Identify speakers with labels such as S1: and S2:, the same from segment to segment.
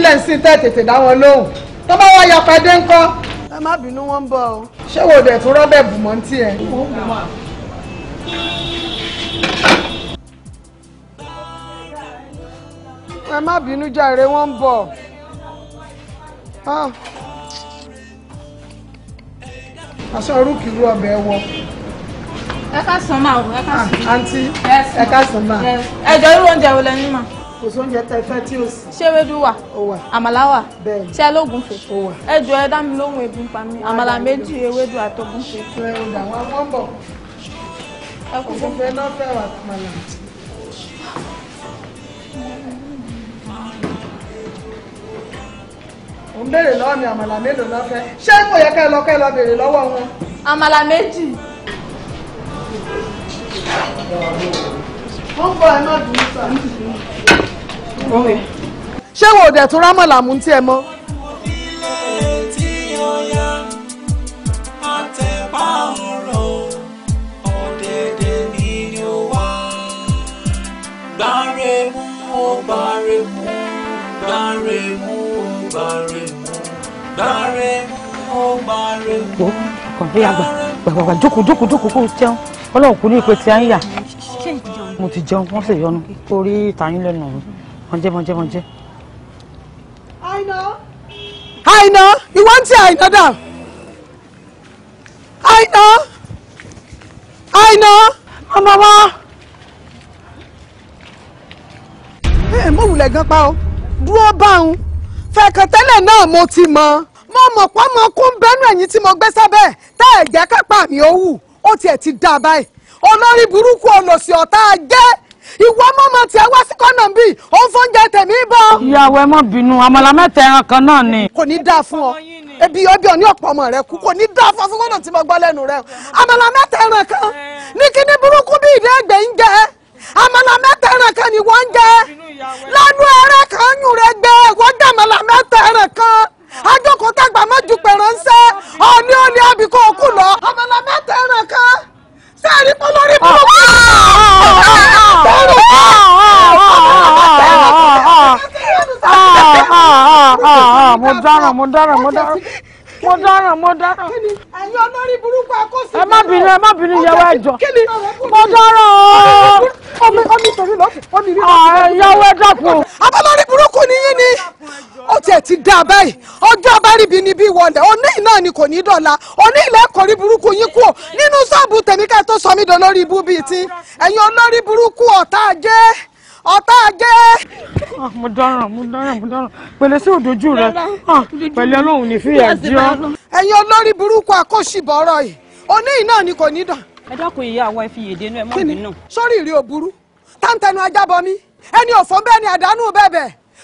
S1: sílẹ̀ sí tẹ́ tètè dá wọn lóhùn tó bá wá yapa dé ńkọ́. ẹ má bínú wọn ń bọ̀ o. ṣé wo dẹ̀ tún rọ́bẹ̀ bù mọ́ ntí ẹ. ẹ má bínú jàre wọn ń bọ̀. Ah. aṣọ orúkìrú ọbẹ̀ wọ ẹ ká sàn máa wò ẹ ká ah, sàn. àǹtí ẹ ká sàn máa.
S2: ẹ jọ irú oúnjẹ wo lẹ ní kò sóúnjẹ tẹ fẹ́ tí o sì ṣéwédú wà àmàlà wà
S1: ṣé lóògùnfẹ́ ẹ jọ ẹ dá mi pa mí àmàlà méjì ewédú àtọgúnfẹ́. ẹ kú fún lọ́wọ́ mi àmàlà mélòó lọ́fẹ́ ṣé kò yẹ kẹ́ lọ kẹ́ lọ béèrè lọ́wọ́ wọn. àmàlà méjì. wọ́n gbọ́ ẹ
S3: má dùn ún sàn
S1: ṣé wo ò dẹ̀ tún rámọ̀là mú tiẹ̀ mọ́.
S4: wo kọ̀ọ̀dé àgbà
S2: gbàgbàgbà jókòó jókòó jókòó kó jẹun ọlọ́run kò ní ìpè tí a ń yà mo ti jẹun wọ́n sì yọnu orí ìtayín lẹ́nu ọ̀run mọ̀jẹ́mọ̀jẹ́mọ̀jẹ́.
S1: àǹtí àìná dà àìná àìná ọmọ wa. ẹ eh, mọ wulẹ̀ gan pa o dúró báhùn fẹ̀kàn tẹ́lẹ̀ náà mo ti mọ̀ mo mọ̀ pọ́ mọ kún bẹ́nu ẹ̀yìn tí mo gbé sábẹ́ tá ẹ̀ jẹ́ kápá mi ó wù ó tiẹ̀ ti dà báyìí olórí burúkú olòṣì ọ̀tá jẹ́ ìwọ mọ́mọ́ tiẹ̀ wá sí kọ́nà bí òun fóúnjẹ tèmi bọ́. ìyàwó ẹ má bínú àmàlà ẹran kan náà ni. kò ní dáa fún ọ ebi ebi ọ̀ ní ọ̀pọ̀ ọmọ rẹ kú kò ní dá fún fún ọ̀nà tí mo gbọ́ lẹ́nu rẹ àmàlà mẹ́ta ẹran kan ní kíní burúkú bí ìdí ẹgbẹ́ ń jẹ àmàlà mẹ́ta ẹran kan ni wọ́n ń jẹ lánú ẹrẹ kan yùn rẹ gbẹ wọ́n dá àmàlà mẹ́ta ẹran kan ajókòó tàgbà má ju pẹ̀ránṣẹ́ ọ̀ní ọ̀ní àbíkó òkú lọ àmàlà
S3: mẹ́ta ẹran kan sẹ́ẹ̀rí pọ́lọ́rí burúkú.
S1: mo dáràn mo dáràn mo dáràn mo dáràn mo dáràn. ẹ̀yin olórí burúkú akóso. ẹ má bínú ẹ má bínú ìyàwó ẹjọ. mo dáràn ooo. omi omi torí lọ́sùn omi rí. ìyàwó ẹ dàpọ̀. abọ́lórí burúkú nìyí ni ó tiẹ̀ ti dá a báyìí ọjọ́ abáríbi ni bí wọ́ndẹ̀ oníyìn ọ̀tá ajé. Ah, mo dáràn mo dáràn mo dáràn pẹ̀lẹ́ sí òdòjú rẹ ah, pẹ̀lẹ́ ọlọ́run ní fìyà jí ọ. ẹ̀yin olórí burúkú àkọ́ṣìbọ̀ ọ̀rọ̀ yìí oní iná ni kò ní dàn. ẹ dákun ìyá àwa ìfiyèdè inú ẹ mọ́ mi náà. sórí ìrì òburú táǹtẹ̀nu ajábọ̀ mi ẹni òfò bẹ́ẹ̀ ni àdánù bẹ́ẹ̀ bẹ́ẹ̀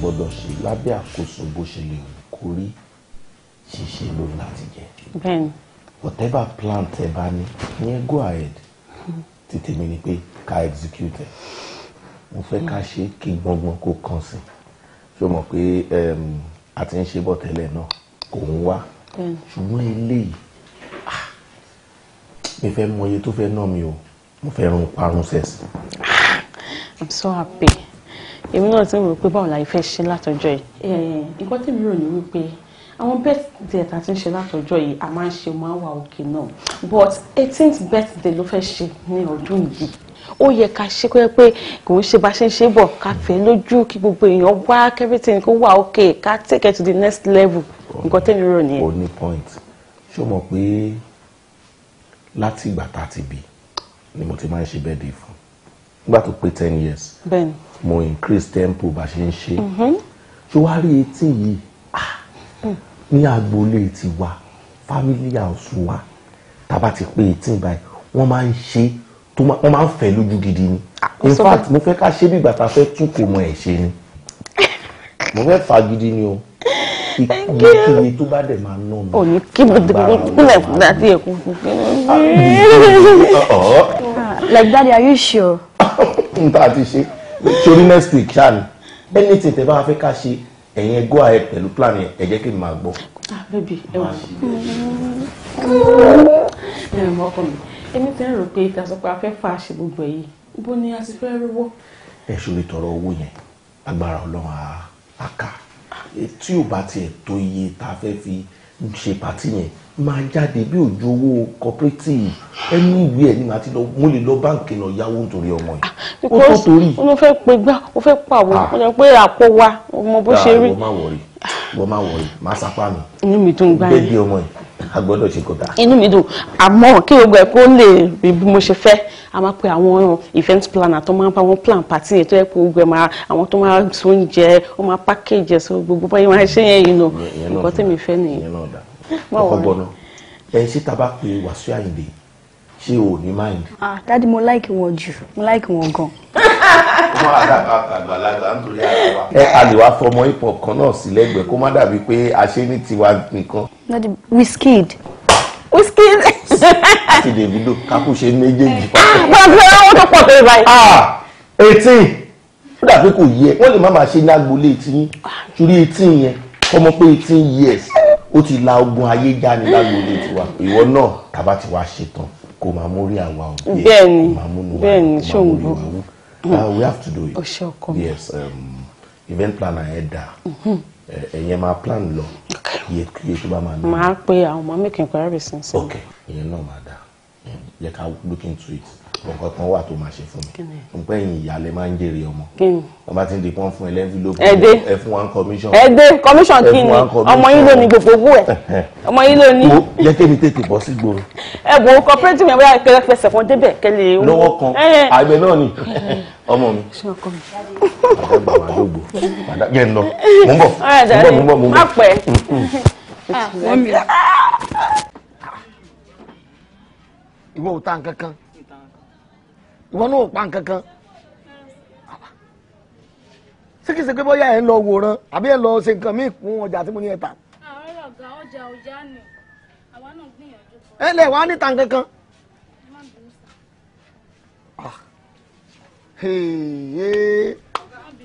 S5: gbọ́dọ̀ ṣe lábẹ́ àkóso bó ṣe lè wù kó rí ṣíṣe ló láti jẹ. whatever plan tẹ bá ní yẹn go ahead ti tèmi ni pé ká execute ẹ mo fẹ́ ká ṣe kí gbọ́ngbọ́n kó kàn sí ṣé o pé ehm, a ti ń ṣe bọ̀ tẹ́lẹ̀ náà kò ń wá ṣùgbọ́n eléyìí ah, mi fẹ́ mọ iye tó fẹ́ ná mi o mo fẹ́ rún parun sẹ́sì. Ah,
S6: I'm so happy
S2: èmi náà ti ń rò pé báwo la ìfẹ́ ṣe látọjọ́ yìí. nǹkan tí mi rò ní wípé àwọn birthday tá a ti ń ṣe látọjọ́ yìí a máa ń ṣe máa ń wà òkè náà but eighteenth birthday ló fẹ́ ṣe ní ọdún yìí ó yẹ ká ṣe pé pé kò ń ṣe bá ṣe ń ṣe bọ̀ ká fẹ́ lójú kí gbogbo èèyàn wá everything kó wà òkè ká take it to the next level nǹkan tẹ́mi rò
S5: nìyẹn. o ní point ṣé o mọ̀ pé láti ìgbà tá a ti bí ni mo ti máa ń ṣe birthday fún nígbà tó pé ten years. bẹ́ẹ̀ni mo increase tempo bá ṣe ń ṣe mm-hmm. ṣé wàá rí etí yìí ah! mm. ní agboolé tiwa family house wa tába ti pé etí báyìí wọ́n máa ń ṣe wọ́n máa ń fẹ́ lójú gidi ni ah, in fact mo fẹ́ ká ṣe bí ìgbà tá a fẹ́ tún kò mọ ẹ̀ ṣe ni mo fẹ́ fà gidi ni o ìkíni tó bá dẹ̀ máa ná
S2: mi. òní kí mo dé kó kúnlẹ̀ fún àti ẹ̀kú fún kí.
S5: like daddy are you sure. n ta ti ṣe torí next week anything tẹ bá fẹ́ ká ṣe ẹ̀yin ẹ go ahead pẹ̀lú plan yẹn ẹ jẹ́ kí n máa gbọ́.
S3: Ah,
S2: èmi fẹ́ rò pé ìtàsọ́pọ̀ afẹ́fà ṣe gbogbo èyí bó ni a ti fẹ́ rówó.
S5: ẹ ṣòro tọrọ owó yẹn agbára ọlọ́run àká tí ò bá tiẹ̀ tó iye tá a fẹ́ fi ṣe pàtí yẹn máa jáde bí òjò owó cooperative ẹni ìwé ẹ ni màá ti lọ mo lè lọ báǹkì lọ yáwó nítorí ọmọ yìí ah, ó tó torí. mo fẹ́ pe gbá mo fẹ́ pàwọ́ ah. mo
S2: jẹ́ pé àpò wa mo bó ṣe rí. Ah, wọ́n
S5: máa wọ̀rí wọ́n máa wọ̀rí máa sapá mi.
S2: inú mi dùn gbá yẹn bẹ́ẹ̀ bí
S5: ọmọ yìí a gbọ́dọ̀ ṣe kọta.
S2: inú mi dùn àmọ́ kí gbogbo ẹ̀ kó lè rí bí mo ṣe fẹ́ a máa pe àwọn event planner tó máa bá wọn plan party yẹn tó yẹ kó gbogbo ẹ̀ máa àwọn tó máa sóúnjẹ ó máa package ẹ̀ sọ gbogbo báyìí máa ṣe yẹn yìí nù nǹkan tèmi fẹ́ nìyẹn ọkọ bọ̀nà
S5: ẹ ṣé tá a bá pe Wàsíù Àyìndé ṣé o ní mind.
S2: ah dadi mo like wọn jù mo like wọn gan.
S5: kó má dàgbà àgbàlagbà nítorí ara wa. ẹ a lè wá fọmọ hip hop kan náà sí lẹ́gbẹ̀ẹ́ kó má dàbí pé a ṣe ní tiwa nìkan.
S2: dadi Wizkid Wizkid.
S5: àti Davido kakú ṣe méjèèjì. gbọ́dọ̀ ah, àwọn tó pọ̀ tó yẹ báyìí. ah eighteen ó dàbí kò yẹ wọ́n lè má máa ṣe ní agboolé etí yín torí etí yẹn kọ́mọ pé eighteen years ó ti la ogun ayé já ni lágbóde tiwa ìwọ náà tàbá ti wá ṣetán kò máa mórí àwa
S6: o bẹ́ẹ̀ni
S5: bẹ́ẹ̀ni ṣòwò ah, we have to do it ọṣẹ ọkọ mi yes um, event planner ẹ dà mhm. ẹyẹ máa plan lọ iye iye tó bá máa ní.
S2: màá pe àwọn ọmọ mi kì í parí bí ok
S5: ìyẹn náà máa dà yẹ ká look into it nǹkan kan wà tó máa ṣe fún mi nǹkan ẹ̀yìn ìyàlẹ̀ máa ń jèrè ọmọ wọ́n bá ti ń di pọ́n fún ẹlẹ́ńfílógún ẹ fún wa ń commission ẹ dé commission kí ni ọmọ yín ló ní gbogbo owó ẹ ọmọ yín ló ní. jẹ́ kí mi tètè bọ́ sí gbòòrò.
S2: ẹ wo cooperative yẹn bóyá kẹlẹ fẹsẹ̀ fún débẹ̀ kẹlẹ. lọ́wọ́ kan àgbẹ̀ náà ni
S5: ọmọ mi. àgbà wà lógbò jẹ́ ń lọ mú bọ̀ bọ̀ mú bọ̀ bọ̀. ìwọ náà ò pa nǹkan kan ṣé kìí ṣe pé bóyá ẹ̀ ń lọ wòran àbí ẹ̀ ń lọ ṣe nǹkan míì kún ọjà tí mo ní ẹ̀ tà.
S3: àwọn ọ̀gá ọjà
S2: ọjà ni àwa náà gbìyànjú.
S5: ẹ lẹ wàá níta nǹkan kan.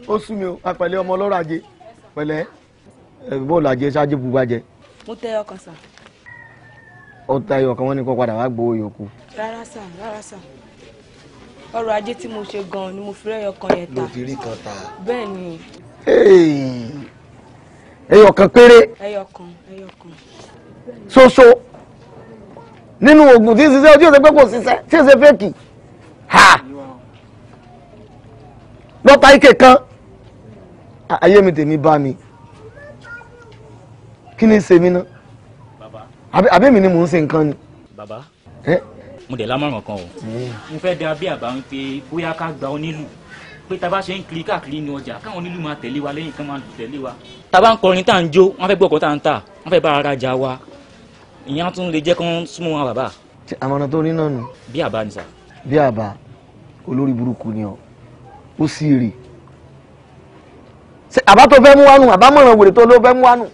S5: ó sú mi o pẹ̀lẹ́ ọmọ ọlọ́rọ̀ ajé pẹ̀lẹ́ bóòlù ajé ṣáájú bùbá jẹ. mo
S3: tẹ
S2: ọkàn sàn.
S5: ó tayọ ọkàn wọn ni kó padà wá gbowó yòókù.
S2: rárá sàn rárá sàn ọrọ̀ ajé tí mo ṣe gan-an ni mo fi rẹ́yọ kan yẹn ta. mo fi rí kan ta. bẹ́ẹ̀ ni.
S5: ẹyọ kan péré.
S3: ẹyọ kan ẹyọ kan.
S5: ṣoṣo nínú oògùn tí ń ṣiṣẹ́ ojú ìṣẹ́pẹ́ kò ṣiṣẹ́ tí ṣe fẹ́ẹ̀kì lọ́ta ike kan ayé mi tèmi bá mi kí ni ń ṣe mí ná àbí mi ni mò ń ṣe nǹkan ni. bàbá. Eh? mo dẹ̀ lámọ̀ràn kan o mm. mo fẹ́ dá bí àbá ń pe bóyá ká gba onílù pé tá a bá ṣe ń kiri káàkiri ní ọjà káwọn onílù máa tẹ̀lé wa lẹ́yìn kan máa tẹ̀lé wa. tá a bá ń kọrin tá à ń jó wọ́n fẹ́ gbọ́ ọkọ̀ tá à ń tà wọ́n fẹ́ bá ara ja wa ìyẹn tún lè jẹ́ kán súnmọ́ wọn bàbá. àmọ̀ràn tó ní náà nù. bí àbá ni sà. bí àbá olórí burúkú ni ọ ó sì rè àbá tó fẹ́ mú wánu àbá wèrè tó ló fẹ́ mú wánu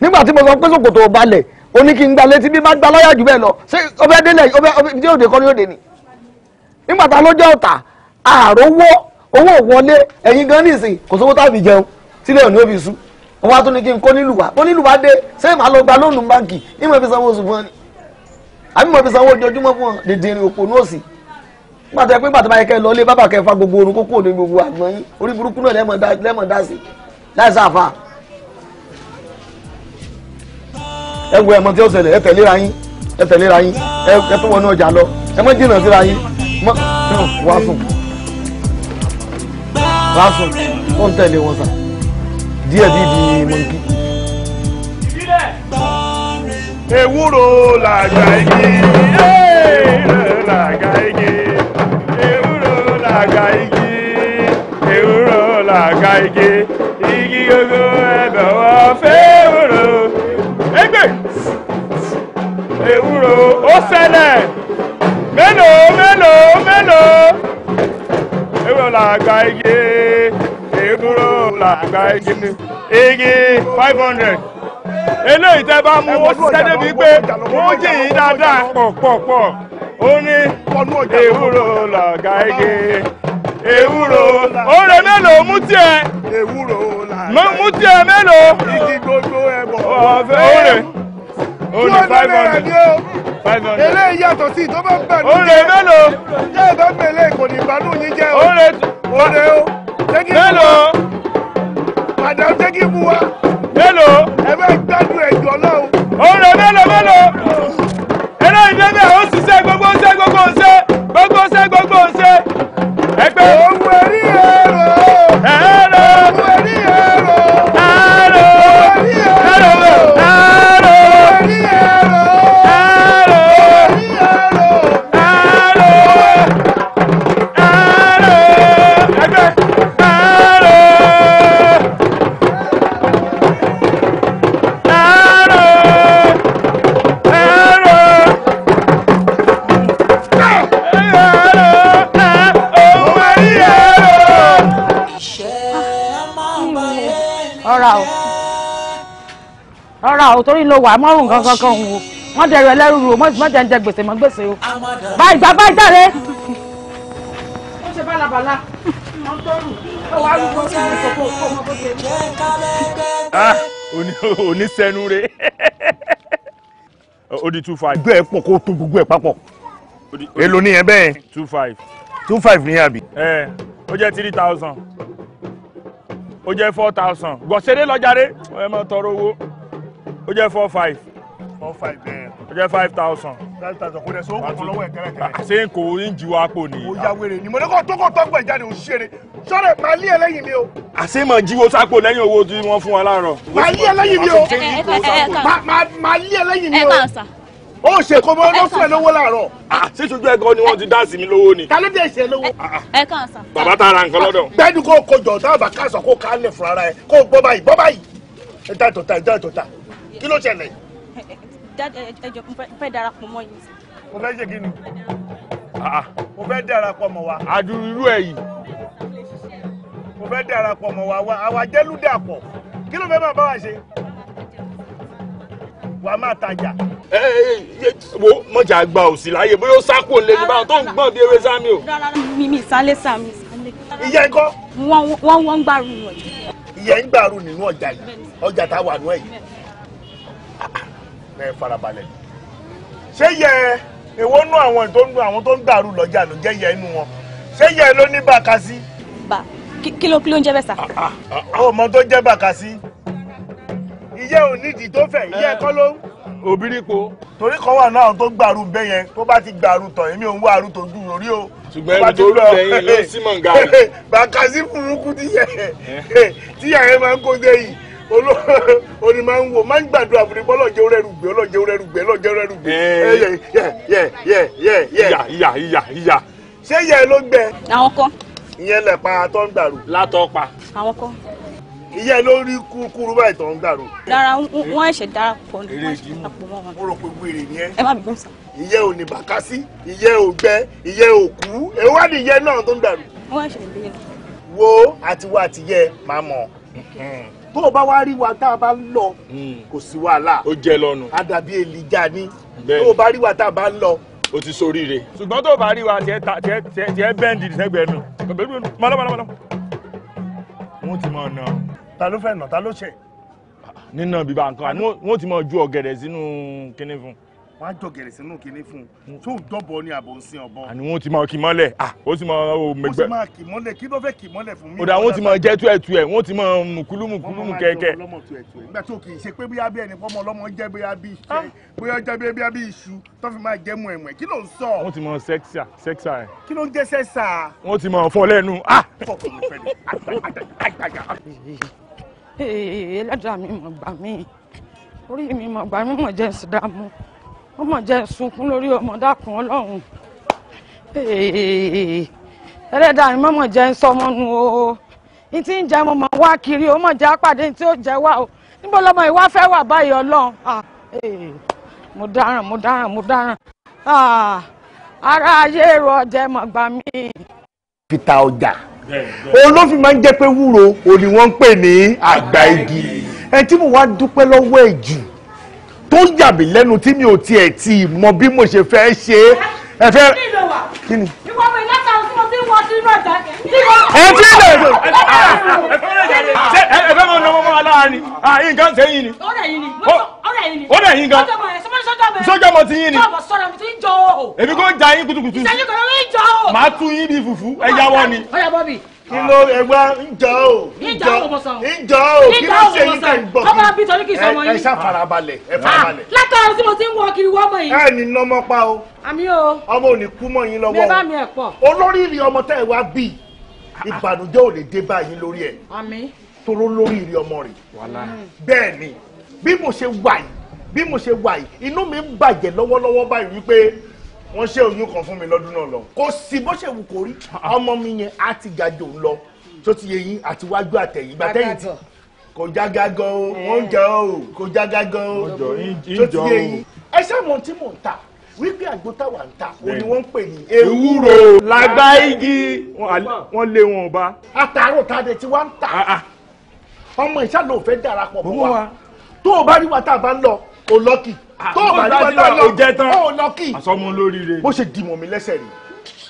S5: nígbà tí mo sọ pé sòkòtò balẹ̀ ó ní kí n gba létí bí má gba lọ́yà jù bẹ́ẹ̀ lọ ṣé ọbẹ̀ délẹ̀ ọbẹ̀ tí òde kọ́ ni òde ni nígbà tá a lọ́jọ́ ọ̀tà àròwọ́ owó wọlé ẹ̀yin gan nìsín kò sówó tàbí jẹun sílẹ̀ òní òbí sú wọn wá tún ní kí n kó nílùú bó nílùú dé ṣé màá lọ gba lóònù báǹkì ní mo sanwó oṣù fún ọ ni àbí mo fi sanwó ojoojúmọ́ fún ọ dèdè rìn òpó nọ́ọ̀sì nígbà tó yẹ pé bàtà bá yẹ kẹ́ lọ lé bàbà kẹ́ fa gbogbo orun kókó òní gbogbo àgbọ̀n yín orí burúkú náà lẹ́mọ̀ dá sí láì sáà ẹ wo ẹ̀mọ tí ó ṣẹlẹ̀ ẹ tẹ̀léra yín ẹ tẹ̀léra yín ẹ tó wọnú ọjà lọ ẹ mọ jìnnà síra yín mọ wá sùn wá sùn tó ń tẹ̀lé wọn sà díẹ̀ bí di mọ̀nkí. ewúro làgbà igi ewúro làgbà
S4: igi ewúro làgbà igi ewúro làgbà igi igi gbogbo ẹ̀bẹ̀ wọ́n fẹ́. ewúro ó ṣẹlẹ̀ mélòó mélòó mélòó ewúro làgbà igi
S5: ewúro làgbà igi igi five hundred eléyìí tẹ bá mú ó ṣiṣẹ́ débi pé ó jì yín dáadáa pọ̀ pọ̀ pọ̀ ó ní ewúro làgbà igi ewúro oore mélòó mú tiẹ̀ mú tiẹ̀ mélòó igi gbogbo ẹ̀bọ̀ ọ̀fẹ́ oore two hundred naira ni o eléyìí yàtọ̀ sí tó bá ń bẹ̀ ní. olè mélòó. jẹ́ ìbá mẹ́lẹ̀ kò ní ìbánú o. olè olè o. mélòó. madam jẹ́ kí n mú wa. mélòó. ẹ bẹ́ẹ̀ gbádùn ẹ̀jọ̀ náà o. olè mélòó mélòó. eléyìí bẹ́ẹ̀ ó ṣiṣẹ́ gbogbo ṣe gbogbo ṣe gbogbo ṣe gbogbo ṣe. ẹgbẹ́ òun ẹ̀rí ẹ̀rọ.
S2: o torí ló wà mọ́rùn kankan kan o wọ́n dẹ̀rọ ẹlẹ́rú o mọ́ jẹ́ ń jẹ gbèsè mọ́ gbèsè o báyìí gbà báyìí jáde. ó ṣe bálabàla mọ́ tọ́rù ó wá rúgbó sí mi
S3: sọ́kò kó bó ṣe jẹ́.
S5: oníṣẹ́nu re ó di two five. gbé ẹ pọ̀ kó tó gbogbo ẹ̀ papọ̀ èlò nìyẹn bẹ́ẹ̀. two five. two five ní àbí. ẹ ó jẹ́ three thousand ó jẹ́ four thousand gbọ̀nsẹ̀dé lọ́jàre ẹ máa tọrọ owó ó jẹ́ four five. four five bẹ́ẹ̀. Eh. ó jẹ́ five thousand. five thousand kò dẹ̀ sọ òkùnkùn lọ́wọ́ ẹ̀ kẹ́rẹ́kẹ́rẹ́. ṣé n kò ń jí wa pò ní. ó ya wèrè ni mo ní kó tó kó tó gbẹ̀ jáde ò ṣeré sọ́rẹ̀ máa lé ẹlẹ́yìn mi o. àṣé mọ̀ jíwo sápò lẹ́yìn owó tí wọ́n fún wa láàárọ̀. máa lé ẹlẹ́yìn mi o.
S1: máa lé ẹlẹ́yìn mi o. ẹ kàn sà
S5: ó ṣe fún ẹ lówó láàárọ̀. ṣé sojú ẹgọ ni wọn ti dá sí mi lówó ni. ta ló dé ṣe lówó. ẹ kàn sá. bàbá ta ra nǹkan lọ́dọ̀. gbẹ́dùn kó o kojọ táwọn bàkà sọ kó o kálẹ̀ fúnra rẹ kó báyìí gbọ́ báyìí. ẹ dá ìtọ̀ta ẹ dá ìtọ̀ta kí ló ṣẹlẹ̀.
S2: ẹjọ mo fẹ́ darapọ̀ mọ́ yín.
S5: mo fẹ́ ṣe kí ni. Ah, mo fẹ́ darapọ̀ mọ́ wa. àdúrú irú ẹ̀ yìí. mo fẹ́ darapọ̀ mọ́ wa àwa jẹ́lú dàpọ̀ kí ló fẹ́ máa bá wa ṣe. wàá máa tajà. ẹ ẹ wo mọ̀jà gba òsì láàyè bóyá ó sákò lè ní báwọn tó ń gbọ́n bí ewé sámi o.
S2: mi mi sálẹ̀ sàmì ìyá ẹ kọ́. wọ́n wọ́n ń gbàrú nínú
S5: ọjà. ìyá ń gbàrú nínú ọjà yìí ọjà tá a wà nù ẹ̀ yìí ẹ farabalẹ̀ ṣé yẹ èwo nú àwọn tó ń àwọn tó ń dàrú lọ́jà ló jẹ́ yẹ inú wọn ṣé yẹ ló ní bàkásí. bà kí ló kí ló ń jẹ́ bẹ́ẹ̀ sà. ó ah, ah, ah, mọ tó jẹ́ bàkásí iye ò nídìí tó fẹ̀ iye ẹ̀kọ́ ló ń. òbírípo. Eh, torí kan wà náà tó gbàrú bẹ́ẹ̀ yẹn tó bá ti gbàrú tán èmi ò ń àrùn tó dùn lórí o. ṣùgbọ́n ẹni tó rú bẹ́ẹ̀ eh. yẹn ló sì mọ̀ ń ga rẹ̀. bàkásí burúkú tíyẹ̀ tíyẹ̀ oní máa ń wo máa ń gbàdúrà fún mi bọ́ lọ́jẹ́ ó rẹ́rù gbé lọ́jẹ́ ó rẹ́rù gbé lọ́jẹ́ ó rẹ́rù gbé eh. yẹ yẹ yẹ yẹ yẹ. ìyá ìyá ìyá ìyá. ṣé ìyá ẹ ló gbẹ. àwọn kan. ìyẹn lẹ pa tó ń gbàrú. látọ pa. àwọn kan. ìyá ẹ ló rí kúrú báyìí tó ń gbàrú.
S2: dára wọn ẹsẹ dára pọ ní
S5: wọn ẹsẹ dára pọ mọ wọn. mo rò pé wèrè ni ẹ. ẹ má bẹ̀rù sá. ìyẹ́ ò ní bàkásí ìyẹ́ ò gbẹ ìyẹ́ ò kú èèwọ̀ ni ìyẹ́ náà tó ń gbàrú. wọn ẹsẹ ìgbéyàwó. wo àtiwọ́ àtiyẹ́ máa mọ̀ tó o bá wá rí wa tá a bá ń lọ hmm. kò sí wàhálà ó jẹ lọnu àdàbí èlìjà ni tó o bá rí wa tá a bá ń lọ. o ti ṣoríire. ṣùgbọ́n tó o bá rí wa tiẹ̀ ta tiẹ̀ tiẹ̀ tiẹ̀ bẹ́ǹdì sẹ́gbẹ̀ẹ́ nù ọ̀bẹ̀rún mọ́lọ́mọ́lọ́mọ́lọ́. wọ́n ti máa nà. ta ló fẹ́ nà ta ló ṣe. nínà bíbá nǹkan wọn ti máa ju ọ̀gẹ̀dẹ̀ sínú kinní fún un wọn á jọ gẹ̀rẹ̀ sínú kinní fún un tó mm. dọ́bọ̀ ni àbò ń sin ọ̀bọ. àní wọn ti máa kì mọ́lẹ̀ ah ó ti máa o mẹgbẹ́. ó ti máa kì mọ́lẹ̀ kí ló fẹ́ kì mọ́lẹ̀ fún mi. òdà wọn ti máa jẹ́ tú ẹ̀ tú ẹ̀ wọn ti máa mùkúlù mùkúlù mù kẹ̀kẹ́. nígbà tó kì í ṣe pé bóyá bí ẹni fọmọ ọlọmọ jẹ bóyá bí iṣẹ ah. bóyá jẹ bóyá bí iṣu tó fi máa jẹ mu ẹ̀mọ̀ kí ló ń sọ. wọn ti máa sẹ́ksà sẹ́ksà ẹ̀. kí ló ń jẹ́ sẹ́ksà. wọn ti máa fọ lẹ́nu ah.
S2: ẹlẹ́dàá mi mọ̀ gbà mí orí mi mọ̀ gbà mí mọ̀ jẹ́ ìsìdámù ó mọ̀ jẹ́ sunkún lórí ọmọ dákun ọlọ́run ẹlẹ́dàá mi mọ̀ jẹ́ sọmọnu o ní tí ń jẹ́ mo máa wá kiri ó mọ̀ jẹ́ apàdé tí ó jẹ́ wá o níbo lọmọ ìwá fẹ́ wà báyìí ọlọ́run mo dáràn mo dáràn mo dáràn ara ayé èrò ọjà mọ̀ gbà mí.
S5: fita ọjà òun ló fi máa ń jẹ́ pé wúro òní wọ́n ń pè ní àgbà igi ẹ̀ tí mo wá dúpẹ́ lọ́wọ́ ẹ̀ jù tó ń yà lẹ́nu tí mi ò tiẹ̀ ti mọ bí mo ṣe fẹ́ ṣe é. ẹ fẹ́ kí ni.
S2: ìwọ mi látàrí tí ti wọ sínú ọjà kẹ́. ẹ ti lè lò.
S5: ẹ fẹ́ mọ ọmọ ọmọ aláàárín ah, àyìn nǹkan yín ni. ó
S2: yín ni ó yín ni. ó yín gan. sọ́jà mọ̀ ti yín ni. sọ́jà sọ̀rọ̀ mi ti ń jọ o. èmi kò
S5: já yín kutukutu. ìṣẹ́yìn kò ní í jọ o. màá tú yín bí fùfú ẹ̀yà wọ ni. ó yà bọ́ kí ló ẹgbẹ́ ń jọ o ń jọ o ń jọ o kí ló ṣe yín tẹ̀ ń bọ̀ kí. ọmọ àbí torí kì í sọmọ yín. ẹ ṣá ah, farabalẹ̀ ẹ farabalẹ̀. látọ̀run tí mo ti ń wọ kiri wọ́mọ yìí. ẹ ní nọmọ pa o. àmì o. ọmọ ò ní kú mọ́ yín lọ́wọ́ o. mi bá mi ẹ̀ pọ̀. olórí ìrì ọmọ tẹ́ ẹ wá bí ìbànújẹ́ ò lè dé báyìí lórí ẹ̀. àmì. toró lórí ìrì ọmọ rẹ̀. bẹ́ẹ̀ ni bí mo ṣe wà yìí bí mo ṣe wà yìí inú mi ń bàjẹ́ lọ́wọ́lọ́wọ́ báyìí wípé wọ́n ṣe oyún kan fún mi lọ́dún náà lọ kò sí bó ṣe wù kó rí ọmọ mi yẹn á ti gàjò lọ tó ti yẹ yín àti wájú àtẹ̀yìn ìgbà tẹ́yìn tí kò jágá gan o eh. wọ́n jẹ́ o kò jágá gan o tó ti yẹ yín ẹ ṣàmọ̀ tí mò ń tà wípé àgbo ń tà òun ni wọ́n ń pè ní ewúro làgbá igi wọ́n lé wọn ọba. àtàrò tàdé tí wọ́n ń tà ah, ah. ọmọ ìṣàlò òfé darapọ̀ mọ́ wa tó o bá rí wa tá a bá ń lọ o lọ́kì ah, tó o bá nígbà tó o jẹ tán o lọ́kì àsọmọ olóríire bó ṣe dìmọ̀ mi lẹ́sẹ̀ rè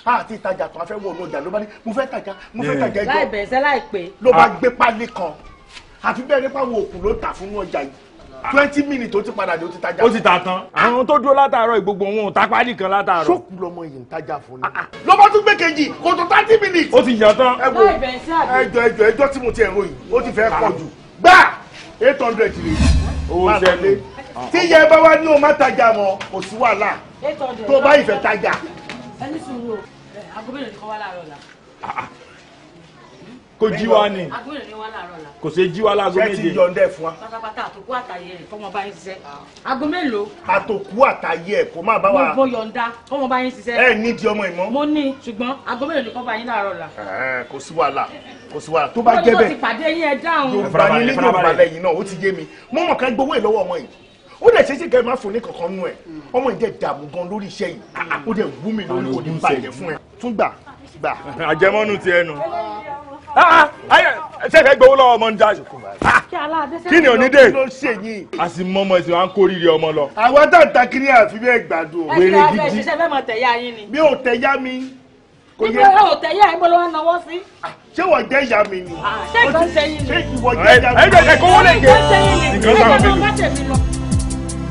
S5: àti ìtajà kan a fẹ́ wọ ọlọ́jà ló bá ní mo fẹ́ tajà mo fẹ́ tajà ẹjọ́ láì bẹ̀ẹ́sẹ̀ láìpẹ́ ló bá ah. gbé pálí kan àfi bẹ́ẹ̀ nípa àwọn òkú ló tà fún ọjà yìí ah. twenty minutes ó ti padà dé ó ti tajà. ó ti ta tán. àwọn tó dúró látàárọ̀ gbogbo wọn ò ta pálí kan látàárọ̀. ṣókù lọmọ yìí ń tajà fún ni. ló bá tún gbé kejì kò tó thirty minutes. ó ti yàn tán. ẹ wo ẹjọ́ ẹjọ́ ẹjọ́ tí mo ti ẹ̀rọ yìí ó ti fẹ́ pọ̀ jù gbà eight hundred rèé. owó sẹ́nu Ah, tí ah. yẹ bá wá ní o má tajà mọ́ kò sí wàhálà tó bá ìfẹ́ tajà.
S2: ẹni sùúrù agbóbìnrin kan wá láàárọ̀ la. Ah,
S5: kò jí wa ni kò sí jí wa láago méje. ṣé ti yọ̀ǹdẹ̀ fún wa.
S2: pátápátá àtòkú àtàyè ẹ̀ fọmọ bá yín ṣiṣẹ́.
S5: aago mélòó. àtòkú àtàyè ẹ̀ kò má bá wa. mo
S2: yọ̀ǹda fọmọ bá yín ṣiṣẹ́. ẹ ní di ọmọ ìmọ̀. mo ní ṣùgbọ́n aago mélòó ni kò bá yín láàárọ̀ la. kò sí wàhálà
S5: kò sí wàhálà tó bá jẹ́ bẹ́ẹ̀. yorùbá ni ní yorùbá lẹ́yìn náà ó ti yé mi mọ́mọ́ kan gbowó ìlọ́wọ́ ọmọ yìí ó dẹ̀ ṣeéṣe kẹ́ ẹ má fún ní kankan nú ẹ̀ ọmọ ìjẹ́ dààmú gan lórí iṣẹ́ yìí hmm. ó dẹ̀ wú mi lórí kò ní bàjẹ́ fún ẹ tún gbà gbà. àjẹmọ́nù ti ẹnu ah, ah, ṣẹ̀fẹ̀ gbowó lọ́wọ́ ọmọ níjà kí ni onídé a sì mọ ọmọ ẹ̀sìn wa ń kórìíre ọmọ lọ. àwọn tá à ń ta kiri àfi bẹ́ẹ̀ gbàdùn. ẹ ṣe abẹ́ ṣiṣẹ́ fẹ́ mọ̀ tẹ̀yà yín ni. mi ò tẹ̀yà mi. ibi ò tẹ̀yà yín bọ́lá wọn náwó sí. ṣé wọ́n jẹ́ ìyá mi ni. ṣé ìgbọ́n ṣe yín ni. ṣé ìwọ jẹ́ ìyá mi ni. Ah, ẹ ẹ kọ́wọ́ lè jẹ́. ìgbọ́n ṣe yín ni. ìgbọ́n ṣe ni.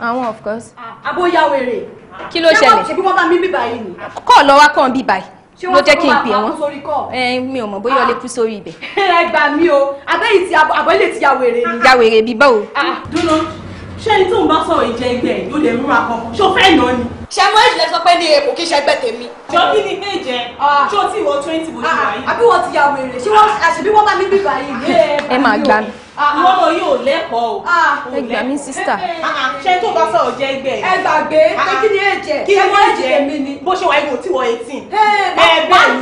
S2: àwọn ah, of course. Ah, aboya wèrè. kí ló ṣẹlẹ̀ ṣé wọ́n bá mi bíbá yìí ni. kọ́ lọ wá kàn bíbá yìí ló jẹ́ kí n pè wọ́n eh, mi ò mọ̀ bóyá o lè ah. kú sórí ibẹ̀. ẹ gbà mí o abẹ́yì ti abọ́lé ti ya wèrè ni. ya wèrè bíbá o. dúró ṣé ẹni tó ń bá sọ̀rọ̀ ìjẹ́ ẹgbẹ́ ẹ̀ ló lè múra kan ṣó fẹ́ yàn ni ṣe mọ èjì lẹsọ pé ní èkó kí ṣe ẹgbẹ tèmi. jọ kí ni méje ah. ṣé o ti wọ twenty mo ti wà yìí. àbí wọn ti ya wèrè ṣé wọn àṣìbí wọn bá mi bí
S3: báyìí. ẹ máa gbà mí.
S2: Ah, ah. ìwọ́n lọ yóò lẹ́kọ̀ọ́ o. ẹ gbà mí sísítà. Eh, eh, eh. ṣé tó bá sọ̀rọ̀ jẹ́ ẹgbẹ́ yìí. ẹ gbàgbé pé kí ni èjẹ kí ni èjẹ mi ni. bó ṣe wà yìí kò tí wọ eighteen. ẹ bẹ́ẹ̀ ni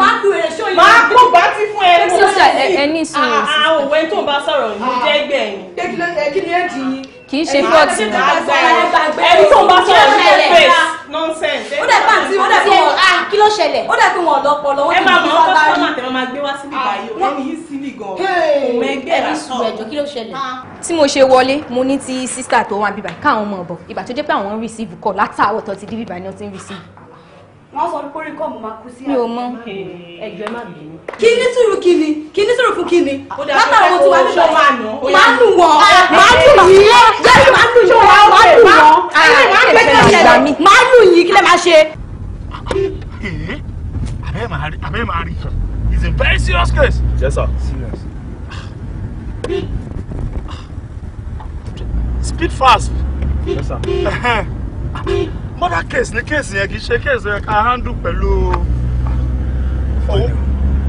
S2: máa kó gbà tí fún ẹ. sísítà ẹ ní sùúrù. àwọn òwe tó bá sọ̀rọ̀ ló jẹ́ ẹgbẹ́ yìí kì í ṣe plot ni. ẹni tó ń bá sọ̀rọ̀ ní kò face
S1: nonsense. ó dẹ̀ bá ti ó dẹ̀ fi wọn ah kí
S2: ló ṣẹlẹ̀ ó dẹ̀ fi wọn lọ́pọ̀ lọ́wọ́ kí n fi wọn bá rí. ẹ máa mọ ọkọ tọ́mà máa gbé wá síbi ah, báyìí o ẹni yìí sílì gan òun ẹgbẹ́ rà sọ. ẹjọ́ kí ló ṣẹlẹ̀. Ah. tí mo ṣe wọlé mo ní ti sísà tó wà bíbá káwọn ọmọ ọ̀bọ̀ ìgbà tó jẹ́ pé àwọn ń receive call látàárọ̀ tó ti dé bíbá ni wọ́n ti ń receive wọ́n sọ pé kórìkọ́ mo máa kú sí àná. mi ò mọ ẹjọ́ ẹ má bínú. kí ni sùúrù kí ni kí ni sùúrù fún kí ni. látàrí mo ti wá nílò máa nù wọ́n máa nù yín jẹ́rì máa nù yín wọ́n máa nù wọ́n máa nù pẹ́kẹ́ ṣẹlẹ̀ máa nù yín kí lè máa ṣe.
S5: abẹ́ máa rí it's a very serious case. yes sir. serious. speed fast. yes sir murder case ni case yẹn kì í ṣe case yẹn ká handle pẹ̀lú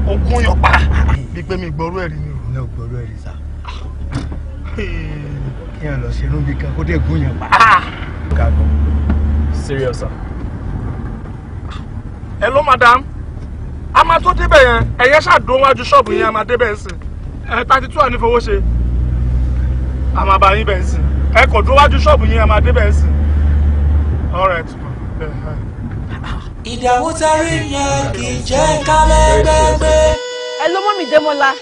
S5: ogun yọpa. Ah, gbígbé mi gbọ́rú ẹ̀rí ni o. gbọ́rú ẹ̀rí sá. kí ẹ lọ ṣe inú bí kan kó dé gún yẹn pa. kàgbọ́. Ah! serious sir. hello madam a máa tó débẹ̀ yẹn ẹ̀yẹ́ ṣàdó wájú ṣọ́ọ̀bù yẹn a máa débẹ̀ sí ẹ̀ tàbí tí wà ní fowó ṣe a máa bá yín bẹ̀ sí ẹ̀ kò dó wájú ṣọ́ọ̀bù yẹn a máa débẹ̀ sí all right ma. ìdààmú
S6: tarí yẹn kì í jẹ́ ká lẹ́gbẹ́gbẹ́.
S2: ẹ ló mọ́ mi Dẹ́mọ́lá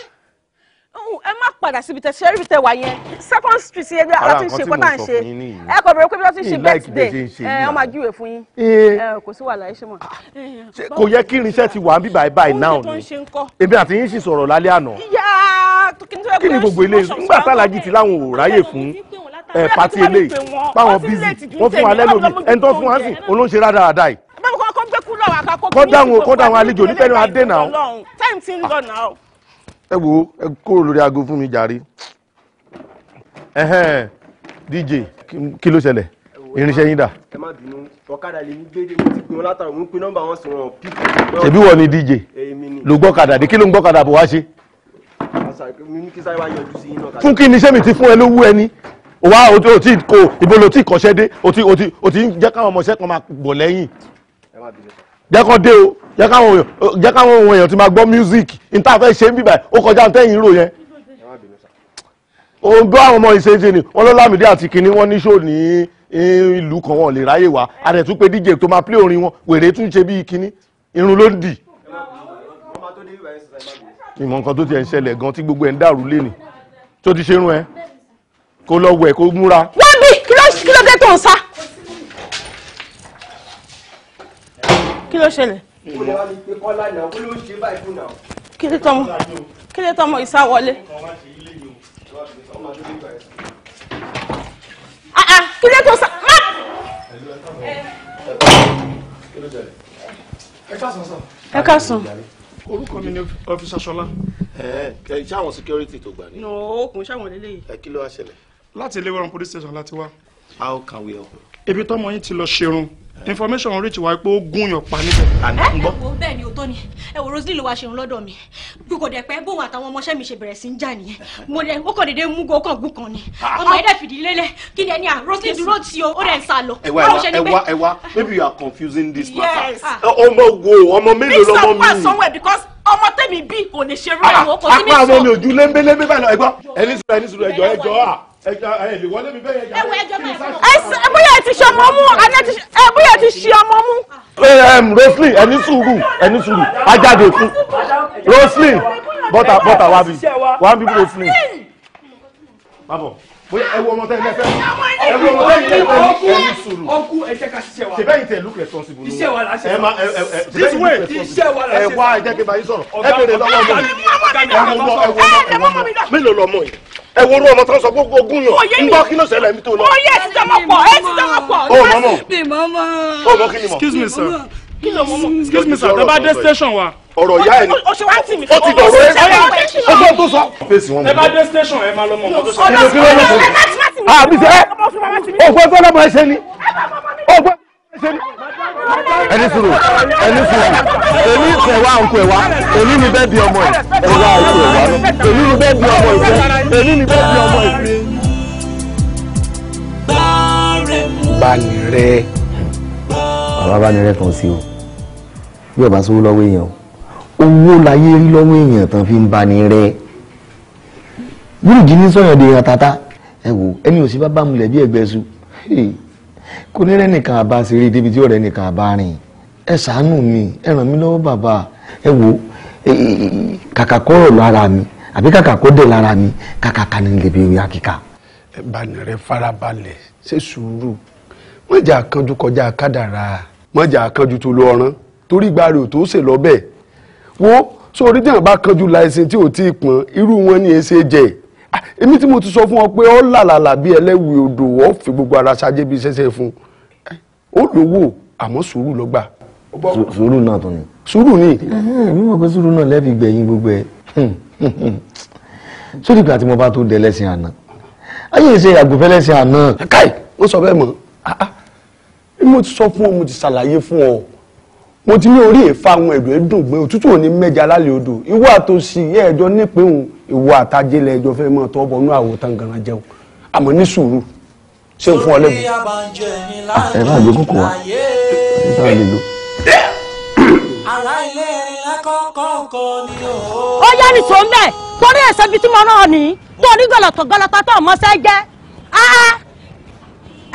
S2: ẹ má padà síbi tẹ ṣẹ́rí tẹ wà yẹn second street yẹn bí a ti ń ṣe kọ́tà ń ṣe ẹ kò bẹ̀rẹ̀ pé bí wọ́n ti ń ṣe birthday ẹ ọmọ àjúwe fún yín eh. ẹ kò sí wàhálà ẹ ṣe mọ̀. kò yẹ
S5: kí irinṣẹ́ ti wà níbí báyìí báyìí náà ni èmi àti yín sì sọ̀rọ̀ lálẹ́ àná kí ni gbogbo eléyìí nígbà tá alájí ti láwọn ò ráyè fún ẹ pati eléyìí báwọn bízì wọn fún wa lẹ́lòmí ẹni tó fún wa sí olóńṣe rádaràda yìí. kọ́dà wọn kọ́dà wọn àlejò nípa ẹni wa dé náà. time ti ń lọ náà. ẹ wo ẹ kúrò lórí aago fún mi jàre dj kí ló ṣẹlẹ̀ irinṣẹ́ yín dà. ẹ má bínú ọ̀kadà lè ní gbéde mo ti pè wọn látara mo ń pe nọ́mbà wọn sí wọn pípọ̀. ṣèbí wọ ni dj ló gbọ́kadà dé kí ló ń gbọ́kadà bò wá ṣe. fún kí ni sẹ́mi ti fún ẹ lówó ẹni wá o ti kò ibo lo ti kọ́ṣẹ́ dé o ti o ti o ti ń jẹ́ káwọn ọmọọṣẹ́ kan máa bọ̀ lẹ́yìn jẹ́ kán dé o jẹ́ káwọn jẹ́ káwọn ohun èèyàn ti máa gbọ́ music níta fẹ́ ṣe ń bíbà ó kọjá tẹ́yìn rò yẹn òun bí àwọn ọmọ ìṣeéṣe ni wọ́n ló lámìdí àti kìnní wọ́n ní ṣó ní ìlú kan wọn lè ráyè wá àdẹ̀tún pé DJ tó máa plé orin wọn wèrè tún ṣe bí kìnní irun ló dì ìmọ̀ nǹkan tó ti ẹ̀ ń ṣẹlẹ̀ gan tí gbogbo ẹ̀ ń dàrú lé ni tó ti ṣerun ẹ kó lọ wẹ̀ kó múra.
S3: wọ́n bí kí ló
S2: dé tó ń sá. kí ló ṣẹlẹ̀. kí ló tọmọ kí ló tọmọ ìsá wọlé.
S4: Ah, ah, kí ló tó sá.
S6: ẹ ká sùn
S5: orúkọ mi ni ọfíìsà Ṣọlá. ẹ ẹ ṣáwọn security tó gbà ní. nọ okùn ṣáwọn lélẹyìí. ẹ kí ló wá ṣẹlẹ̀ láti Iléwẹ̀ràn police station láti wá. how can we help. ibi tọ́mọ yín ti lọ ṣerun information reach wa pé ó gún yàn pa níbẹ̀. ẹ
S2: wo bẹ́ẹ̀ ni òótọ́ ni ẹ wo Rosalie ló wá ṣerun lọ́dọ̀ mi bí kò dẹ̀ pẹ́ bóun àtàwọn ọmọọṣẹ́ mi ṣe bẹ̀rẹ̀ sí í jà nìyẹn mo dẹ̀ ó kàn déédéé mú gòókàn gùn kan ni ah, ọmọ ah. ẹ̀dẹ̀ fìdí lélẹ̀ kí ni ẹni à ah, Rosalie dúró tí o ó dẹ̀ ń sá lọ. ẹ wá ẹ wá ẹ wá
S5: maybe you are confusing this matter. ọmọ wo ọmọ mélòó lọmọ mi. mix up somewhere
S2: because ọmọ tẹ́mi bí kò lè ṣerú ẹ̀ wọ́n kò sí mi sọ. apá àwọn mi ò ju
S5: lébélébé báyìí lọ ẹgbọ́ ẹni sùúrù ẹni sùúrù ẹjọ́ ẹjọ́ à
S2: bóyá ẹ ti ṣe ọmọ mú bóyá ẹ ti ṣe ọmọ mú.
S5: Roslyn ẹni sùúrù ẹni sùúrù ajáde fún
S2: Roslyn bọ́tà bọ́tà
S5: wá bí wá bóyá ẹ wo ọmọ tẹ́lẹ̀ lẹ́fẹ́ ẹ ọmọ tẹ́lẹ̀ lẹ́fẹ́
S1: ọkú ẹ ká ṣiṣẹ́ wa ṣe bẹ́yìn tẹ̀
S5: responsible ló wa la ṣe wa this way iṣẹ́ wa la ṣe wa ẹ wá ẹ jẹ́ kí n bá yín sọ̀rọ̀ ẹ bèrè lọ́wọ́ mọ́ ẹ ọmọ ẹ wo ọmọ mélòó yìí ẹ wo ọmọ tó ń sọ gbogbo ogún yàn ń bá kí ló ṣẹlẹ̀ mi tó lọ. ó ẹ ti dọ́mọ̀ pọ̀ ẹ ti dọ́mọ̀ pọ̀. ó mọ̀
S2: mọ̀ ó kí ni mọ̀
S5: kí ló mọ mọ. excuse me sir tẹ́bá dé station wa. ọ̀rọ̀ ìyá ẹ̀ ni ó ti dọ̀rọ̀ ẹ̀ ó gbọ́ tó sọ. tẹ́bá dé station ẹ̀ máa lọ mọ̀ ọ́ tó sọ. kí ló kí ló lọ sọ. àbí sẹ́ ọgbọ́n tó lọ́mọ ẹsẹ̀ ni ọgbọ́n ẹni sùúrù ẹni sùúrù èmi ìfẹ́ wa nkú ẹ̀ wá èmi ni bẹ́ẹ̀ bí ọmọ ẹ̀ ẹ̀ wá nkú ẹ̀ wá èmi ni bẹ́ẹ̀ bí
S7: ọmọ ìfẹ́ èmi ni bẹ́ẹ̀ bí ọmọ ìfẹ́. bá a nì
S5: rẹ̀ bàbá bá ní rẹ́tàn sí o bí ọba sówó lọ́wọ́ èèyàn owó láyé rí lọ́wọ́ èèyàn tán fi ń ba ni rẹ́ búrúdì ní sọ̀yàn dè èèyàn tata ẹ wò ẹni ò sí bá bá mulẹ̀ bí ẹgbẹ́ su kò ní rẹ́nìkan àbá ṣeré débi tí ọ̀rẹ́ nìkan àbá rìn ẹ ṣàánú mi ẹ ràn mí lọ́wọ́ bàbá ẹ wò kàkà kọ́rọ̀ lára mi àbí kàkà kó dẹ̀ lára mi kàkà kan lè bí orí ẹ bá nìrẹ farabalẹ̀ ṣe sùúrù mọ̀jà kanjú kọjá kádàrá mọ̀jà kanjú tó lọ ọ̀ràn torí gba rè tó ṣe lọ́bẹ̀ wo sórí tí wọn bá kanjú láìsí tí ò tí ì pọn irú wọn ni èsè jẹ èmi tí mo ti sọ fún ọ pé ọ làlàlà bí ẹlẹ́wì odò ọ fi gbogbo ara ṣáájé bí sẹ́sẹ́ fún ó lówó àmọ́ sùúrù ló sùúrù náà tó ni. sùúrù ni. mi mọ̀ pé sùúrù náà lẹ́ẹ̀fi gbẹ̀yìn gbogbo ẹ̀ sórí ìgbà tí mo bá tó dẹ lẹ́sìn àná ayé ìṣe àgùnfẹ́ lẹ́sìn àná. káì wọ́n sọ bẹ́ẹ̀ mọ́ ah, ah mo ti sọ fún ọ ti ṣàlàyé fún ọ mo ti ní orí èèfà àwọn ẹ̀rọ ẹ̀dùn gbé òtútù òní mẹ́ja lálẹ́ odò ìwọ àtòsí ẹ̀ẹ́dọ́ nípìn ìwọ àtàjẹlẹ̀ ẹ̀jọ́ fẹ́ mọ́ tọ́ bọ́nú àwọ̀ tán ganan jẹun àmọ́ ní sùúrù ṣé n fún ọ lẹ́bùn.
S4: ẹ bá gbé kókó wa ẹ bá lè lò. ó yá ni tó ń
S2: torí ẹ̀sẹ̀ bíi tí náà ní tó ní gọlọ̀tọ̀ tó mọ́ sẹ́ jẹ́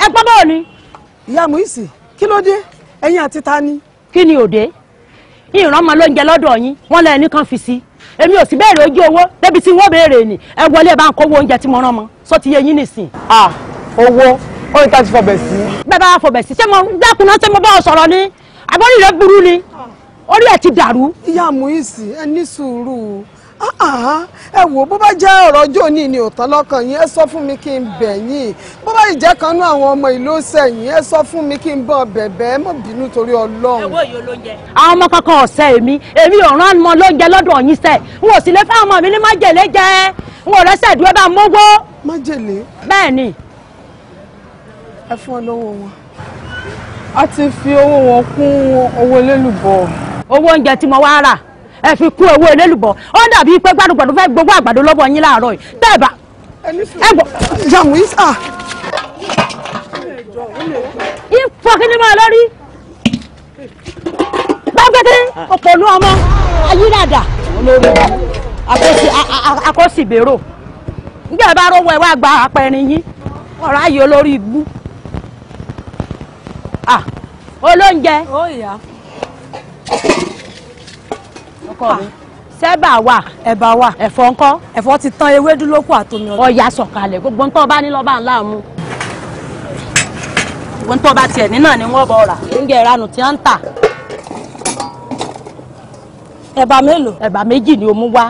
S2: ẹgbọ́n báwo ni ìyá Muisi kí ló dé ẹ̀yin àti ta ni. kí ni òde ìran ọmọ ló ń jẹ lọ́dọ̀ yín wọ́n lọ ẹni kan fi sí èmi ò sì béèrè ojú owó débi tí wọ́n béèrè ni ẹ wọlé bá ń kówó oúnjẹ tí mo rán mọ sọ ti yé yín nìsín. a owó ó ní tàbí fọbẹ̀ sí. bẹ́ẹ̀ bá fọbẹ̀ sí ṣé mo dákun náà ṣé mo bá ọ sọ̀rọ̀ ni àbọ̀rí rẹ burú ni
S1: orí ẹ̀ ti dàrú. ìyá Muisi ẹ ní sùúrù Ah, ah. ẹ wò bó bá jẹ́ ọ̀rọ̀ ọjọ́ òní ni òótọ́ lọ́kàn yín ẹ sọ fún mi kí n bẹ̀ yín bó bá ìjẹ́ kan nú àwọn ọmọ ìlú sẹ́yìn ẹ sọ fún mi kí n bọ̀ bẹ̀bẹ̀ ẹ má bínú torí ọlọ́run.
S2: ẹ wo
S4: ìyó ló ń jẹ.
S1: àwọn ọmọ kankan
S2: ọ̀sẹ̀ èmi èmi ò rán ọmọ ló ń jẹ lọ́dọ̀ yín n ò sì lè fẹ́ ọmọ mi ní májèlé jẹ
S1: n ò rẹ́sẹ̀ dúró bá mówó. májèlé. bẹ́ẹ̀ ni. ẹ fún ọ lọ́wọ́ wọn. a ti fi owó wọn
S2: kún owó ẹ fi kún owó elélùbọ́ ó dàbí pé gbàdúgbàdú fẹ́ gbogbo àgbàdo lọ́wọ́ yín láàárọ̀ yìí tẹ́ ah. ẹ bá ẹ gbọ́. jàǹwí sà. ìfọ̀ kí ni máa lórí gbàgbẹ́tẹ́ ọ̀pọ̀ ní ọmọ ayíradà olórí akọ́sìbérò nígbà bá rọwọ́ ẹ wá gba apẹ̀rin yín ọ̀rọ̀ ayé olórí igbú ah, olóúnjẹ. ó yá ọkọ ah. mi sẹ́bà wà ẹ̀bà wà ẹ̀fọ́ ńkọ́ ẹ̀fọ́ ti tán ewédú lókù àtomi ọ̀dọ́. ọ̀yà sọ̀kalẹ̀ gbogbo ń tọ́ bá ní lọ́ba ńlá mu gbogbo ń tọ́ bá tiẹ̀ ní náà ni wọ́n bọ̀ rà oúnjẹ ìranù tí wọ́n ń tà. ẹ̀bà mélòó. ẹ̀bà méjì ni o mú wá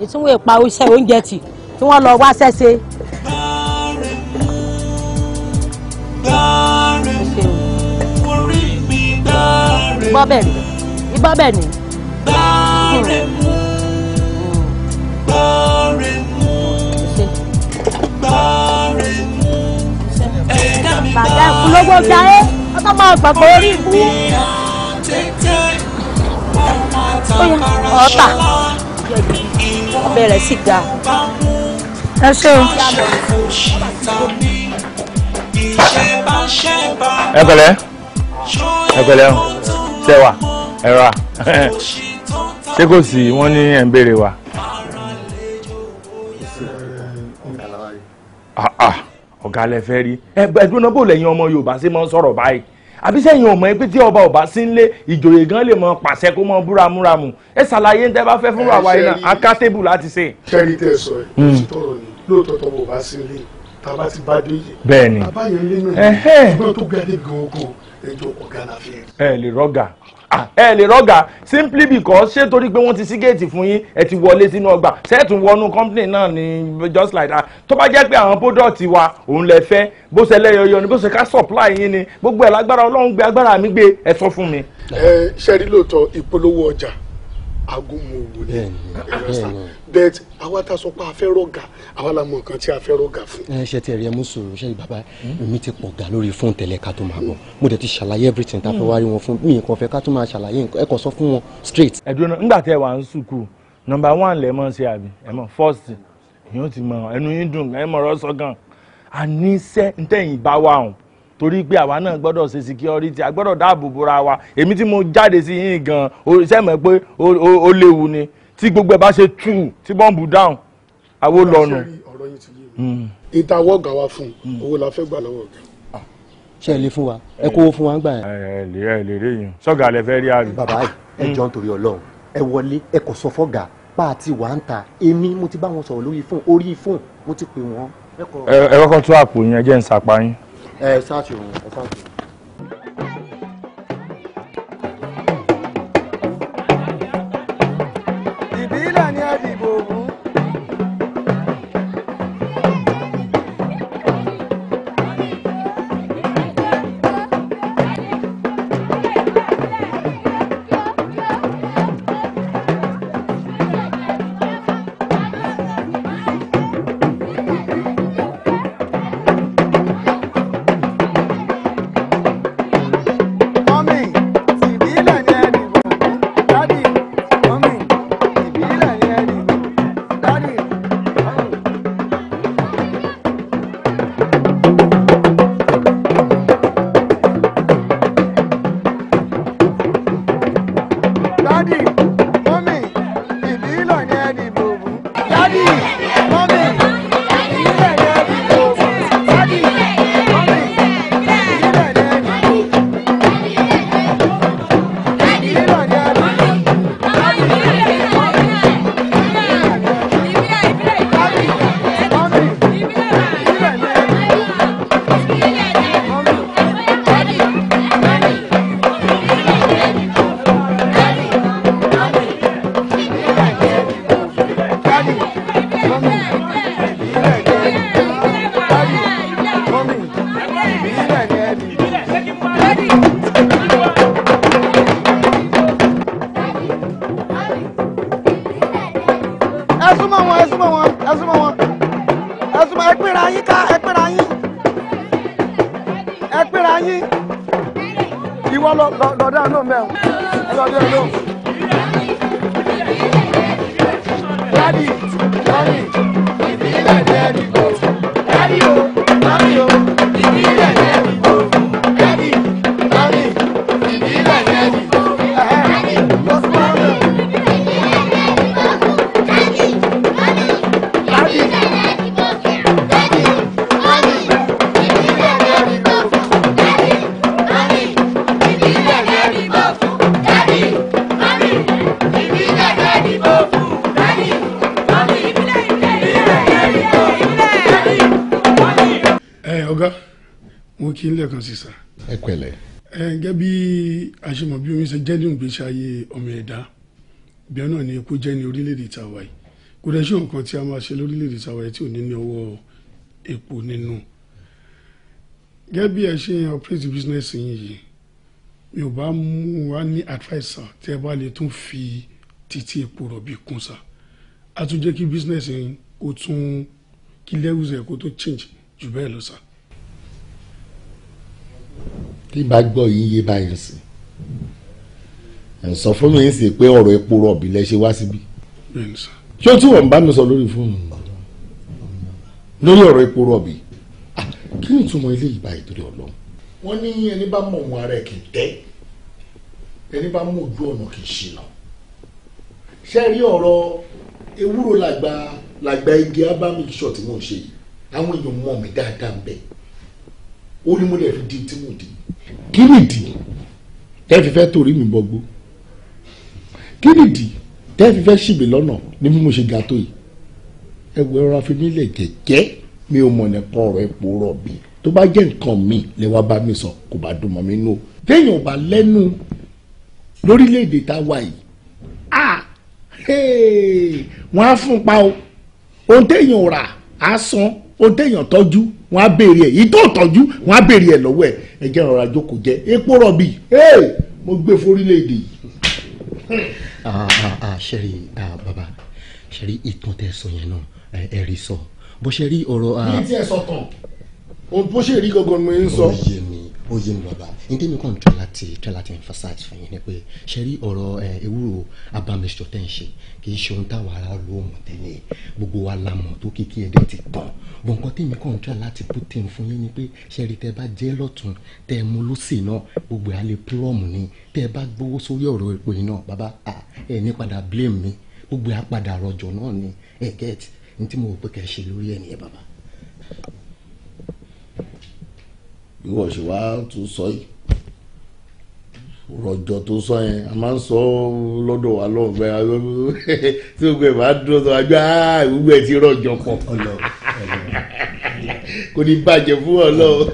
S2: èyí tí wọ́n pa iṣẹ́ oúnjẹ tì tí wọ́n lọ wá sẹ́sẹ́.
S7: gbọ́ bẹ́ẹ̀
S3: ni
S2: bàjẹ́ ìpolówó jayé ọtọ́ máa gbàgbọ́ orí ìbú. ọ̀tà bẹ̀rẹ̀ sí ga.
S4: ẹ ṣe o.
S5: ẹ pẹ̀lẹ́ ẹ pẹ̀lẹ́ o ṣe ẹ ra ṣé kò sí wọ́n ní ẹ̀ ń béèrè wa. ah ah ọ̀gá lẹ fẹ́ rí ẹgbẹ́ dúnà bò lẹ́yìn ọmọ Yorùbá ṣe máa ń sọ̀rọ̀ báyìí àbí sẹ́yìn ọmọ ẹgbẹ́ tí ọba ọba sí ń lé ìjòyè gan lè mọ pàṣẹ kó mọ búramúramù ẹ ṣàlàyé ń tẹ́ bá fẹ́ fún àwa yìí náà akátébù láti ṣe. kẹ́rí tẹ́ sọ ẹ̀ òṣìṣẹ́ hmm. ni lóòótọ́ tọ́ bọ̀ bá sí ilé tàbá ti bá dé yìí. bẹ́ẹ̀ ni ilé náà ṣùgbọ́n tó gbẹ́dẹ̀ gan-an ẹjọ́ ọ̀gá la fi. ẹ lè rọ́gà Ah, ẹ lè rọ́gà simply because ṣé torí pé wọ́n ti sí géètì fún yín ẹ ti wọlé sínú ọgbà ṣẹ́ẹ̀tún wọnú company náà ni just like that tó bá jẹ́ pé àwọn product wa òun lè fẹ́ bó ṣe lẹ́yọyọ ni bó ṣe ká supply yín ni gbogbo ẹ̀ lágbára ọlọ́run gbé agbára mi gbé ẹ sọ fún mi. ẹ ṣe rí lóòótọ́ ìpolówó ọjà agúnmòwò ni bẹ́ẹ̀ àwa ta sọ pé a fẹ́ rọ̀gà àwa la mọ nǹkan tí a fẹ́ rọ̀gà fún. ẹ ṣe ti ẹ̀rí ẹ mú sòrò ṣe bàbá mi ti pọ̀ ga lórí fóònù tẹ̀lé ká tó máa bọ̀ mo dẹ̀ ti ṣàlàyé everything tá a fẹ́ wá rí wọn fún mi nǹkan fẹ́ ká tó máa ṣàlàyé ẹ kàn sọ fún wọn straight. ẹ dúró náà nígbà tẹ wà ń sùkúù nọ́mbà one lẹ mọ ṣe àbí ẹ mọ first yóò ti mọ ẹnu yín dùn ẹ mọ ọ̀rọ̀ sọ gan àníṣe bá wà hàn torí pé àwa náà gbọ́dọ̀ ṣe security a gbọ́dọ̀ dáàbò bora wa èmi tí mo jáde sí yín gan sẹ́mọ̀ pé ó léwu ni tí gbogbo ẹ̀ bá ṣe tù tí bọ́ǹbù dáhùn àwo lọ́nu. ọ̀rọ̀ yìí wa fún un hmm. owó la fẹ́ gbà lọ́wọ́ ọ̀gá. Ah, ṣe é lè fún wa ẹ kó owó fún wa ń gbà yẹn. ẹ lè ẹ lè rí yín sọ́gà lẹ fẹ́ rí àrùn. bàbá ẹ hmm. jọ ń torí Ọlọ́run ẹ wọlé ẹ kò sọ fọ́gà pa àti wà ń ta èmi mo ti bá wọn sọ̀rọ̀ lórí fóònù orí fóònù mo ti pè wọ́n. ẹ kọ́kọ́ tún àpò yẹn jẹ́ ń sapá yín. 哎，沙我沙丘。kí n lẹ́ẹ̀kan sí sà. ẹ pẹ̀lẹ́. ẹ gẹ́gẹ́ bí àṣemọ̀ bí omi ṣe jẹ́ nínú ìgbésí ayé ọmọ ẹ̀dá bẹ́ẹ̀ náà ni epo jẹ́ ní orílẹ̀-èdè tàwa yìí kò dẹ̀ nǹkan tí a máa ṣe lórílẹ̀-èdè tàwa yìí tí ò ní ní ọwọ́ epo nínú. gẹ́gẹ́ bí ẹ ṣe operate business yín yìí mi ò bá mú wa ní advice sà tí ẹ bá lè tún fi títí epo rọ̀bì kún sà á tún jẹ́ kí business yín kó tún kí levels kó tó change jù bẹ́ẹ̀ lọ sa tí bá gbọ́ yín yé báyìí sí ẹ̀ sọ fún mi sì pé ọ̀rọ̀ epo rọ̀bì lẹ ṣe wá síbí ṣé o tí wọ́n bá mi sọ lórí fóònù lórí ọ̀rọ̀ epo rọ̀bì kí ni ìtumọ̀ eléyìí báyìí torí ọlọ́run. wọ́n ní ẹni bá mọ̀ wọn ara ẹ̀ kì í tẹ́ ẹni bá mú ojú ọ̀nà kì í ṣìnà ṣe rí ọ̀rọ̀ ewúro làgbà làgbà igi abamikisọ̀ tí mò ń ṣe yìí àwọn èèyàn mọ̀ mí dáadáa bẹ́ẹ̀ ó ní mo lè fi di tí mo di kí nìdí tẹ́ fi fẹ́ torí mi bọ́gbó kí nìdí tẹ́ fi fẹ́ ṣì mí lọ́nà ní bí ṣe ga tó yìí ẹgbẹ́ ọ̀rọ̀ fi jẹ́jẹ́ mi ò mọ̀ nípa ọ̀rọ̀ epo rọ̀bì tó bá jẹ́ nǹkan mi lè wá bá mi sọ kò bá dùn mọ́ mi nù. téèyàn bá lẹ́nu lórílẹ̀‐èdè tá a wà yìí wọ́n á fún pa o ohun téèyàn rà á san o téèyàn tọ́jú wọn á béèrè ẹ̀ yìí tó tọ́jú wọn á béèrè ẹ̀ lọ́wọ́ ẹ̀ ẹ jẹ́ rọra jókòó jẹ epo rọ̀bì ee mo gbé forílẹ̀-èdè yìí. Ah, ah, ah, ṣẹ́rí bàbá ṣẹ́rí ìtàn tẹ́ sọ yẹn náà ẹ rí sọ bó ṣe rí ọ̀rọ̀. bí tí ẹ sọ tán bó ṣe rí gangan ni mo ń sọ ó yé mi bàbá ní tèmi kàn try láti try láti emphasize fún yín ni pé ṣe rí ọ̀rọ̀ ewúro abamisọ̀ tẹ̀ ń ṣe kì í ṣe ohun táwọn ará olóòmù tẹ́lẹ̀ gbogbo wa la mọ̀ tó kíkí ẹ̀dẹ̀ ti tàn bọ̀ nǹkan tèmi kàn try láti put in fún yín ni pé ṣe rí tẹ́ bá jẹ́ lọ́tún tẹ́ mú lọ́sì náà gbogbo ẹ̀ á ni tẹ́ bá gbowó sórí ọ̀rọ̀ epo náà bàbá ẹ̀ ní padà blame mi gbogbo ẹ̀ á padà ni ẹ̀ get ní mo rò pé kẹ́ ṣe lórí ìwọ ṣe wá tún sọ yìí rọjò tó sọ yẹn a máa ń sọ lọ́dọ̀ wa lọ́hùn bẹ tí gbogbo ẹ bá dúró sọ àgbà ah, gbogbo ẹ ti rọjò pọ̀ kò ní bàjẹ́ fún ọ lọ́wọ́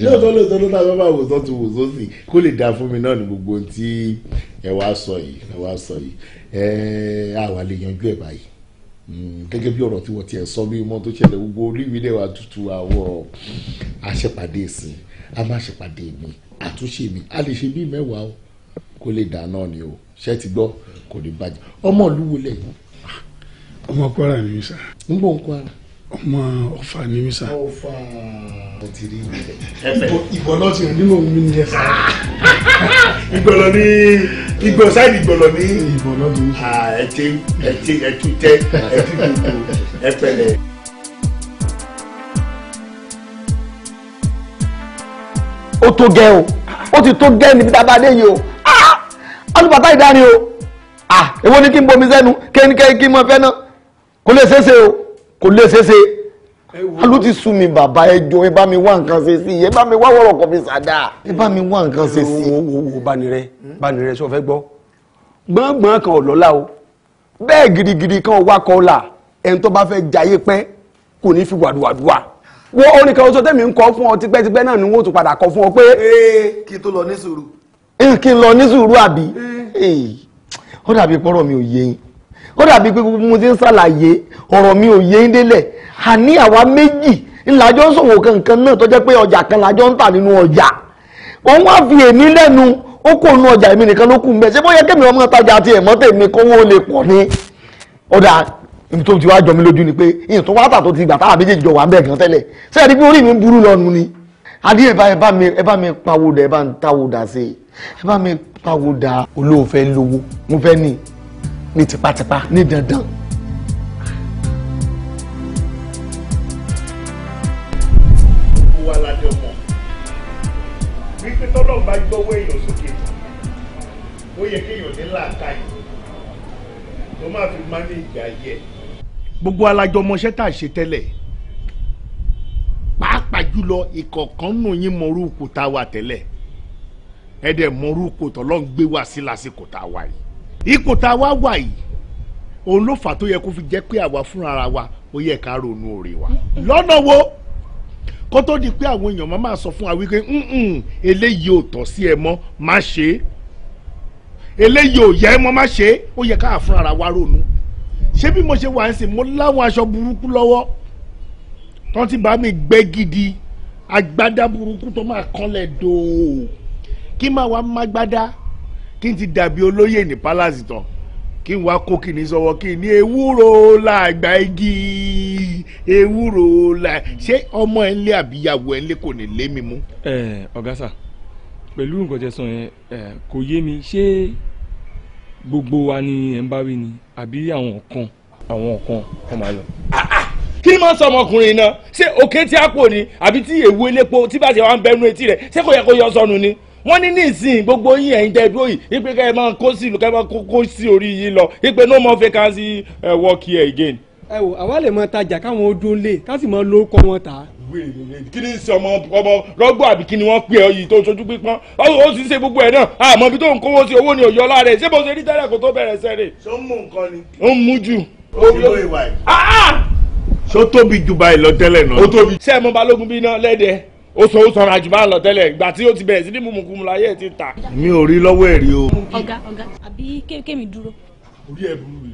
S5: lóòótọ́ lóòótọ́ tó dáa bá wòsàn tó wòsàn sí kó lè dáa fún mi náà ní gbogbo tí ẹ wá sọ yìí ẹ wá sọ yìí ẹ àwa lè yanjú ẹ báyìí gẹ́gẹ́ bí ọ̀rọ̀ tí wọ́n ti ẹ̀ sọ bí mọ́ tó ṣẹlẹ̀ gbogbo oríwìlẹ̀ wa tutù àwọ̀ àṣepàdé ìsìn a máa ṣèpàdé mi àtúnṣe mi a lè ṣe bí mẹ́wàá o kó lè dà náà ni o ṣé ti gbọ́ kò ní bàjẹ́ ọmọ ìlú wo lẹ̀ ọmọ Kwara ni mi sà. ń bọ̀ ń Kwara. ọmọ ọfà ni mi sa. ọfà mo ti rí ìgbọ̀nà ti rìn nínú òun mi nìyẹn sa. Ah! ìgbọ̀nà ní ìgbọ̀nà sáìdì ìgbọ̀nà ní. ìgbọ̀nà ah, ló ń sọ. ẹtí ẹtí ẹtú tẹ ẹtí gbogbo ẹpẹlẹ. ó tó gẹ́ o ó ti tó gẹ́ níbi tá a bá dé yìí o alùpàtà ah! o èwo ni kí n bomi sẹ́nu kí n kí n mọ fẹ́ náà kò lè ṣeé o kò lè ṣeéṣe alu ti sú mi bàbá ẹjọ́ ẹ bá mi wá nǹkan ṣe sí ẹ bá mi wá wọ̀rọ̀ kan fi ṣàdá ẹ bá mi wá nǹkan ṣe sí. wo wo wo banirẹ banirẹ sọ fẹ́ gbọ́ gbọngbọn kan ò lọ́lá o bẹ́ẹ̀ gidigidi kan wá kọ ẹni tó bá fẹ́ jayé pẹ́ kò ní fi wàdùwàdù wa wo orin kan sọ tẹmí ń kọ fún ọ tipẹ́tipẹ́ náà ni wọn ò tún padà kọ fún ọ pé. ee eh, kí n tó lọ ní sùúrù. Eh, kí n lọ ní sùúrù àbí eh. ó dàbí pọ́rọ̀ mi ò yé yín ó dàbí pé gbogbo mo ti ń ṣàlàyé ọ̀rọ̀ mi ò yé délẹ̀ àní àwa méjì ńlájọ́ ń ṣòwò kankan náà tó jẹ́ pé ọjà kan lájọ́ ń tà nínú ọjà wọ́n wá fi èmi lẹ́nu ó kó inú ọjà èmi nìkan ló kù ń ṣé bóyá kémi ọmọ tajà àti ẹ̀mọ́ tèmi kówó lè pọ̀ ní tó ti wá jọ mi lójú ni pé ìyẹn tó wá tà tó ti gbà táwa méjèèjì jọ wà ń bẹ̀ gan tẹ́lẹ̀ ṣé ẹ̀rí pé orí mi ń burú lọ́nu ni adé ẹ̀bá ẹ̀bá mi ẹ̀bá mi pawódà ẹ̀bá ń táwódà sí ẹ̀bá mi pawódà olóòfẹ́ lówó mo fẹ́ ní ní tipátipá ní dandan. wà ládé ọmọ wípé tọ́lọ́ bá gbọ́wọ́ èèyàn sókè ó yẹ kéèyàn ní làákàyè tó máa fi máa ní ìgbà yẹ. gbogbo alájọ ọmọọṣẹ́ tá a ṣe tẹ́lẹ̀ pàápàá jùlọ ìkọ̀ọ̀kan nù yín mọ̀rú kò tá a wà tẹ́lẹ̀ ẹ̀ẹ́dẹ̀ mọ̀rú kò tọ́lọ́ gbé wá sí lásìkò tá a wà yìí ipò tá a wá wà yìí òun ló fà tó yẹ kó fi jẹ́ pé àwa fúnra wa ó yẹ ká ronú ọ̀rẹ́ wa lọ́nà wo kó tó di pé àwọn èèyàn máa sọ fún wa wípé eléyìí ò tọ́ sí ẹ mọ́ má ṣe é eléyìí ò yẹ ẹ mọ́ má ṣe ó yẹ ká fúnra wa ronú ṣé bí mo ṣe wà ń sìn mo láwọn aṣọ burúkú lọ́wọ́ tó ti bá mi gbẹ́ gidi agbádá burúkú tó máa kanlẹ̀ dòó kí máa wá má gbádá kí n ti dàbí olóyè ní palace tán kí n wá kó kí ni sọwọ́ kí ni ewúro làgbà igi ewúro là ṣé ọmọ ẹ ń lé àbíyàwó ẹ ń lé kò ní lé mi mú. ọ̀gá sà pẹ̀lú nǹkan tẹ sọ yẹn kò yé mi ṣé gbogbo wa ni ẹ ń bá wí ni àbí àwọn kan àwọn kan kọ́ máa lọ. Ah, ah, kí ni máa ń sọ ọmọkùnrin náà ṣé òkè tí a kò ní àbí tí èwo elépo tí bàtí wa ń bẹnu etí rẹ̀ ṣé kò yẹ kó yọ sọnù ni wọ́n ní nísìnyí gbogbo yín ẹ̀yin tẹ́ dúró yìí ipe kẹ́ ẹ máa kó sí ìlú kẹ́ ẹ máa kó sí orí yìí lọ ipe no more vacancy uh, work here again. ẹ wò àwa lè máa tajà káwọn ojú lè ká sì máa lórúkọ wọn tà á kí ni sọ ọmọ ọmọ rọgbọ àbí kí ni wọ́n pè ọ yìí tó sojú pípọn ó sì ṣe gbogbo ẹ náà àmọ́ ibi tó ń kówó sí owó ni òye ọlá rẹ ṣé bó ṣe rí tẹ́lẹ̀ kó tó bẹ̀rẹ̀ sẹrè. ṣó ń mú nǹkan ni. ó ń mú jù. ó ń lo ìwà yìí. Ah, ah! ṣó tóbi jù báyìí lọ tẹ́lẹ̀ náà. ó tóbi. sẹ́ẹ̀ mo balógun bí iná lẹ́dẹ̀ẹ́ ó sọ ó sanra jù bá lọ tẹ́lẹ̀ ìgbà tí ó ti bẹ̀rẹ̀ sí ní mumukumu láyé ẹ̀ ti ta. mi ò rí lọ́wọ́ ẹ̀ rí o.
S3: ọ̀gá ọ̀gá
S2: àbí kémi dúró.
S5: orí ẹ̀ burú mi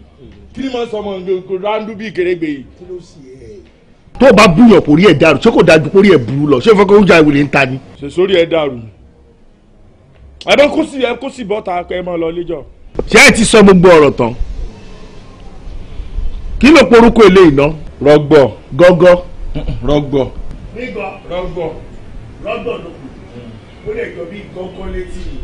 S5: kí ni mo sọ ọmọ nǹkan rándú bíi kérébé yìí. kí ló sì ẹ. tó o bá búyàn kò rí ẹ dàrú ṣé kò dájú kó rí ẹ burú lọ ṣé ìfọkàn oúnjẹ àwìlẹ̀ ń ta ni. ṣèṣó rí ẹ dàrú ẹ bá kó sì ẹ kó sì bọ́ta ẹ mọ́ lọ lẹ́jọ́. ṣé ẹ ti sọ gbogbo ọ̀rọ̀ rọgbọ. rọgbọ london ló kù ó lè jọ bí gángan létí mi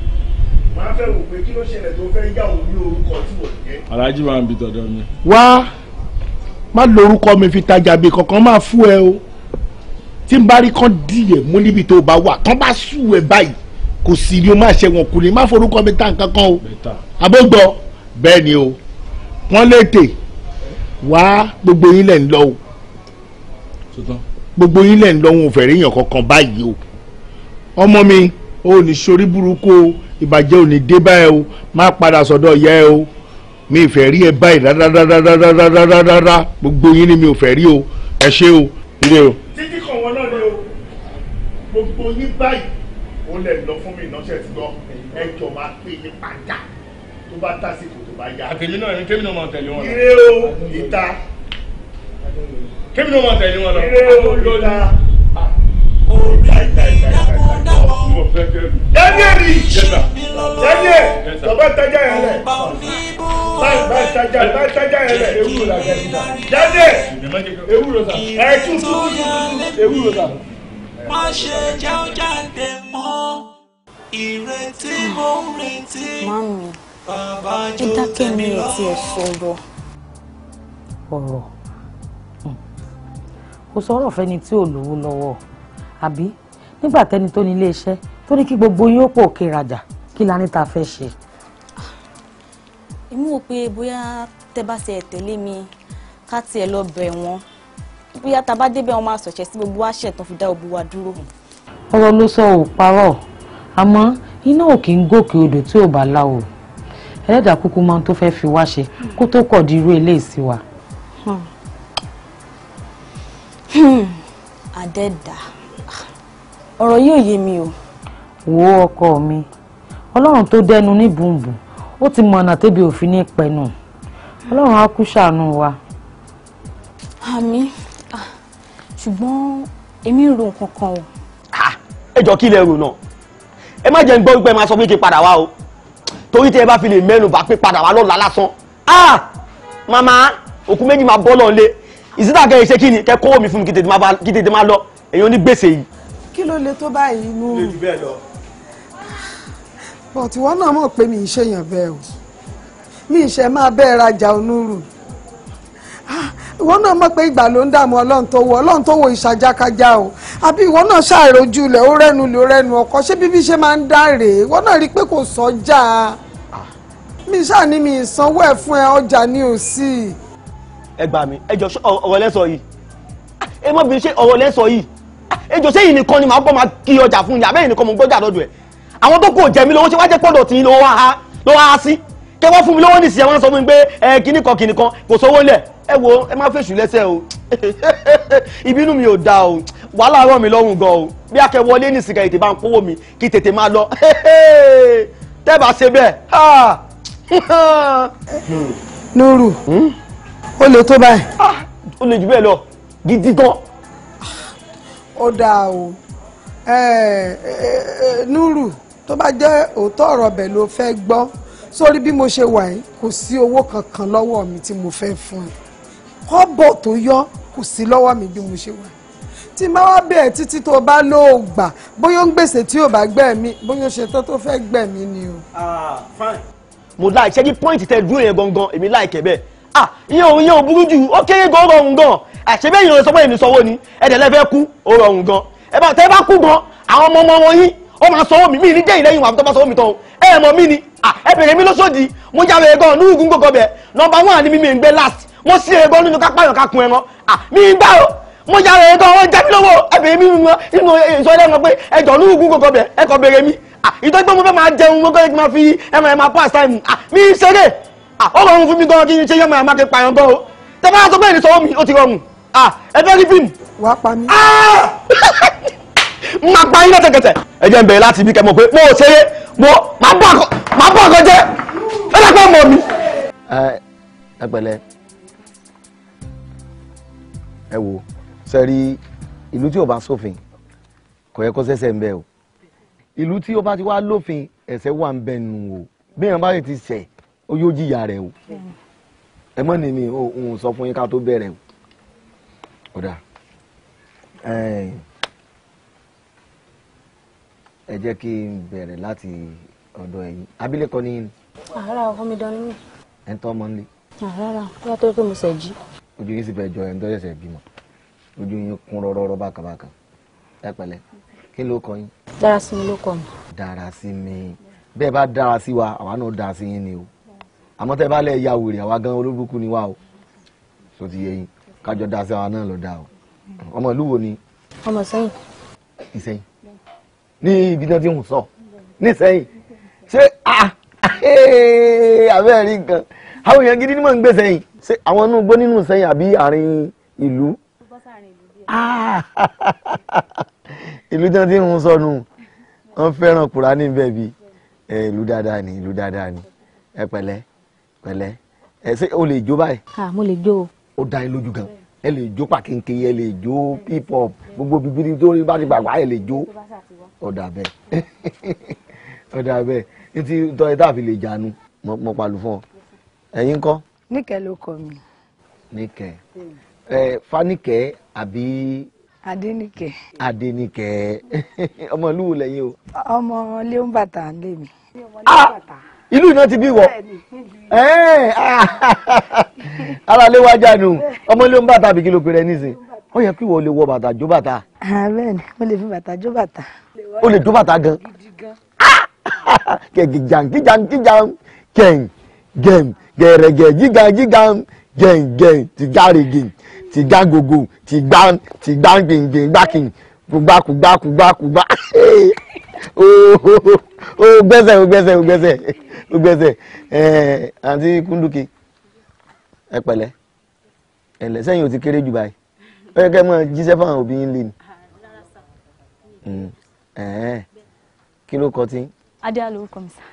S5: máa fẹ́ wò pé kí ló ṣẹlẹ̀ tó fẹ́ yà òun ní orúkọ tí wò jẹ́. alájí máa ń bi tọ̀dọ̀ mi. wá má lórúkọ mi fi tajà bí kankan máa fún ẹ o tí n bá rí kán dìyẹ mú níbi tó bá wà tán bá sùn ẹ báyìí kò sì ní o má ṣẹ̀wọ̀n kù ní má forúkọ mi ta nǹkan kan o abógbọ bẹ́ẹ̀ ni o wọ́n létè wá gbogbo yín lẹ̀ ń lọ o gbogbo yín lẹ̀ ń lọ òun ò fẹ́ ríyàn kankan báyìí o ọmọ mi ò ní sori burúkú o ìbàjẹ́ ò dé báyìí o má padà sọ̀dọ̀ ìyá ẹ o mi ì rí ẹ báyìí rárárárárárárárá gbogbo yín ni mi ò fẹ́ rí o ẹ ṣé o ire o. títí kan wọn náà ni o gbogbo yín báyìí òun lè lọ fún mi ìnáṣẹ́ ti gbọ́ ẹ jọ máa pè é pàjá tó bá tásìkò tó bá yá. àtẹ̀lé náà ni kébì náà máa tẹ̀lé wọn. ire o ìta. kébì náà máa tẹ̀lé wọn lọ. ire o ìta mami ẹ dákẹ́ mi ò tiẹ̀
S4: sọ̀rọ̀
S2: ọ̀rọ̀ hmm. kò sọ̀rọ̀ fẹ́ni tí ò lówó lọ́wọ́ àbí nígbà tẹ́ni tó ní ilé iṣẹ́ tó ní kí gbogbo yín ó pò òkè rajà kí la ní ta fẹ́ ṣe. èmi wò pé bóyá tẹ́ bá ṣe tẹ̀lé mi ká tiẹ̀ lọ bẹ̀ wọ́n bóyá tá a bá débẹ̀ wọ́n máa sọ̀ṣẹ́ sí gbogbo wa ṣẹ̀ tán fi dá òbu wa dúró. ọ̀rọ̀ ló sọ ò parọ́ àmọ́ iná ò kì í gòkè odò tí ò bá láwò ẹlẹ́dà kúkú máa tó fẹ́ fi wá ṣe kó tó kọ̀ di irú eléyìí wa. àdẹ́dàá hmm. hmm ọ̀rọ̀ yìí ò yé mi o. wo ọkọ mi ọlọ́run tó dẹnu ní bùnbùn ó ti mọ ọ̀nà tẹ́bi òfin ní pẹ̀nù ọlọ́run á kú ṣàánú wa. àmì ṣùgbọ́n èmi ń ro nǹkan kan o.
S5: ẹ jọ kí lẹ rò náà ẹ má jẹ́ ń gbọ́ wípé ẹ máa sọ pé kí n padà wá o torí tí ẹ bá fi lè mẹ́nu bá pé padà wá lọ́la lásán ah màmá òkú méjì máa bọ́ lọ́ọ́ lé ìsítàkẹ́ ìṣe kí ni kẹ́ kówó mi fún mi kí tètè máa lọ èèyàn ní gbèsè yìí
S1: kí ló le tó báyìí inú rù. lè bẹ́ẹ̀ lọ. but ìwọ náà mọ̀ pé mi ì ṣèyàn bẹ́ẹ̀ o mi ì ṣe máa bẹ́ẹ̀ rajà onúrù ah, ìwọ náà mọ̀ pé ìgbà ló ń dààmú ọlọ́run tó wọ ọlọ́run tó wọ ìṣàjákájá o àbí ìwọ náà ṣàìrojú ilẹ̀ ó rẹ́nu lè rẹ́nu ọkọ ṣé bíbí ṣe máa ń dá rèé ìwọ náà rí i pé kò sọ́jà ah,
S5: mi ṣáà ní mi ìsanwó ẹ̀ fún ẹ ọjà ni ò sí. ẹ gbà mí ẹ jọ ọ̀rọ̀ lẹ́sọ̀ yìí ah, ẹ mọ̀ bí ṣe ọ̀rọ̀ lẹ́sọ̀ yìí ejò sẹ́yìn nìkan ni màá bọ́ máa kí ọjà fún yàrá bẹ́ẹ̀ nìkan mo gbọ́jà lọ́dọ̀ ẹ̀ àwọn tó kò jẹ mí lówó ṣe wá jẹ́ pọ́dọ̀ tí ló wá Ha, sí kẹ wọ́n fún mi lówó nìsíyà wọ́n sọ fún mi pé ẹ kíní kan kíní kan kò sówó lẹ̀ ẹ wo ẹ má fèsù lẹ́sẹ̀ o ìbínú mi ò da o wàhálà rọ̀ mí lọ́rùn gan o bí akẹwọlé nìsíkà ètè bá ń kówó mi kí tètè máa lọ tẹ́ẹ̀bà ṣe bẹ́ẹ̀. Nuru hmm? ó le tó báyìí. Ah! ó le jù bẹ́ẹ̀ lọ gidi gan
S1: ó dáa o Núrù tó bá jẹ́ òótọ́ ọ̀rọ̀ bẹ̀ ló fẹ́ gbọ́ sórí bí mo ṣe wà yìí kò sí owó kankan lọ́wọ́ mi tí mo fẹ́ fún ẹ kọ́bọ̀ tó yọ kò sí lọ́wọ́ mi bí mo ṣe wà tí má wá bẹ̀ẹ́ títí tó bá ló gbà bóyá
S5: ń gbèsè tí ò bá gbẹ̀mí bóyá ṣe tán tó fẹ́ gbẹ̀mí ni o. Ah, mo láì ṣẹ́jú pọ́ìntì tẹ dúró yẹn gangan èmi láì kẹ́ bẹ́ẹ̀ ah ìyẹn òun yẹn ò burú jù ó kéré gan ó rọrùn gan àṣebẹ́ ìyẹn sọ pé èmi sanwó ni ẹ̀dẹ̀ lẹ́fẹ́ kú ó rọrùn gan ẹ bá tẹ́ bá kú gan àwọn ọmọ ọmọ wọn yín ó máa sanwó mi mí ní dẹ́yìn lẹ́yìn wà tó bá sanwó mi tán o ẹ mọ̀ mí ni ah, ẹ bèrè mi lóṣòdì mo jáwé gan nírúgún gbogbo bẹ̀ nọmba one ni mi mi ń gbé last mo sí ẹ gan nínú kápáyàn kakun ẹran ah, mi ń gbá o mo jáwé gan wọn jábí lọ́wọ́ ẹ bèrè mi nínú ìsọ̀rọ̀ ẹran pé ẹ jọ̀ nírúgún gbogbo bẹ̀ ẹ kò bèrè mi ah, ìtọ́jú pé mo fẹ́ máa jẹun mo kọ́ ẹ máa fi ẹ máa pass time mi ń ṣeré ó ah. rọrùn fún mi gan kí n ṣe yẹ́mọ àmọ́ kí n pààyàn gan o tẹ bá sọ pé èdè sọwọ́ mi ó ti rọrùn ah, ẹ fẹ́ rí fíìmù. wà á pa mí. Ah! máa pa yín lẹ́tẹ̀kẹsẹ̀ ẹ jẹ́ n bẹ̀rẹ̀ láti ibi kẹ́ mọ̀ pé mo ò ṣeré mo máa bọ̀ ọ̀kan jẹ́ ẹ dẹ́pẹ́ mọ̀ mi. ẹ pẹ̀lẹ́ ẹ wo sẹ́rí ìlú tí ò bá sófin kò yẹ kó ṣẹ̀ṣẹ̀ ń bẹ o ìlú tí ó bá ti wá lófin ẹ̀ṣẹ̀ wà ń bẹ nù o bí èèyàn bá yẹ ti ṣẹ̀ ó yóò jìyà rẹ̀ o ẹ mọ̀ ní mi òun sọ fún yín ká tó bẹ̀rẹ̀ o kódà ẹ jẹ́ kí n bẹ̀rẹ̀ láti ọ̀dọ̀ ẹ̀yin abilékọ ni.
S6: àárá
S2: ọmọdé ni mí. ẹ ń tọ́ ọmọ nílé. àárá kí wọ́n tó tó mo ṣẹ̀ jí.
S5: ojú yín sì fẹ́ jọ ẹni tó ṣẹ̀ṣẹ̀ bímọ ojú yín kún rọ́rọ́rọ́ bákàbákà ẹ kí ló kọ yín.
S6: dára sí mi ló kọ mi.
S5: dára sí mi bẹ́ẹ̀ bá dára sí wa àwa náà dára sí yín ni o àmọ́ tẹ́ bá lẹ̀ ya wèrè àwa gan olóbùkún ni wá o tó ti yẹ yín kájọ dá sí àwa náà lọ dá o ọmọ ìlú wo ni. ọmọ sẹ́yìn. ìsẹ́yìn ní ibi tí wọ́n ti ń sọ ní ìsẹ́yìn ṣé àbẹ́ ah, ah, eh, rí nǹkan àwọn èèyàn gidi ni mò ń gbé sẹ́yìn ṣé àwọn inú gbó nínú sẹ́yìn àbí àárín ìlú. Ah, ìlú tí wọ́n ti ń sọnù wọ́n fẹ́ràn kùrá níbẹ̀ bí eh, ìlú dáadáa ni ìlú dáadáa ni ẹ pẹ̀lẹ́ pẹ̀lẹ́ ẹ ṣe o lè jó báyìí. à mo lè jó o. ó dá yín lójú gan ẹ lè jó pàkínkì ẹ lè jó hip hop gbogbo bíbí tó rí bá ti gbàgbá ẹ lè jó ó dà bẹ́ẹ̀ ó dà bẹ́ẹ̀ títí tọ́ ẹ dàbí lè jánu mo palu fún ọ ẹ̀yin kọ́.
S6: níkẹ́ ló kọ mi.
S5: níkẹ́ ẹ fanikẹ́ àbí. adéníkẹ́. adéníkẹ́ ọmọ ìlú wo lẹ́yìn o.
S2: ọmọ léun bàtà lèmi. ọmọ ah! léun bàtà
S5: ìlú iná ti bí wọ ah, ara lé wájà nù ọmọ ilé ń bàtà àbíkí ló pèrè nísìn ó yẹ kí ìwọ lè wọ bàtà jó bàtà. Ah, bẹ́ẹ̀ni mo lè fi bàtà jó bàtà. o lè jó bàtà gan. kẹ̀kì jàm kí jàm kí jàm kẹ̀ǹ gẹ̀m gẹ̀rẹ̀gẹ̀ gíga gíga gẹ̀ǹ gẹ̀ǹ tìgárìgì tìgágògò tìgbà tìgbàgbìngbìn gbàkìn kùgbàkùgbàkùgbàkùgbà. o gbẹ́sẹ̀ o gbẹ́sẹ̀ o gbẹ́sẹ̀ o gbẹ́sẹ̀ àǹtí kúndùkì ẹ pẹ̀lẹ́ ẹ̀lẹ́ sẹ́yìn ò ti kéré jù báyìí ó yẹ kẹ́ mọ́ jíṣẹ́ fáwọn òbí yín lè ní. Mm. kí ló kọ tí.
S2: adéọlá ló kọ mi sá.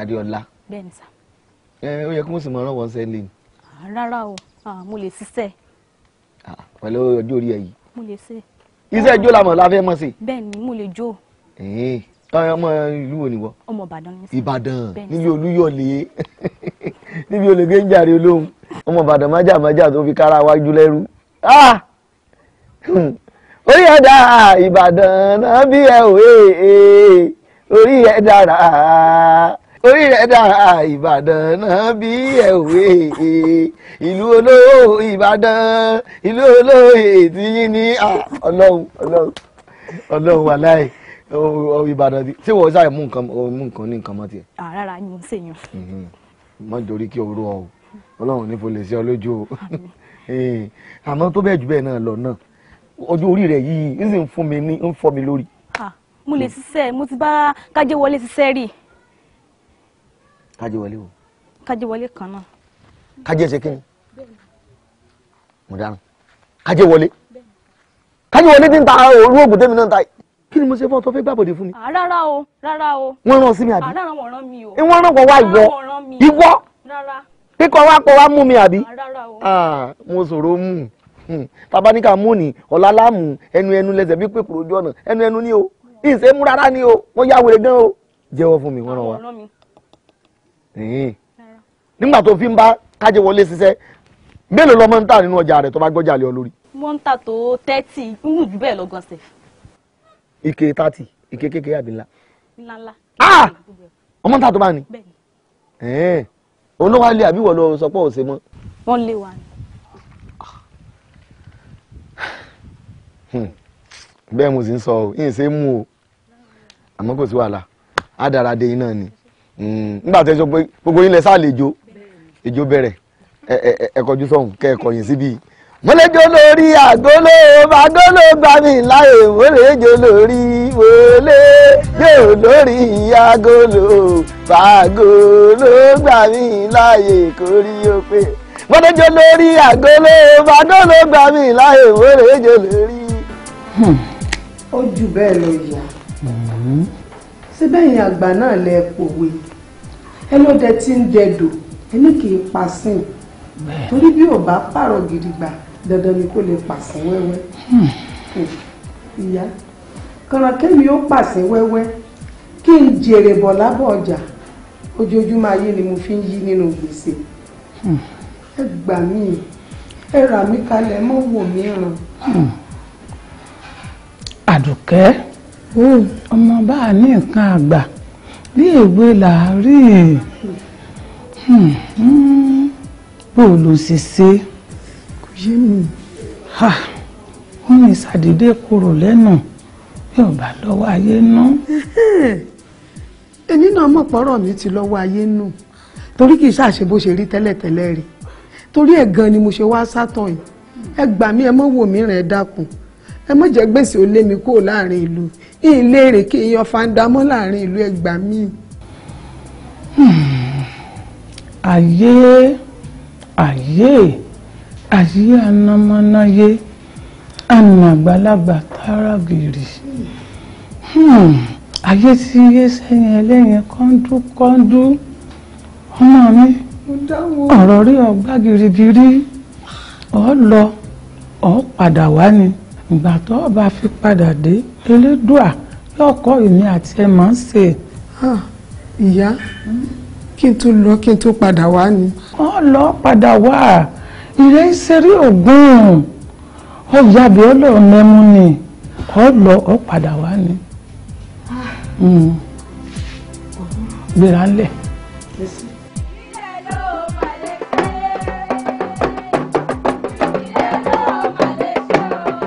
S2: adéọlá. bẹ́ẹ̀ni sá.
S5: ó yẹ kí mo sì mọ ọlọ́wọ́ ṣe lè ní.
S2: rárá o mo lè ṣiṣẹ́.
S5: pẹ̀lú ọjọ́ orí ẹ yìí. mo lè ṣe. iṣẹ́ ijó làmọ̀ la fẹ́ mọ̀ sí. bẹ́ẹ̀ni mo lè jó. Eh, ọmọ ìlú wo ni wọ.
S2: ọmọ ìbàdàn ni sọ.
S5: ìbàdàn níbi olúyọ̀lé níbi olùgbé ń jàre olóhùn ọmọ ìbàdàn májàmájà tó fi kára wájú lẹ́rú. Ah! orí ẹ̀ dá ìbàdàn náà bí ẹ ò ee eh, eh. orí ẹ̀ dára orí ẹ̀ dára ìbàdàn náà bí ẹ ò ee ìlú olówó ìbàdàn ìlú olówó ètí yín ní ah! ọlọ́run ọlọ́run ọlọ́run wà láì. Ìbàdàn ti ṣé wọ́n ṣàì mú nǹkan mú nǹkan ní nǹkan mọ́ tiẹ̀.
S2: Ah, rárá ni mo ṣèyàn. Mhm.
S5: má dorí kí oró ọ o ọlọ́run ní folè sí ọ lójú o eh, àmọ́ tó bẹ́ẹ̀ jù bẹ́ẹ̀ náà lọ náà ọjọ́ orí rẹ̀ yìí ń sì ń fún mi ní ń fọ́ mi lórí.
S3: Ah,
S2: mo lè ṣiṣẹ́ mo ti bá kájẹ́wọlé ṣiṣẹ́ rí. kájẹ́wọlé o. kájẹ́wọlé kan náà.
S5: kájẹ́ ṣe kí ni mo dáná kájẹ́wọlé kájẹ́wọlé ti ń ta òru ògùn tẹ́mi náà ta yìí kí ni mo ṣe fún ọ tó fẹ́ fún mi. Ah,
S2: rárá o rárá o. wọ́n rán sí mi ah, àbí. rárá wọn rán mi o. wọ́n rán wọ́n wá ìwọ ìwọ.
S5: rárá. kíkọ wá pọ̀ wá mú mi àbí. Ah, rárá o. mo sọ̀rọ̀ mú hmm. bàbá ní ká mú ni ọ̀la láàmú ẹnu ẹnu lẹsẹ̀ bí pèpè ojú ọ̀nà ẹnu ẹnu ni o ìṣe mú rárá ni o wọ́n yá wèrè gan o. jẹ́wọ́ fún mi wọ́n rán wa. nígbà tó fi ń bá kájẹ wọlé ṣiṣẹ́ mélòó lọ́mọ ń tà nínú ọjà rẹ̀ tó bá gbọ́jà lé ọ lórí.
S2: wọ́n tó thirty ń wù jù bẹ́ẹ̀ lọ́gàn
S5: ike tati, ike kékeré àbí ńlá.
S2: ńláńlá. Ah!
S5: ọmọ ta tó bá ní. bẹ́ẹ̀ni. òun ló wá lé àbí wọ́n lọ sọ pé mọ́. wọ́n lé wa ni. Hmm. bẹ́ẹ̀ mo sì ń sọ ọ́ yìí ṣe é mú o àmọ́ kò sí wàhálà á dára dé iná ni hmm. nígbà tó ń sọ pé gbogbo yín lẹ sáà lè jó èjò bẹ̀rẹ̀ ẹ kọjú sọ́hùn kẹ́ ẹ kọ̀yìn síbi yìí mọ́lẹ́jọ́ lórí àgbóló bàgóló gbà mí láyè mọ́lẹ́jọ́ lórí mọ́lẹ́jọ́ lórí àgóló bàgóló gbà mí láyè kórí òpè mọ́lẹ́jọ́ lórí àgbóló bàgóló gbà mí láyè mọ́lẹ́jọ́ lórí. Hmm. ó jù bẹ́ẹ̀ lọ yá
S1: síbẹ̀ hmm. yẹn àgbà náà lẹ pòwe ẹlọ́dẹ tí ń dẹdò ẹni kì í pa sìn torí bí ò bá pààrọ̀ gidi dandan ni kó lè pàṣẹ wẹ́wẹ́ hmm. Hmm. ìyá kànákẹ́mi ó pàṣẹ wẹ́wẹ́ kí n jèrè bọ̀ lábọ̀ ọjà ojoojúmọ́ ayé ni mo fi ń yí nínú gbèsè hmm. ẹ gbà mí ẹ rà mí kalẹ̀ mọ́ wò mí ràn.
S6: àdùkẹ́ ọmọ bá a ní nǹkan àgbà bí èwe là bó o lò ṣe ṣe yé mi wọ́n ní ṣàdédé kúrò lẹ́nu bí ò bá lọ́wọ́ ayé nú.
S1: èmi náà mọ̀ pọ́rọ̀ mi ti lọ́wọ́ ayé nù torí kì í ṣàṣe bó ṣe rí tẹ́lẹ̀tẹ́lẹ̀ rí torí ẹ̀ gan ni mo ṣe wá sátàn yìí ẹ gbà mí ẹ mọ̀ wò mí rẹ̀ dákun ẹ mọ̀ jẹ́ gbèsè ó lé mi kúrò láàrin ìlú ilé èrè kí iyan fandamọ́ láàrin ìlú ẹ gbà mí.
S6: Hmm. ayé ayé àyè anamọ́náyé anàgbàlagbà tààràgìrì hmm, ayé tí yé sẹ́yìn ẹlẹ́yìn kọ́ńdúkọ́ńdú ọmọ mi ọ̀rọ̀ rí ọgbà girigiri ọ lọ ọ padà wá ni ìgbà tó o bá fi padà dé elédùà lọ́kọ̀ èmi àti ẹ̀ máa ń ṣe. Ah, ìyá kí n tó lọ kí n tó padà wá ni. ọ lọ padà wá ìrẹsẹ̀rí ògùn ọ̀yàbí ọlọ́ọ̀ mẹ́mú ni ọ̀lọ́ ọ̀padà wá ni hmm. gbéra ńlẹ̀.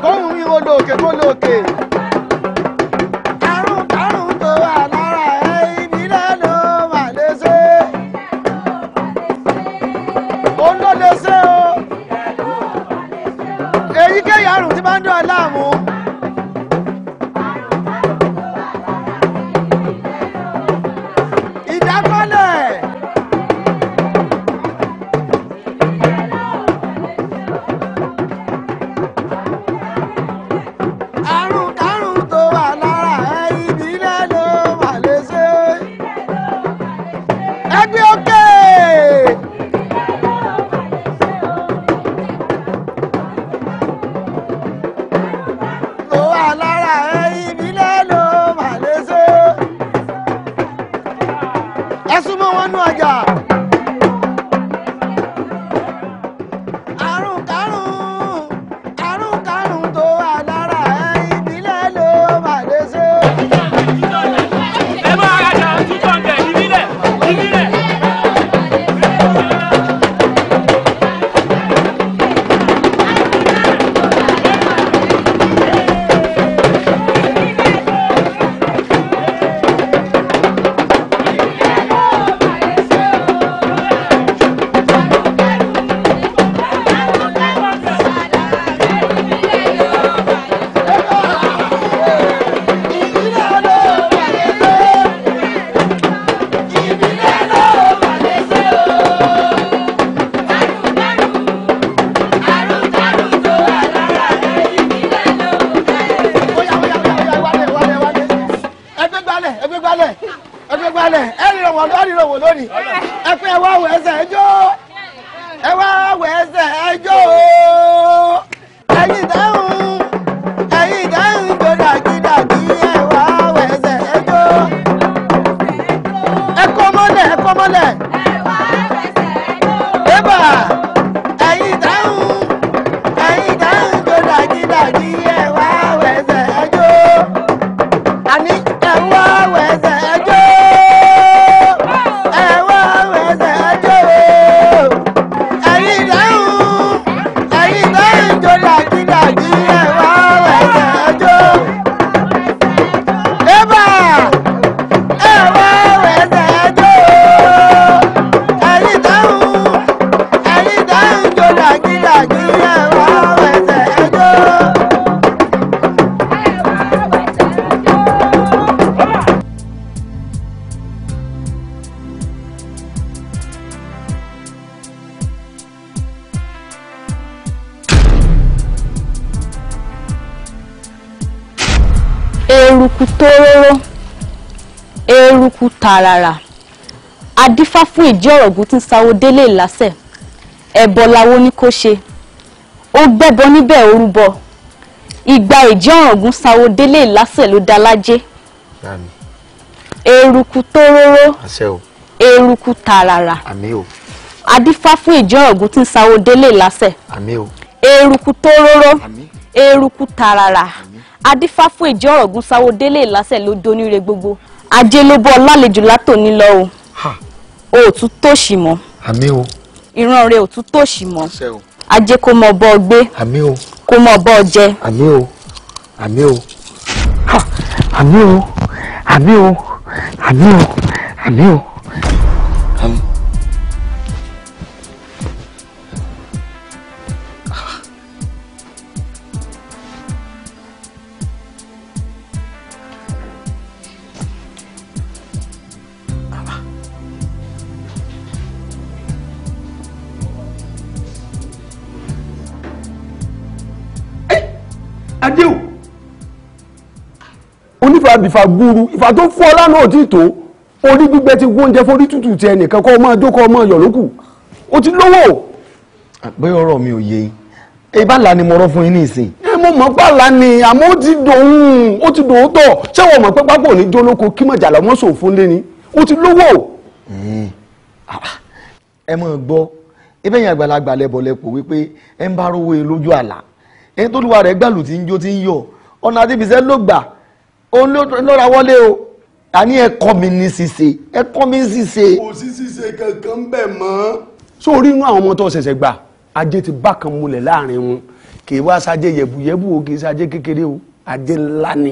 S5: kóhùn mi wo
S2: ká ara rà adífá fún ìdí ọ̀rọ̀gùn tí ń sáwó délé ìlàsẹ̀ ẹ̀bọ làwo ní kó ṣe ó gbẹ́bọ níbẹ̀ orúbọ ìgbà ìdí ọ̀rọ̀gùn sáwó délé ìlàsẹ̀ ló dá lájé eruku tó róró eruku tààràrà adífá fún ìdí ọ̀rọ̀gùn tí ń sáwó délé ìlàsẹ̀ eruku tó róró eruku tààràrà adífá fún ìdí ọ̀rọ̀gùn sáwó délé ìlàsẹ̀ ló dóníire gbogbo ajé ló bọ́ lálejò látòní lọ o o ò tún tòṣì mọ́ àmín o ìran rẹ ò tún tòṣì mọ́ ajé kó mọ bọ́ gbé àmín mọ bọ́ jẹ àmín o àmín o
S3: àmín o àmín o.
S5: abìfà gburu ìfà tó fún ọ lánàá òtí tó orí gbígbẹ ti gbóúnjẹ forí tútù ti ẹnìkan kọ́ ọmọ àjókòó ọmọ ọyọ̀ lókù ó ti lówó. àgbẹ̀ ọ̀rọ̀ mi ò yé yín ibà là ni mo rọ fún yín ní ìsìn. ẹ mo mọ̀ pàlà ni àmọ́ ó ti dòun ó ti dòun tọ̀ ṣé wọ́n mọ̀ pé pápá òní jólóko kí mọ̀jà lọ́mọ́ sòfún lé ni ó ti lówó. ẹ mọ̀ gbọ́ ibẹ̀ yẹn àgbàlagbà lẹ́bọ̀ lẹ́pọ̀ wípé ẹ ń bá rówó e lójú àlà ẹni tó lùwà rẹ̀ gbàlù tí ń jó tí ń yọ̀ ọ̀nà àti ìbísẹ́ ló gbà òun ló ra wọlé o àní ẹ̀kọ́ mi ní ṣíṣe ẹ̀kọ́ mi ní ṣíṣe. kò sí ṣíṣe kankan bẹ́ẹ̀ mọ́. sórí inú àwọn ọmọ tó ṣẹ̀ṣẹ̀ gbà ajé ti bákan múlẹ̀ láàrin wọn kì í wá sájé yẹ̀bùyẹ̀bù o kì í sájé kékeré o ajé ńlá ni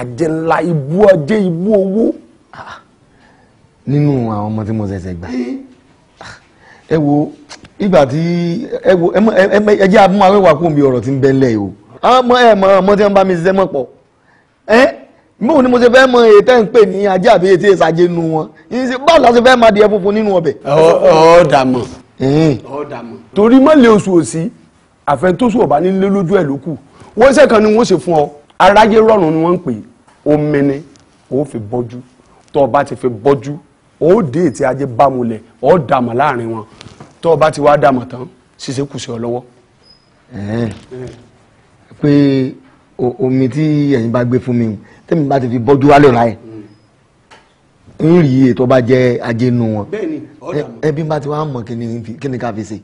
S5: ajé ńlá ibú ajé ibú owó. Ah, nínú àwọn ọmọ tí mo ṣẹ̀ṣẹ̀ gbà eh? ah, ẹ wo ìgbà tí ẹ wo ẹ jẹ́ abúmọ̀ awẹ́wà kó mi ọ̀rọ̀ ti ń bẹ́ńlẹ̀ o ọmọ ẹ mọ ọmọ tí wọ́n bá mi ṣiṣẹ́ mọ̀ pọ̀ ẹ́ bóun ni mo ṣe fẹ́ mọ èyí tẹ́ ń pè ní ajé àbí èyí tí èyí ṣàjẹ́ nu wọn báwo la ṣe fẹ́ máa di ẹ funfun nínú ọbẹ̀. ọ̀ dàmọ̀ ọ̀ dàmọ̀. torí má lè oṣù òsì àfẹntóṣù ọ̀bá nílé lójú ẹ̀ ló kù wọ́n ṣe kan ni wọ́n ṣe fún ọ aráyé rọrùn ni wọ́n ń pè omi ni ó fi bọ́jú tó o bá ti fi bọ́jú ó dé ètí ajé bámulẹ̀ ọ̀ dàmọ̀ láàrin wọn tó o bá ti wá dàmọ̀ tán ṣiṣẹ́ kù sí ọ lọ́wọ́ omi tí ẹ̀yin bá gbé fún mi tẹ́mi bá ti fi bọ́jú wálé ọ̀la ẹ̀ ń rí ètò ọba jẹ́ ajé nu wọn ẹbí bá ti wá mọ̀ kí ni ká fi ṣe.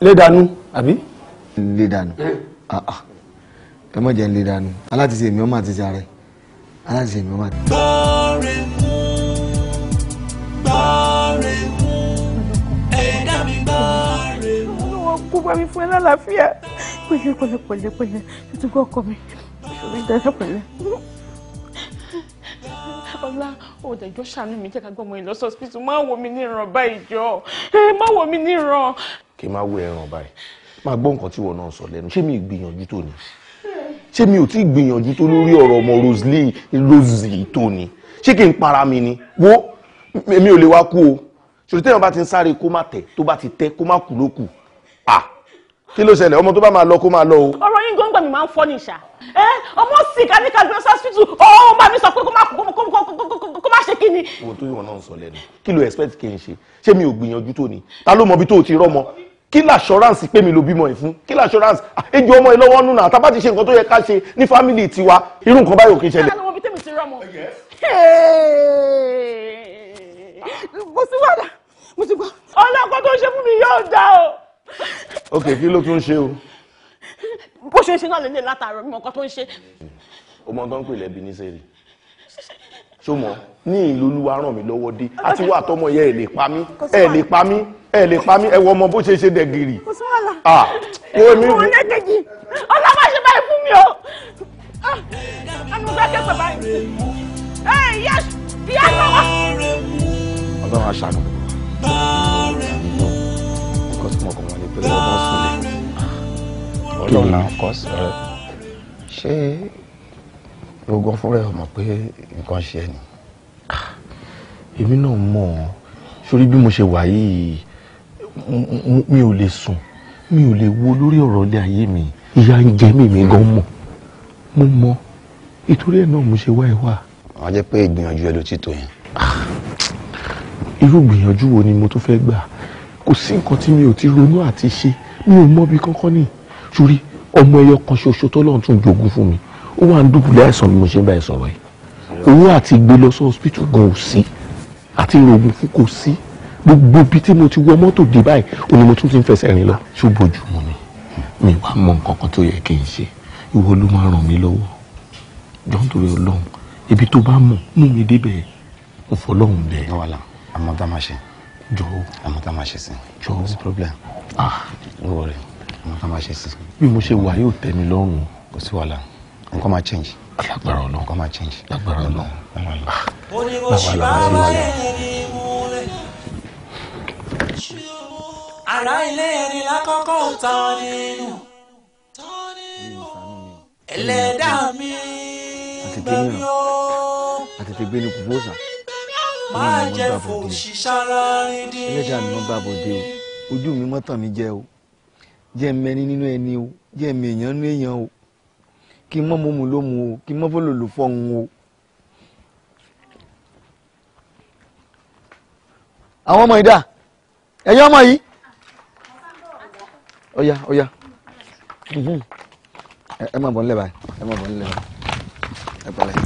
S5: lé dànù àbí. lé dànù ah, ah. ẹ mọ̀ jẹ́ lé dànù aláti ṣe èmi ọmọ àti ṣe ara aláti ṣe èmi ọmọ
S7: àti. bọ́ọ̀rẹ̀ mú bọ́ọ̀rẹ̀ mú ẹ̀dá mi bọ́ọ̀rẹ̀ mú. olùwọ̀n kú bá mi fún ẹ lálàáfíà pẹ̀lẹ́
S2: pẹ̀lẹ́ pẹ̀lẹ́ pẹ̀lẹ́ títí gbọ́ ọkọ mi ṣùgbọ́n ìdájọ́ pẹ̀lẹ́. ọlá òdẹjọ ṣàánú mi jẹ́ ká gbọmọ ìlọ sọsipítù má wo mi níran báyìí jọ
S6: ẹ má wo mi níran.
S5: kí n má wo ẹran báyìí máa gbọ́ nǹkan tí wọn náà sọ lẹ́nu ṣé mi ìgbìyànjú tó ni ṣé mi ò tí ì gbìyànjú tó lórí ọ̀rọ̀ ọmọ Rosalie Rosie ni ṣé kí n para mi ni wo èmi ò lè wá kú o ṣòtítẹ́yìn bá ti ń sáré kó má tẹ̀ tó bá ti tẹ́ kó má kú ló ah kí ló ṣẹlẹ̀ ọmọ tó bá máa lọ kó máa lọ o.
S2: ọ̀rọ̀ yín gbọ́ngbọ̀n mi máa ń fọ́ ní ìṣá. ẹ ọmọ sì ká ní kàgbé sọ́sítù ọ̀hún bá mi sọ pé
S5: kó má ṣe kí ni. wo tó yíwọ náà ń sọ lẹ́nu kí ló expect kí n ṣe ṣé mi ò gbìyànjú tó ni ta ló mọ bí tó o ti rọ́mọ kí l'assurance pé mi ló bímọ yìí fún kí l'assurance ejò ah, ọmọ yìí lọ́wọ́ nùnà tá bá ti ṣe nǹkan tó yẹ ká ṣe ní family tiwa irú nǹkan báyìí ò kí ń ṣẹlẹ̀.
S3: mo
S1: ti wá dà mo ti gbọ́.
S2: ọlọ́kọ̀ tó ṣe fún mi yóò dá o
S5: ok kí ló tún ṣe o.
S2: bó ṣe ń ṣe náà lè lè látàárọ̀ mímọ nǹkan tó ń ṣe.
S5: ọmọ tó ń pè lẹ́bi ní sẹ́rì ṣọmọ ní ìlú olúwa ràn mí lọ́wọ́ dé àti wà tọmọ yẹ ẹ lè pa mí ẹ lè pa mí ẹ lè pa mí ẹ wọ ọmọ bó ṣe ṣe dẹ̀gìrì. kò sí wàhálà ọmọ
S3: dẹ́gẹ̀jì
S2: ọlọ́mọ ṣe báyìí fún mi o ẹnu gbẹ́kẹ̀ pẹ̀ báyìí
S3: ẹ yẹ yẹ lọ́wọ́.
S5: ọlọ́run aṣàánú nǹkan tí mo kàn wọ́n ni pé wọ́n
S6: bọ́
S5: sílẹ̀ ọlọ́run náà kọ́ sí rẹ ṣé gbogbo fúnra ẹ̀ pé nǹkan ṣe ni. Ah, èmi náà mọ̀ sórí bí mo ṣe wà yìí mi ò lè sùn mi ò lè wo lórí ọ̀rọ̀ ilé ayé mi ìyà ń jẹ mí mi gan mọ̀ mo mọ̀ ìtorí ẹ̀ náà mo ṣe wá ẹ wá. àwọn jẹ́ pé ìgbìyànjú ẹ ló ti tó yẹn. Ah, irú ìgbìyànjú wo ni mo tún fẹ́ gbà kò sí nǹkan tí mi ò ti ronú àti ṣe mi ò mọbi kankan ní sórí ọmọ ẹyọ kan ṣoṣo tọ́lọ́run tún jogún fún mi ó wà ń dùbúlẹ̀ àìsàn bí mo ṣe ń bá ẹ sọ̀rọ̀ yìí owó àti gbé lọ sí hospital gan ò sí àti ìrògùn fún kò sí gbogbo ibi tí mo ti wọ mọ́tò dé báyìí òní mo tún ti ń fẹsẹ̀ rìn lọ. ṣùgbọ́jú mo ni mi wá mọ nǹkan kan tó yẹ kí n ṣe ìwọ ló máa ràn mí lọ́wọ́ jọ́n torí ọlọ́run ibi tó bá mọ̀ mú mi débẹ̀ mo fọ́ ọlọ́run bẹ́ẹ̀. àmọ́ dá máa ṣe jọ̀ọ́. àmọ́ tá a máa ṣe sí. jọ̀ọ́ no problem. ah no worry àmọ́ tá a máa ṣe sí. bí mo ṣe wà yóò tẹ́ mi lọ́rùn. kò sí wàhálà nǹkan máa change. alágbára Ọlọ́run nǹkan máa change. alágbára Ọlọ́run.
S4: oníbòṣìbá máa yẹ ní múlẹ̀. àrà ilé ẹni lákọ́kọ́ tán nínú.
S5: ẹlẹ́dàá mi gbẹ̀mí o. àtẹ̀tẹ̀ gbé ní kúkú
S4: máa jẹ fò ṣiṣara ríndín. ẹlẹ́dàá ni wọ́n
S5: gbà bòde o ojú mi mọ́tàn mi jẹ o jẹ́ mẹ́ni nínú ẹni o jẹ́ mi èèyàn nínú èèyàn o kí mọ́ mọ́ mu ló mu o kí mọ́ fọlọ́ lò fọ́hún o. àwọn ọmọ ìdá ẹ̀yin ọmọ yìí ọ̀ya ọ̀ya ẹ máa bọ̀ nílẹ̀ báyìí ẹ máa bọ̀ nílẹ̀ báyìí ẹ pẹ̀lẹ́.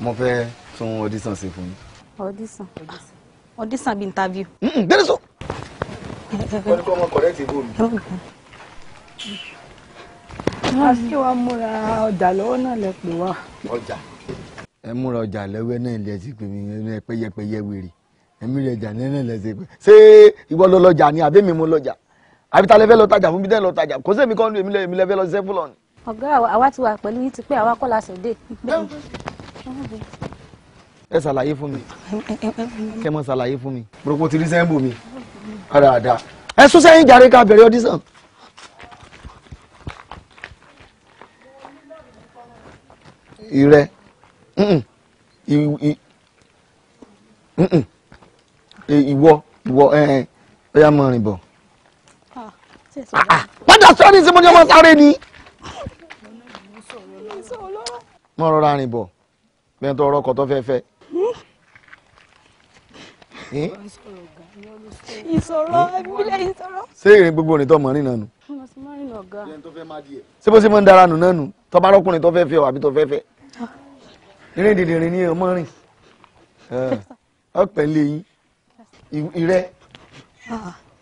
S5: mo fẹ́ tún audition ṣe fún mi.
S2: audition audition bí interview. bẹ́ẹ̀ sọ.
S5: wọ́n ní kí wọ́n kọ̀rẹ́ ti bò mí.
S2: a sì wá múra ọjà lọ́wọ́ náà lẹ pè wá.
S5: ọjà. ẹ múra ọjà lọ́wọ́ náà lẹ ti pè mí ẹ pẹ́yẹpẹ́yẹ wèrè ẹ̀mí rẹ̀ jà náà lẹ ti ṣé ìwọ ló lọ́jà ni àbí mi mo lọ́jà àbí ta lẹ fẹ́ lọ tajà fún mi tẹ́ lọ tajà kò sí èmi kan èmi lẹ fẹ́ lọ sẹ́fúlọ̀ ni.
S2: ọ̀gá àwa ti wà pẹ̀lú yín ti pé àwa kọ́ la ṣẹ̀dẹ̀
S5: ẹ ṣàlàyé fún mi kẹ mọ ṣàlàyé fún mi. burúkú ti rí sẹ́ńbù mi dáadáa ẹ sún sẹ́yìn jàre ká bẹ̀rẹ̀ audition. ìrẹ ìwọ ìwọ ọyá mọ rìn bọ. padà ah, sọ́ọ́ ní sẹ́mọ́ni ọmọ sáré ni. mo rọra rìn bọ̀ lẹ́yìn tó rọ́kọ̀ tó fẹ́ẹ́ fẹ́. ìṣòro ìbílẹ̀ ìṣòro. ṣé ìrìn gbogbo òní tó mọ̀ ní nànú. ṣé bó ṣe máa ń dára nù nánu tó bá rọ́kùnrin tó fẹ́ fẹ́ o àbí tó fẹ́ fẹ́. ìrìn dìde rìn ni ọmọ rìn ọpẹ lè yín ìrẹ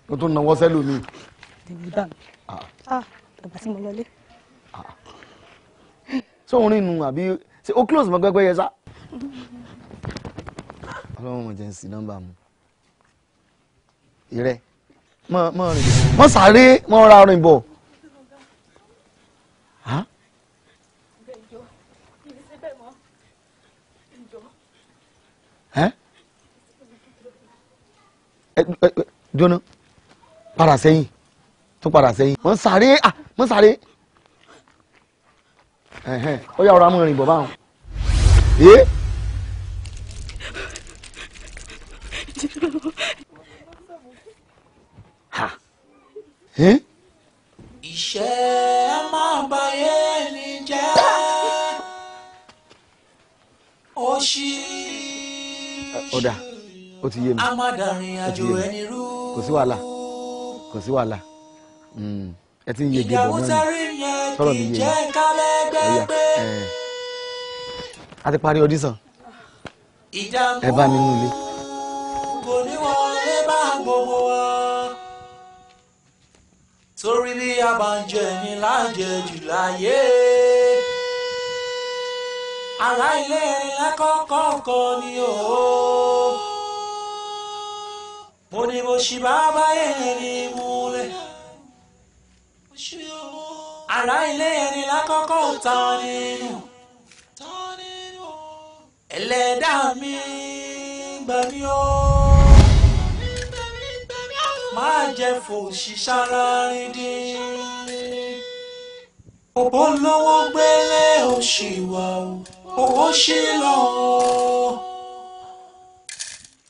S5: tó tún náwó sẹ́lómi. sóhun rìn nù àbí ṣe ó close mọ́ gbẹ́gbẹ́ yẹn sá. ọlọ́run mo jẹ́ ń sin nọ́mbà mu ìrẹ́ mọ́ rìn bọ̀ mọ́ sáré mọ́ ra rìn bọ̀. jóná padà sẹ́yìn tún padà sẹ́yìn mọ́ ah mọ́ sáré ó yà ọ̀rọ̀ amúrin bọ̀ báwọn.
S4: ìṣẹ́ ẹ máa báyé ni jẹ́ ó ti yé
S5: mi ó ti yé kò sí wàhálà kò sí wàhálà hmm. ẹ ti ń yege bọ̀ náà sọ̀rọ̀ mi yé mi. Eh. Eh. a ti parí ọdún sàn
S4: ẹ bá mi nílé. kò ní wọlé bá gbogbo wa ara ilé ẹni lákọ́kọ́ kan ni o. mo ní mo ṣì bá báyẹn ní múlẹ̀. mo ṣe ọmọ àrá ilé ẹni lákọ́kọ́ tán nínú ẹlẹ́dà mi gbà mí o máa jẹ fòṣìṣà rárín dín òbó lówó gbélé òṣì wà o owó ṣì lọ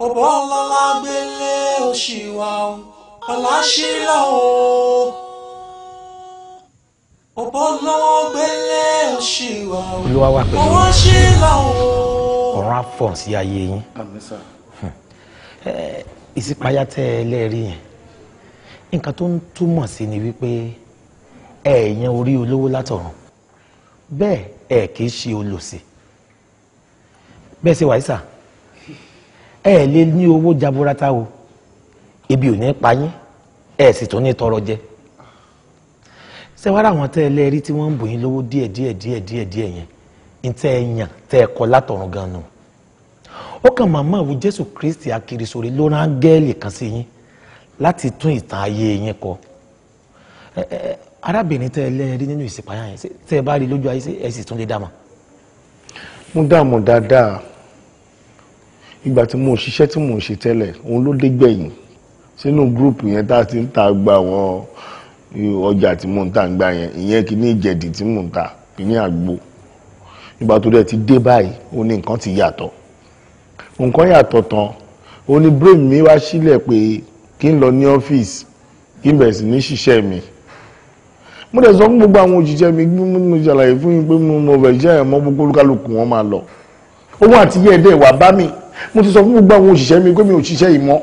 S4: òbó lọ́lá gbélé òṣì wà o ọlá ṣì lọ o olúwa wà pẹ̀lú
S5: ọ̀run àfọ̀n sí ayé yín hmm. ìṣípayá tẹ́ ẹ lẹ́ẹ̀rí yẹn nǹkan tó ń túmọ̀ sí ni wípé ẹ̀ẹ̀yàn orí olówó látọ̀run bẹ́ẹ̀ ẹ̀ kì í ṣe olòṣì bẹ́ẹ̀ ṣe wàyísà ẹ̀ lè ní owó jaburata o ebi ò ní pa yín ẹ̀ sì tún ní tọrọ jẹ ṣé wàá rà wọn tẹ́ ẹ lẹ́rí tí wọ́n ń bù yín lówó díẹ̀ díẹ̀ díẹ̀ díẹ̀ díẹ̀ yẹn ń tẹ́ ẹ yàn tẹ́ ẹ kọ́ látọ̀run gan nù. ó kàn màmá wo jésù kristi akirisore ló rán áńgẹ́lì kan sí yín láti tún ìtàn ayé yín kọ. arábìnrin tẹ́ ẹ lẹ́rí nínú ìsìpáyà yẹn tẹ́ ẹ bá rí lójú ayé ẹ sì tún lè dá mo dààmú dáadáa ìgbà tí mo ṣiṣẹ́ tí mo ṣe tẹ́lẹ̀ òun ló dé gbẹ̀yìn sínú gúrùpù yẹn tá a ti ń ta gba àwọn ọjà tí mò ń tà ń gbà yẹn ìyẹn kì í ní ìjẹ̀dì tí mò ń tà kì í ní àgbo nígbà tó dẹ̀ ti dé báyìí ó ní nǹkan ti yàtọ̀ nǹkan yàtọ̀ tán ó ní brain mi wá sílẹ̀ pé kí n lọ ní ọ́fíìsì kí n bẹ̀rẹ̀ sí ní ṣiṣẹ́ mi mo dẹ̀ sọ fún gbogbo àwọn òṣìṣẹ́ mi bí mo ṣàlàyé fún yín pé mo fẹ́ iṣẹ́ ẹ̀ mọ́ gbogbo olúkálùkù wọn máa lọ owó àti yẹ́ẹ̀dẹ̀ wà bá mi mo ti sọ fún gbogbo àwọn òṣìṣẹ́ mi pé mi ò ṣiṣẹ́ yìí mọ́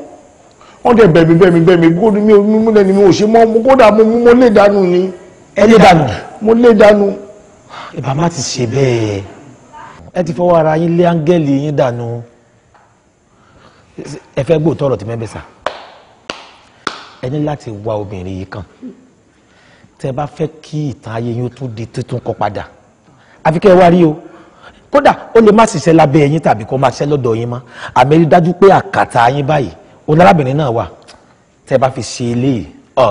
S5: wọ́n dẹ̀ bẹ̀mí bẹ̀mí bẹ̀mí kó ní mi múlẹ̀ ni mi ò ṣe mọ́ kódà mo lè dànù ni. ẹ lè dànù. mo lè dànù. ìbá má ti ṣe bẹ́ẹ̀ ẹ ti fọwọ́ ara yín lé áńgẹ́lì yín dànù ẹ fẹ́ gbọ́ tọrọ tí mẹ́bẹ̀ sà ẹ ní láti wá obìnrin yìí kan tẹ bá fẹ́ kí ìtàn ayé yín ó tún di tuntun kọ padà àfi kẹ́ ẹ wá rí o kódà ó lè má ṣiṣẹ́ lábẹ́ yín tàbí kó má ṣiṣẹ́ lọ́dọ̀ yín mọ́ àmẹ́rí dájú pé àkàtà yín báyìí olárabìnrin náà wà tẹ́ bá fi ṣe eléyìí ọ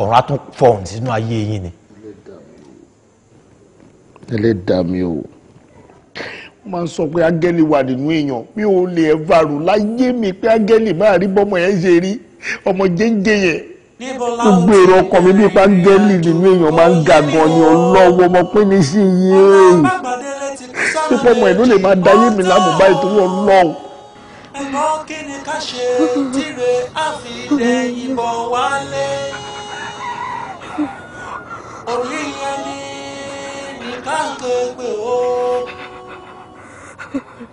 S5: ọ̀run á tún fọhùn sínú ayé yín ni. ẹlẹ́dàá mi o wọ́n máa ń sọ pé áńgẹ́lì wà nínú èèyàn mi ò lè ẹ̀ varò láyé mi pé áńgẹ́lì máa rí bọ́mọ yẹn ṣe rí ọmọ jẹ́ńjẹ́ yẹn gbogbo èrò ọkàn mi bíi pángẹ́lì nínú èèyàn máa ń ga gan ni ọlọ́wọ́ ọmọ pé ní sí iye pípọ́ ọmọ ẹ̀ ló lè máa dayé mi lámùbá ìtòwọ́ ọlọ́run
S4: ẹ̀kọ́ kí ni ká ṣe tíre àfilẹ ìbọn wálé orí yẹn ni nìkan képe o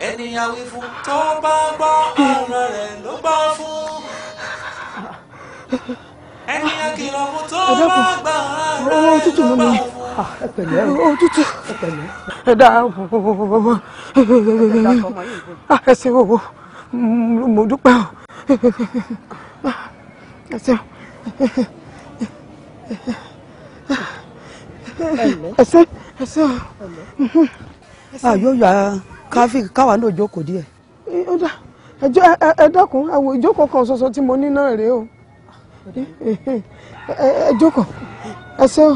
S4: ènìyàn wí fún tó bá gbọ́ ọ̀rọ̀ rẹ̀ ló gbọ́ fún ènìyàn kìlọ̀ fún tó bá gbà
S1: ọ̀rọ̀ rẹ̀ ló gbọ́ fún ẹ pẹ̀lẹ́ o tútù ẹ pẹ̀lẹ́ ẹ dá ọmọ ẹ ẹsẹ owó. Mm, mo dúpẹ́ o ẹ ṣeun ẹ ṣe ẹ ṣe o àyò yà káfíìkì káwa náà jókòó díẹ̀. ẹ dákun àwọn ìjókòó kan ṣoṣo tí mo ní náà rèé o ẹ jókòó ẹ ṣe o.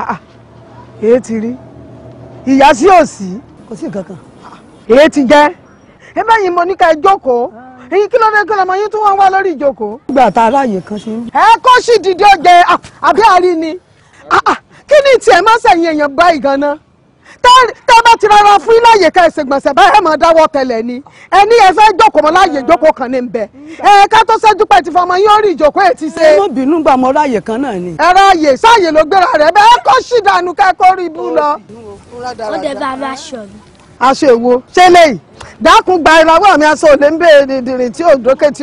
S1: ẹ ṣe èé ti rí ìyá sí òsì kò sí kankan ti jẹ́ ẹ báyìí mo ní ká ẹ jókòó èyí ah. kí ló dé kí wá lórí ìjókòó. nígbà tá a láàyè kan ṣe ń. ẹ kó dìde ọjẹ ah, àbí ni ah, kí ni tiẹ̀ má sẹ̀yìn èèyàn báyìí tẹ́ bá ti rárá fún iláyè ká ẹsẹ̀ gbọ̀nsẹ̀ báyìí mọ̀ dáwọ́ tẹ̀lẹ̀ ni ẹni ẹ fẹ́ jókòó mọ́ láàyè jókòó kan ní bẹ̀ ẹ ká tó ṣẹ́jú pẹ̀ tí fọmọ yóò rí ìjókòó ẹ̀ ti ṣe. ẹ bínú ráàyè kan náà ni. ẹ ráàyè sáàyè ló gbéra rẹ̀ bẹ́ẹ̀ kó ṣì dànù kẹ́kọ̀ọ́ rí ibú lọ.
S3: ó dẹ bá a bá aṣọ mi.
S1: aṣọ èwo ṣé léyìí dákun gba mi aṣọ òde ń béèrè dìrìn tí òdókè tí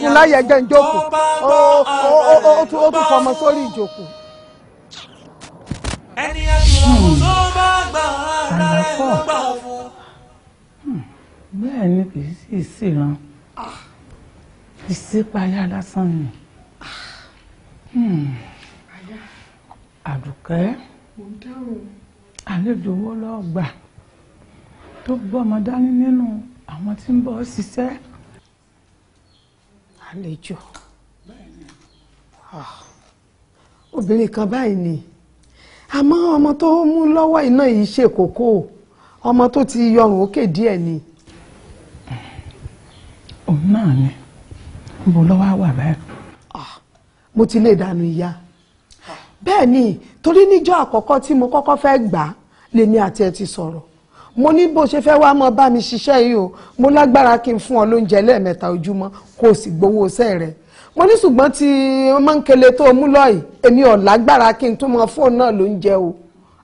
S1: fún láyẹ̀ gẹ́ ń ó tún fọmọ sórí ìjókòó.
S4: ẹni àtúrọ̀mù tó bá gbà
S6: ara rẹ̀ ló hmm. gbà fún. Hmm. bẹ́ẹ̀ ni kì í sì síran ah. ìṣípayá lásán ni. Hmm. àdùkẹ́ àlejò owó lọ́ọ́ gbà tó gbọ́mọ dání nínú àwọn tí ń bọ́ ṣiṣẹ́ àlejò ah. obìnrin kan báyìí ni. Ah
S1: àmọ́ ọmọ tó mú lọ́wọ́ iná yìí ṣe kókó ọmọ tó ti yọrùn òkè díẹ̀ ni.
S6: òun náà ni mo lọ́wọ́ wà báyìí. Ah,
S1: mo ti lè dànù ìyá bẹ́ẹ̀ ni torí níjọ́ àkọ́kọ́ tí mo kọ́kọ́ fẹ́ gbà á lèmi àti ẹ ti sọ̀rọ̀ mo ní bó ṣe fẹ́ wá mọ bá mi ṣiṣẹ́ yìí o mo lágbára kí n fún ọ lóúnjẹ lẹ́ẹ̀mẹ́ta ojúmọ́ kó o sì gbowó iṣẹ́ rẹ̀ mo ní ṣùgbọ́n tí mọ́ńkele tó mú lọ́yìn èmi ò lágbára kí n tún mọ fóònù náà ló ń jẹ o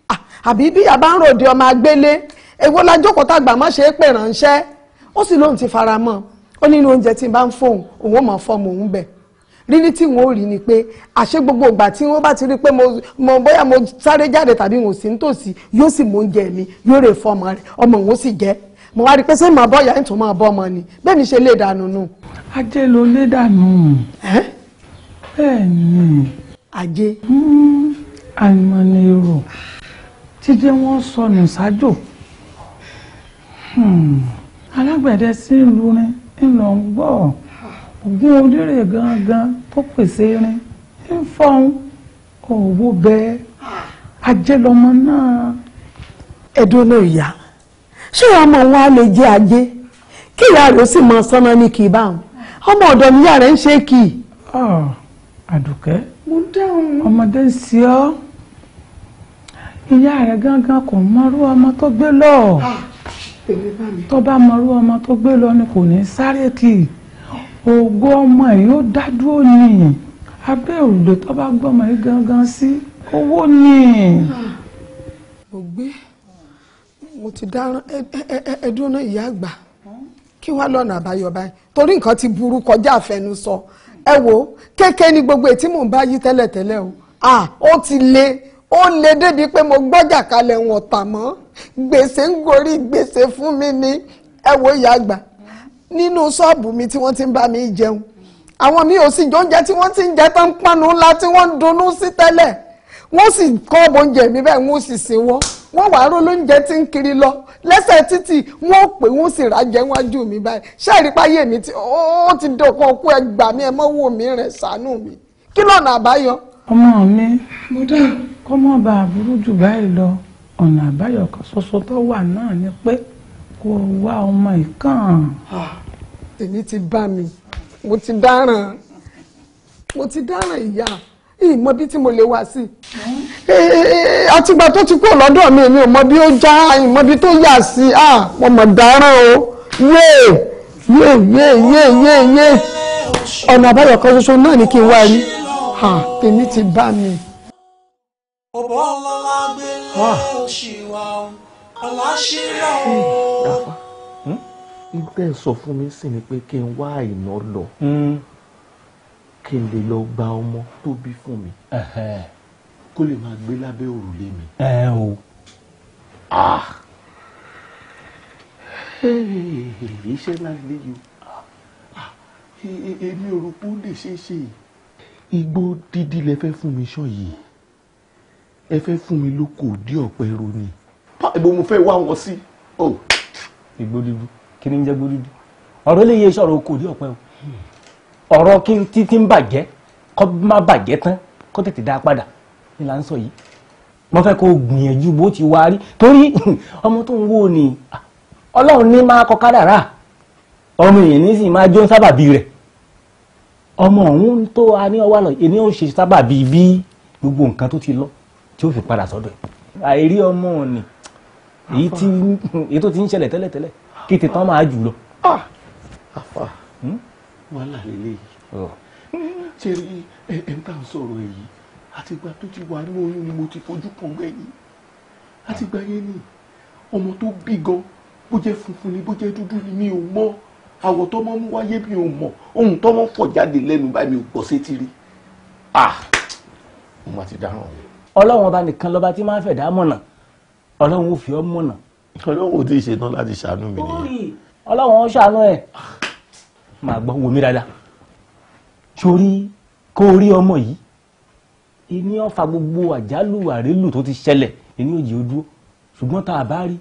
S1: ah, àbí bí yàrá ń ròde ọmọ agbélé èwo la jókòó tàgbà má ṣe é pè ránṣẹ́ ó sì lóun ti fara mọ́ ó nínú oúnjẹ tí n bá ń fóun òun ò mọ̀ fọ́ọ̀mù òun bẹ̀ rírí tí wọn ò rí ni pé àṣé gbogbo ìgbà tí wọn bá ti rí pé mo bóyá mo sáré jáde tàbí wọn ò sí nítòsí yóò sì mú oúnjẹ mi yóò rè fọmọ rẹ ọmọ òun ó sì jẹ mo wá rí i pé ṣé màá bọ́ ìyá ìtàn máa bọ́ ọmọ ni bẹ́ẹ̀ mi ṣe lé dànù nù. ajé ló lé dànù.
S6: bẹ́ẹ̀ ni. ajé. Hmm, àìmọ̀ ni èrò jíjẹ wọn sọnù ṣáájò hmm, alágbẹ̀dẹ sí ìlú rin ńlọ ń gbọ́ ògùn onírè gangan tó pèsè rin ń fọhùn òwò bẹ́ẹ̀ ajé lọmọ náà. ẹdùn náà yá ṣé ọmọ
S1: wọn á lè jẹ ajé kí ìyá rẹ̀ ó sì mọ sánná ní kì í bá wọn ọmọ ọ̀dọ̀ níyà rẹ̀ ń ṣe
S6: kì í. àdùkẹ́ ọmọdé ń ṣe ọ́ ìyá rẹ̀ gángan kò mọrú ọmọ tó gbé lọ ah, tó bá mọrú ọmọ tó gbé lọ ni kò ní sáré kì í ògo ọmọ yìí ó dádúró nìyí abẹ́ òrùlé tó bá gbọ́mọ yìí gángan sí owó nìyí.
S1: ògbé. Ah. Oh, mo ti dáràn ẹdún náà ìyá àgbà kí wàá lọ́nà àbáyọ báyìí torí nǹkan ti burú kọjá àfẹnusọ ẹ wo kéèké ni gbogbo ètí mò ń bá yí tẹ́lẹ̀tẹ́lẹ̀ o ah ó ti le ó le débi pé mo gbọ́jà kalẹ̀ wọn tà mọ́ gbèsè ń gorí gbèsè fún mi ni ẹ wo ìyá àgbà nínú ṣọ́ọ̀bù mi tí wọ́n ti ń bá mi jẹun àwọn mi ò sì jọ oúnjẹ tí wọ́n ti ń jẹ tán ń ńlá tí wọ́n ń dunnú sí tẹ́lẹ̀ wọ́n sì kọ́ ọ̀bọ̀ mi bẹ́ẹ̀ wọ́n sì sìn wọ́n wọ́n wàá ró tí ń kiri lọ lẹ́sẹ̀ títì wọ́n ò pé wọ́n sì rájẹ́ wájú mi báyìí ṣáàrí mi tí ó ti dọ̀kan kú ẹgbà mi ẹ mọ́ wò mí rẹ̀ mi
S6: kí lọ́nà àbáyọ. ọmọ mi mo dá kọ́ mọ́ jù báyìí lọ ọ̀nà àbáyọ kan ṣoṣo tó wà náà ni pé kó wá ọmọ ìkàn. tèmi ti bá mi mo ti dáràn
S1: mo ti dáràn ìyá. ìmọ̀ bí tí mo lè wá sí. àtìgbà tó ti kúrò lọ́dọ̀ mi ò mọ ó já ìmọ̀ bí tó yà sí mọ̀ dáràn o yé yé yé yé yé yéè ọ̀nà àbáyọ kan ṣoṣo náà ni kí n wá rí tèmi ti bá mi.
S4: ọ̀bọ̀
S5: kí n lè lọ gba ọmọ tó bí fún mi kó lè máa gbé lábẹ́ òrùlé mi. ẹ o. Ah. iṣẹ́ náà lè yọ èmi ò rò pé ó lè ṣeé ṣe igbó dídí lẹ fẹ́ fún mi sọ yìí ẹ fẹ́ fún mi lóko òdí ọ̀pẹ ro ni. ibo mo fẹ́ wá wọn sí. Oh. igbó dídú kí ni ń jẹ́ igbó dídú ọ̀rọ̀ lè yẹ iṣẹ́ ọ̀rọ̀ oko òdí ọ̀pẹ o. Hmm ọ̀rọ̀ kí n títí ń bàjẹ́ kó má bàjẹ́ tán kó tètè dá a padà ni là ń sọ yìí mo fẹ́ kó gbìyànjú bó ti wá rí torí ọmọ tó ń wò ni ọlọ́run ní máa kọ kádàrá ọmọ èèyàn ní sì máa jó sábàbí rẹ̀ ọmọ ọ̀hún tó a ní ọwọ́ àlọ́ ẹni ó ṣe sábàbí bí gbogbo nǹkan tó ti lọ tí ó fi padà sọ́dọ̀ ẹ̀ àìrí ọmọ òní èyí tí èyí tó ti ń ṣẹlẹ̀ tẹ́lẹ̀tẹ́lẹ̀ kí tètè tán máa jù lọ. Ah! Ah! Hmm?
S3: wàhálà lélẹ̀ yìí
S5: ṣe rí ẹ̀ ń bá ń sọ̀rọ̀ èyí àtìgbà tó ti wà ní oyún ni mo ti fojú pọ̀ gbẹ̀yìn àtìgbà yẹn ni ọmọ tó bí gan bó jẹ́ funfun ni bó jẹ́ dúdú ni mi ò mọ̀ àwọ̀ tọ́mọ mú wáyé mi ò mọ̀ ohun tọ́mọ fọ̀ jáde lẹ́nu báyìí mi ò gbọ́ sétí rí ah mo máa ti dáràn o. ọlọ́run ọba nìkan lọ́ba tí máa ń fẹ̀dá mọ̀nà ọlọ́run ò fi ọ́ mọ̀nà. ọlọ́run ò tí ì ṣetán láti ṣàánú mi nìyẹn. ọlọ́run ó ṣàánú ẹ̀. Ah máa gbọ́ wò mí dáadáa sórí kó rí ọmọ yìí ìní ọ̀fà gbogbo àjálù àrélù tó ti ṣẹlẹ̀ ìní òjì ó dúró ṣùgbọ́n tá a bá rí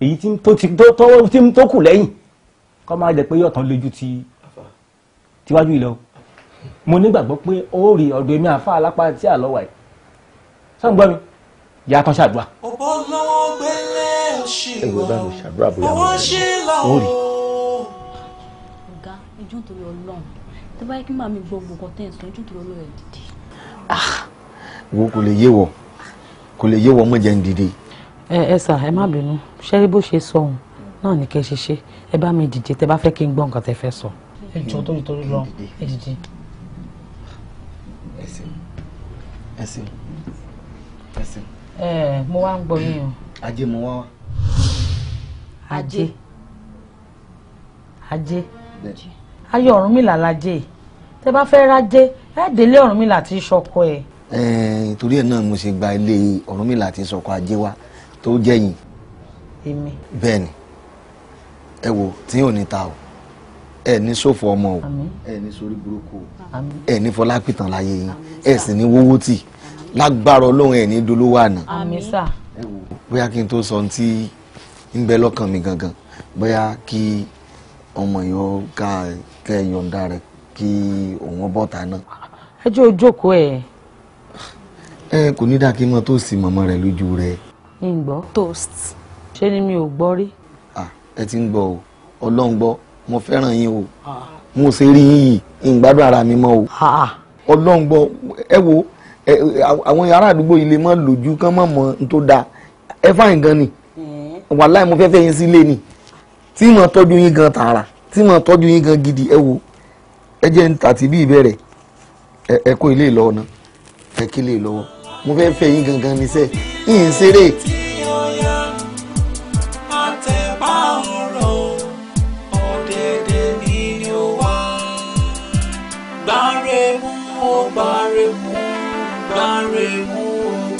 S5: èyí tí tó kù lẹ́yìn kọ́ máa jẹ́ pé yọ̀tàn lójú ti tiwájú ilẹ̀ o mo nígbàgbọ́ pé ó rí ọ̀dọ̀ èmi àfa alápá tí àlọ́wà yìí sọ́ǹgbọ́ mi ìyá kan ṣàdúrà.
S4: ọ̀pọ̀ lọ́wọ́ gbélé òṣìlọ́
S5: ọwọ́ ṣìlọ́ ó rí
S4: ẹjọ́ nítorí ọlọ́run
S2: tó bá yẹ kí màmí gbọ́ gbogbo tẹ́ ẹ̀ sọ ẹjọ́ nítorí ọlọ́run ẹ̀ dìde.
S5: Ah, wo kò lè yé wọ kò lè yé wọ mọ̀ jẹ́ ń dìde.
S2: ẹ ẹ sà ẹ má bínú ṣé rí bó ṣe sọ òun náà ní kẹ́ ṣe ṣe ẹ bá mi dìde tẹ bá fẹ́ kí n gbọ́ nǹkan tẹ fẹ́ sọ. ẹ jọ torí torí lọ ẹ dìde.
S5: ẹ ṣeun ẹ ẹ mo wá ń gbọ́ yín o. ajé mo wá wá. ajé. ajé. ajé
S2: ayé Ọ̀rúnmìlà lajẹ́ tẹ bá fẹ́ rájẹ́ ẹ délé Ọ̀rúnmìlà tí sọkọ ẹ̀.
S5: torí ẹ̀ náà mo ṣe gba ilé Ọ̀rúnmìlà tí sọkọ ajé wa tó jẹ́yìn. èmi. bẹ́ẹ̀ ni ẹ wo tí ò ní ta o ẹ ní ṣòfò ọmọ o ẹ ní sórí burúkú o ẹ ní fọlápìtàn láyé yín ẹ sì ní wówó tì lágbára Ọlọ́run ẹ ní dolówó àná.
S2: àmín sà. wo
S5: bóyá kí n tó sọ ohun tí ń bẹ lọ́kàn mi gangan bóyá kí ọmọ yìí ó ká kẹ́ ẹ yọ̀ǹda rẹ̀ kí òun bọ́ta náà.
S2: ẹ jẹ́ ojókòó ẹ̀.
S5: ẹ kò ní dáa kí n mọ tó sì mọ̀mọ́ rẹ̀ lójú rẹ̀.
S2: ń gbọ́ toast ṣé ni mi ò gbọ́ rí.
S5: ẹ ti ń gbọ́ o ọlọ́run gbọ́ mo fẹ́ràn yín o mo ṣe rí yín yìí ń ara mi mọ́ o ọlọ́run gbọ́ ẹ wo àwọn ará àdúgbò yìí lè mọ́ lójú kán mọ̀ mọ́ n tó dáa ẹ fáyìn gan ni wàláì mo fẹ́ fẹ́ yín sílé ni tí mo tọ́jú yín gan tààrà tí màá tọ́jú yín gan gidi ẹ wo ẹ jẹ́ àti bí ìbẹ̀rẹ̀ ẹ kó ilé lọ ọ̀nà ẹ kí lè lọ́wọ́ mo fẹ́ fẹ́ yín gangan ní sẹ́ yín ṣeré.
S4: Gbàrẹ̀ mú,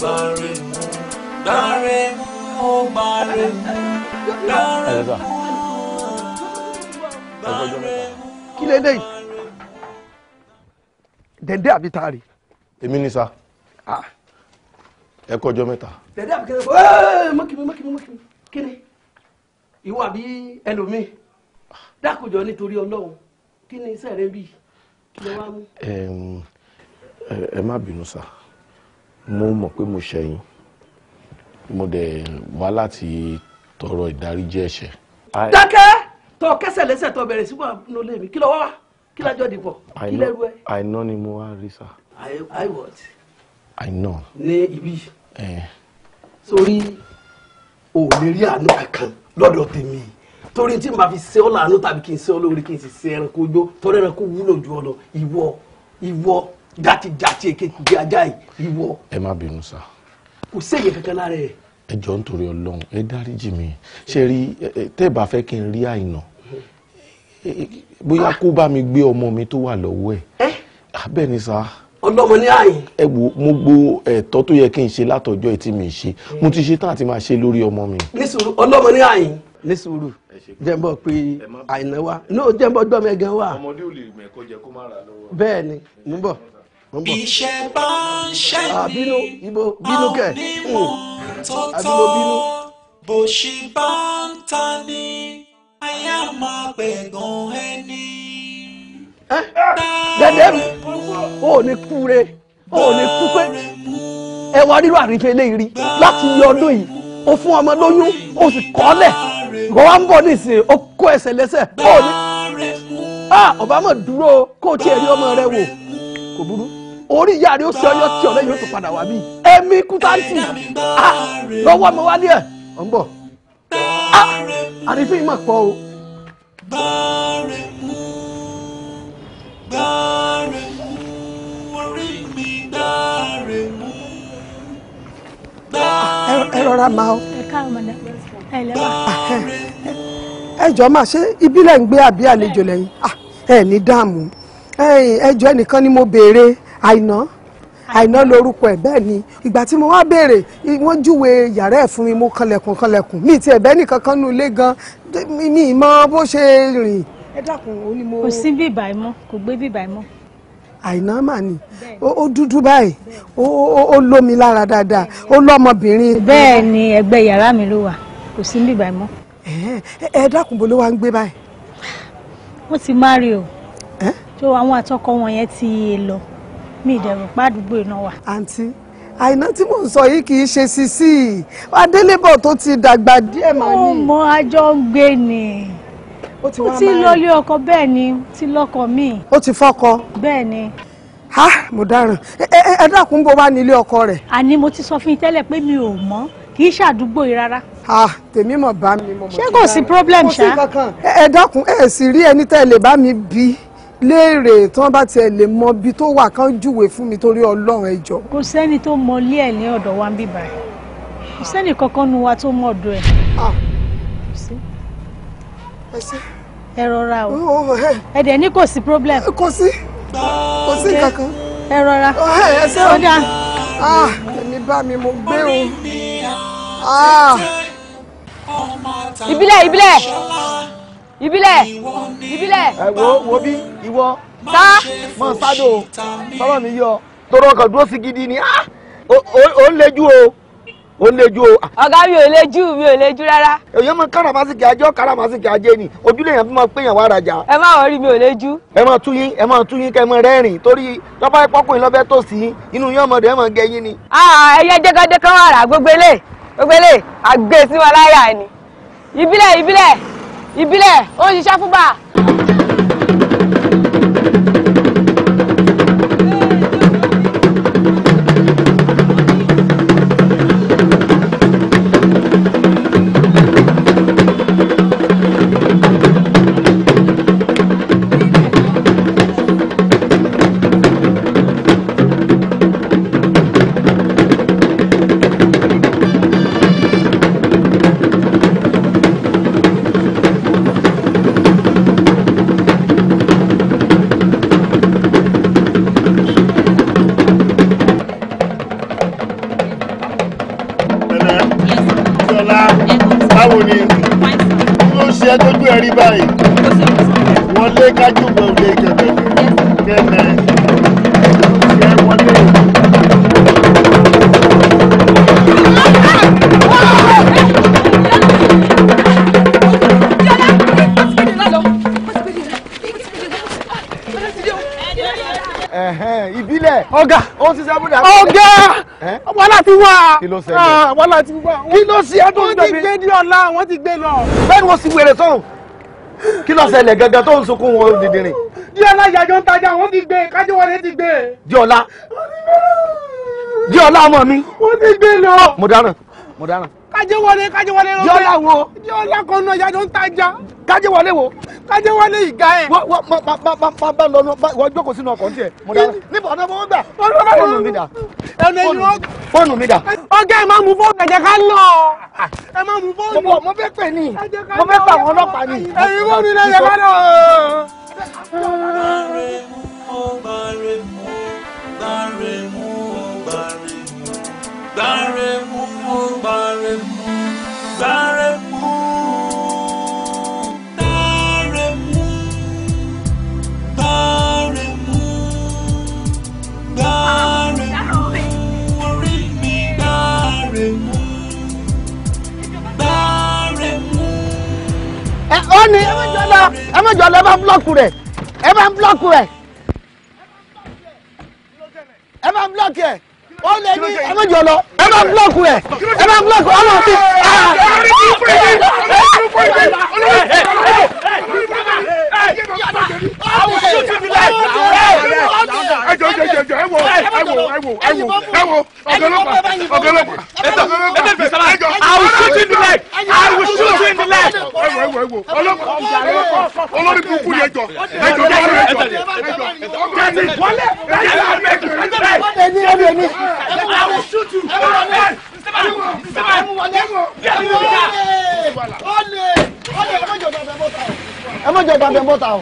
S4: gbàrẹ̀ mú, gbàrẹ̀ mú, gbàrẹ̀
S7: mú ẹgbẹjọ mẹ́ta.
S4: kí lè dé yìí
S5: dẹ̀ndé àbí taari. èmi ni sa ẹ kọjọ mẹ́ta. dẹ̀ndé àbí
S1: kẹlẹ ẹ mọ́kìmí mọ́kìmí mọ́kìmí kíni ìwọ àbí ẹlòmíì dákòjọ nítorí ọlọ́run kí ni iṣẹ́ rẹ bí
S3: kí lè wá mú.
S5: ẹ má bínú sa mo mọ̀ pé mo ṣẹ̀yìn mo dẹ̀ wá láti tọrọ ìdáríjì ẹ̀ṣẹ̀. dákẹ́ tọ kẹsẹ̀ lẹ́sẹ̀ tọ bẹ̀rẹ̀ sípò àbúrò lẹ́mi kí lọ wá wá kí lájọ́ dìbò kí lẹ́rú ẹ. àìná ni mo wá rí sá. i what. àìná. ní ibi. Eh. sórí o ò lè rí àánú kankan lọ́dọ̀ tèmi torí tí màá fi ṣe ọ́ làánú tàbí kí n ṣe ọ́ lórí kí n sì ṣe ẹranko igbó tọ́lá ẹranko wúlò ju ọ lọ ìwọ ìwọ jàtijàti èkéjì ajá yìí ìwọ. ẹ má bínú sá. kò séyè kankan lára ẹ ẹ jọ̀ọ́ nítorí Ọlọ́run ẹ dáríjì mi ṣe rí tẹ́ ẹ bá fẹ́ kí n rí àìnà bóyá kó bá mi gbé ọmọ mi tó wà lọ́wọ́ ẹ̀ abẹ́ ni sá ọlọ́mọ ní àyìn. ẹ wo mo gbọ́ ẹ̀tọ́ tó yẹ kí n ṣe látọjọ́ ẹ̀ tí mi ṣe mo ti ṣe tá àti máa ṣe lórí ọmọ mi. ní sùúrù ní àyìn. ní jẹ́nbọ̀ pé àìnáwá náà jẹ́nbọ̀ gbọ́mẹ̀gàn wà. ọmọdé ò lè mẹ́kọ́ jẹ kó má ra lọ́wọ́. bẹ́ẹ̀
S1: ni mo bọ̀ iṣẹ́ bá ń ṣẹ́ ah, ni onímọ̀ hmm.
S4: tó bó ṣe bá ń ta ni aya máa pẹ̀gàn ẹni. Eh,
S5: dẹ́dẹ́ o ò ní kú re ò ní kú pé ẹ rírọ àrífẹ́ eléyìí láti yọ ọdún yìí o fún ọmọ lóyún o sì kọ́lẹ̀ ìwọ wa ń bọ̀ nísìnyí o kó ẹsẹ̀ lẹ́sẹ̀ o ní. ọba ah, mọ̀ dúró kó o tiẹ̀ rí ọmọ rẹ wò. kò burú orí ìyá rẹ ó ṣe ọyọ tí ọlẹ́yìn otu tún padà wá bí ẹ̀mí kútáǹtì ah, lọ́wọ́ mi wálé ẹ̀ ọ̀ ń bọ̀ ah,
S1: pọ̀ o.
S2: Ah, ẹ rọra
S1: máa ẹ ṣe ibi gbé àbí àlejò ẹjọ́ ẹnìkan ni mo béèrè àìná àìná lórúkọ ẹ bẹ́ẹ̀ ni ìgbà tí mo wá béèrè wọ́n júwe yàrá ẹ̀ fún mi mo kanlẹ̀kùn kanlẹ̀kùn mi ti ẹ̀bẹ́ nìkan kan nù ilé gan mi mọ bó ṣe rìn
S2: ẹ dákun ó ní mo. kò sí bíbà ẹ mọ́ kò gbé bíbà ẹ
S1: mọ́. àìná mà ni ó dúdú báyìí ó lómi lára dáadáa ó lọ́mọbìnrin. bẹ́ẹ̀ ni ẹgbẹ́ yàrá mi ló wà kò sí bíbà ẹ mọ́.
S2: ẹ dákun bó ló wá ń gbé báyìí. wọ́n ti má rí o. ẹ́ tó àwọn àtọkọ wọn yẹn ti lọ mí ìdẹ̀rù pàdúgbò iná wà. àǹtí
S1: àìná tí mò ń sọ yìí kì í ṣe sisi adélébọ̀ tó ti dàgbà díẹ̀ máa ní. ó mọ àjọ ń gbé ni ó ti lọ ilé ọkọ bẹ́ẹ̀ ni ti lọ́kọ mi. ó ti fọ́kọ.
S2: bẹ́ẹ̀ ni. ha mo dáràn ẹ dákun bó wá ní ilé ọkọ rẹ̀. àní mo ti sọ fún yín tẹ́lẹ̀ pé mi ò mọ̀ kì í ṣàdúgbò yìí rárá. ah tèmi mọ̀ bá mi. ṣé kò sí problem ṣá. kò sí kankan
S1: ẹ dákun ẹ sì rí ẹni tẹ́ lè bá mi bí léèrè tí wọ́n bá tiẹ̀ lè mọ ibi tó wà kán júwe fún mi torí ọlọ́run ẹ jọ̀ọ́. kò sẹ́ni tó mọ ilé ẹ̀ ní ọ̀dọ̀ wa ń bí báyìí kò sẹ́ni kankan nu wa tó mọ ọ̀dọ̀ ẹ̀. Ah.
S2: ẹ rọra o oh, oh, ẹ dẹ̀ ní kò sí problem. Eh, kò sí
S3: kò sí kankan. ẹ rọra ọ̀dà. Oh,
S1: ẹ̀mí ah, bá mi mo gbé o. Ah.
S3: ìbílẹ̀ ìbílẹ̀
S5: ìbílẹ̀ ìbílẹ̀. ẹ wo wo bí ìwọ sá mọ sádò sọlọ mi yọ tọrọ kan dúró sí gidi ni ó ah! ń lejú o ó ń lejú o. ọ̀gá mi ò lejú mi ò lejú rárá. èyàn mọ káràmásìkì ajé káràmásìkì ajé ni ojúlé yẹn fi máa pé yẹn wá rajà. ẹ má wọrí mi ò lejú. ẹ máa tú yín ẹ máa tú yín kẹ ẹ máa rẹ́rìn torí tọ́pá ìpọ́kùnrin lọ́fẹ́ tó sí yín inú yín ọmọdé ẹ máa gẹ yín ni. ẹyẹ jẹ́gọ́dẹ́kọ́ wà rà gbogbo ilé gbogbo ilé àgbèsíwọláyà e ni ìbílẹ̀ ìbílẹ̀
S2: ìbílẹ̀ ó ṣiṣẹ́ fún
S3: ti wá. kí ló ṣẹlẹ̀ ah,
S5: àwọn láti wá. kí ló ṣe é tó ń gbẹ̀mí. wọ́n ti gbé ní ọ̀la wọ́n ti gbé lọ. bẹ́ẹ̀ ni wọ́n sì wèrè sọ̀rọ̀ kí ló ṣẹlẹ̀ gangan tó ń sunkún wọn dìndìnrín. díọ̀lá yàjọ ń tajà wọ́n ti gbé kájọ wọlé ti gbé. díọ̀lá díọ̀lá ọmọ mi. wọ́n ti gbé lọ. mo dáràn mo dáràn kájẹwọlé kájẹwọlé lọ. yọlá wo. yọlá kan náà yàtọ̀ ń tajà. kájẹwọlé wo. kájẹwọlé ìga ẹ. wọ́n wọ́n ma ma ma ma ma lọ wọ́n jókòó sínú ọkọ̀ tiẹ̀. níbo ọ̀nà fọwọ́ gbà. fóònù mi dà. ẹnu ẹni lọ. fóònù mi dà. ọgá ẹ má mú fóònù ẹ̀jẹ̀ ká lọ. ẹ má mú fóònù. mo mo fẹ́ pè ní. mo fẹ́ pa àwọn ọlọ́pàá ní. ẹ̀yin fóònù ilẹ̀ ẹ̀jẹ̀ ká lọ. gbàrẹ̀ mú gbàrẹ̀
S4: mú gbàrẹ̀ Gbáremú Gbáremú Gbáremú Gbáremú
S7: Gbáremú Gbáremú orí mi Gbáremú Gbáremú.
S5: ẹ ó ní ẹ mẹ́jọ lọ ẹ mẹ́jọ lọ ẹ bá ń búlọ́ọ̀kù rẹ̀ ẹ bá ń ẹ ó lè ní ẹ má jọ lọ ẹ má búlọ̀kù rẹ̀ ẹ má búlọ̀kù ọmọ ti. olùkọ́ ìgbẹ́
S3: olùkọ́ ìgbẹ́ will shoot you tonight. ẹ jọ jọ jọ jọ ẹ wo ẹ wo ẹ wo ẹ wo ẹ wo ọgọlọpàá ọgọlọpàá ọgọlọpàá ẹ jọ I will shoot you tonight. I will shoot you tonight. ẹ wo ẹ wo ẹ wo ọlọ́pàá olórí kúkú yẹ jọ ẹ jọ jọ ẹ jọ ẹ jọ
S5: ọgọlọpàá wọlé ẹ jọ ẹ jọ ẹ jọ ẹ ní ẹni ẹni. I will shoot you. Olè! Olè! Olè! Olè! ẹ mọ̀jọ gbàgbẹ́ bọ́ta o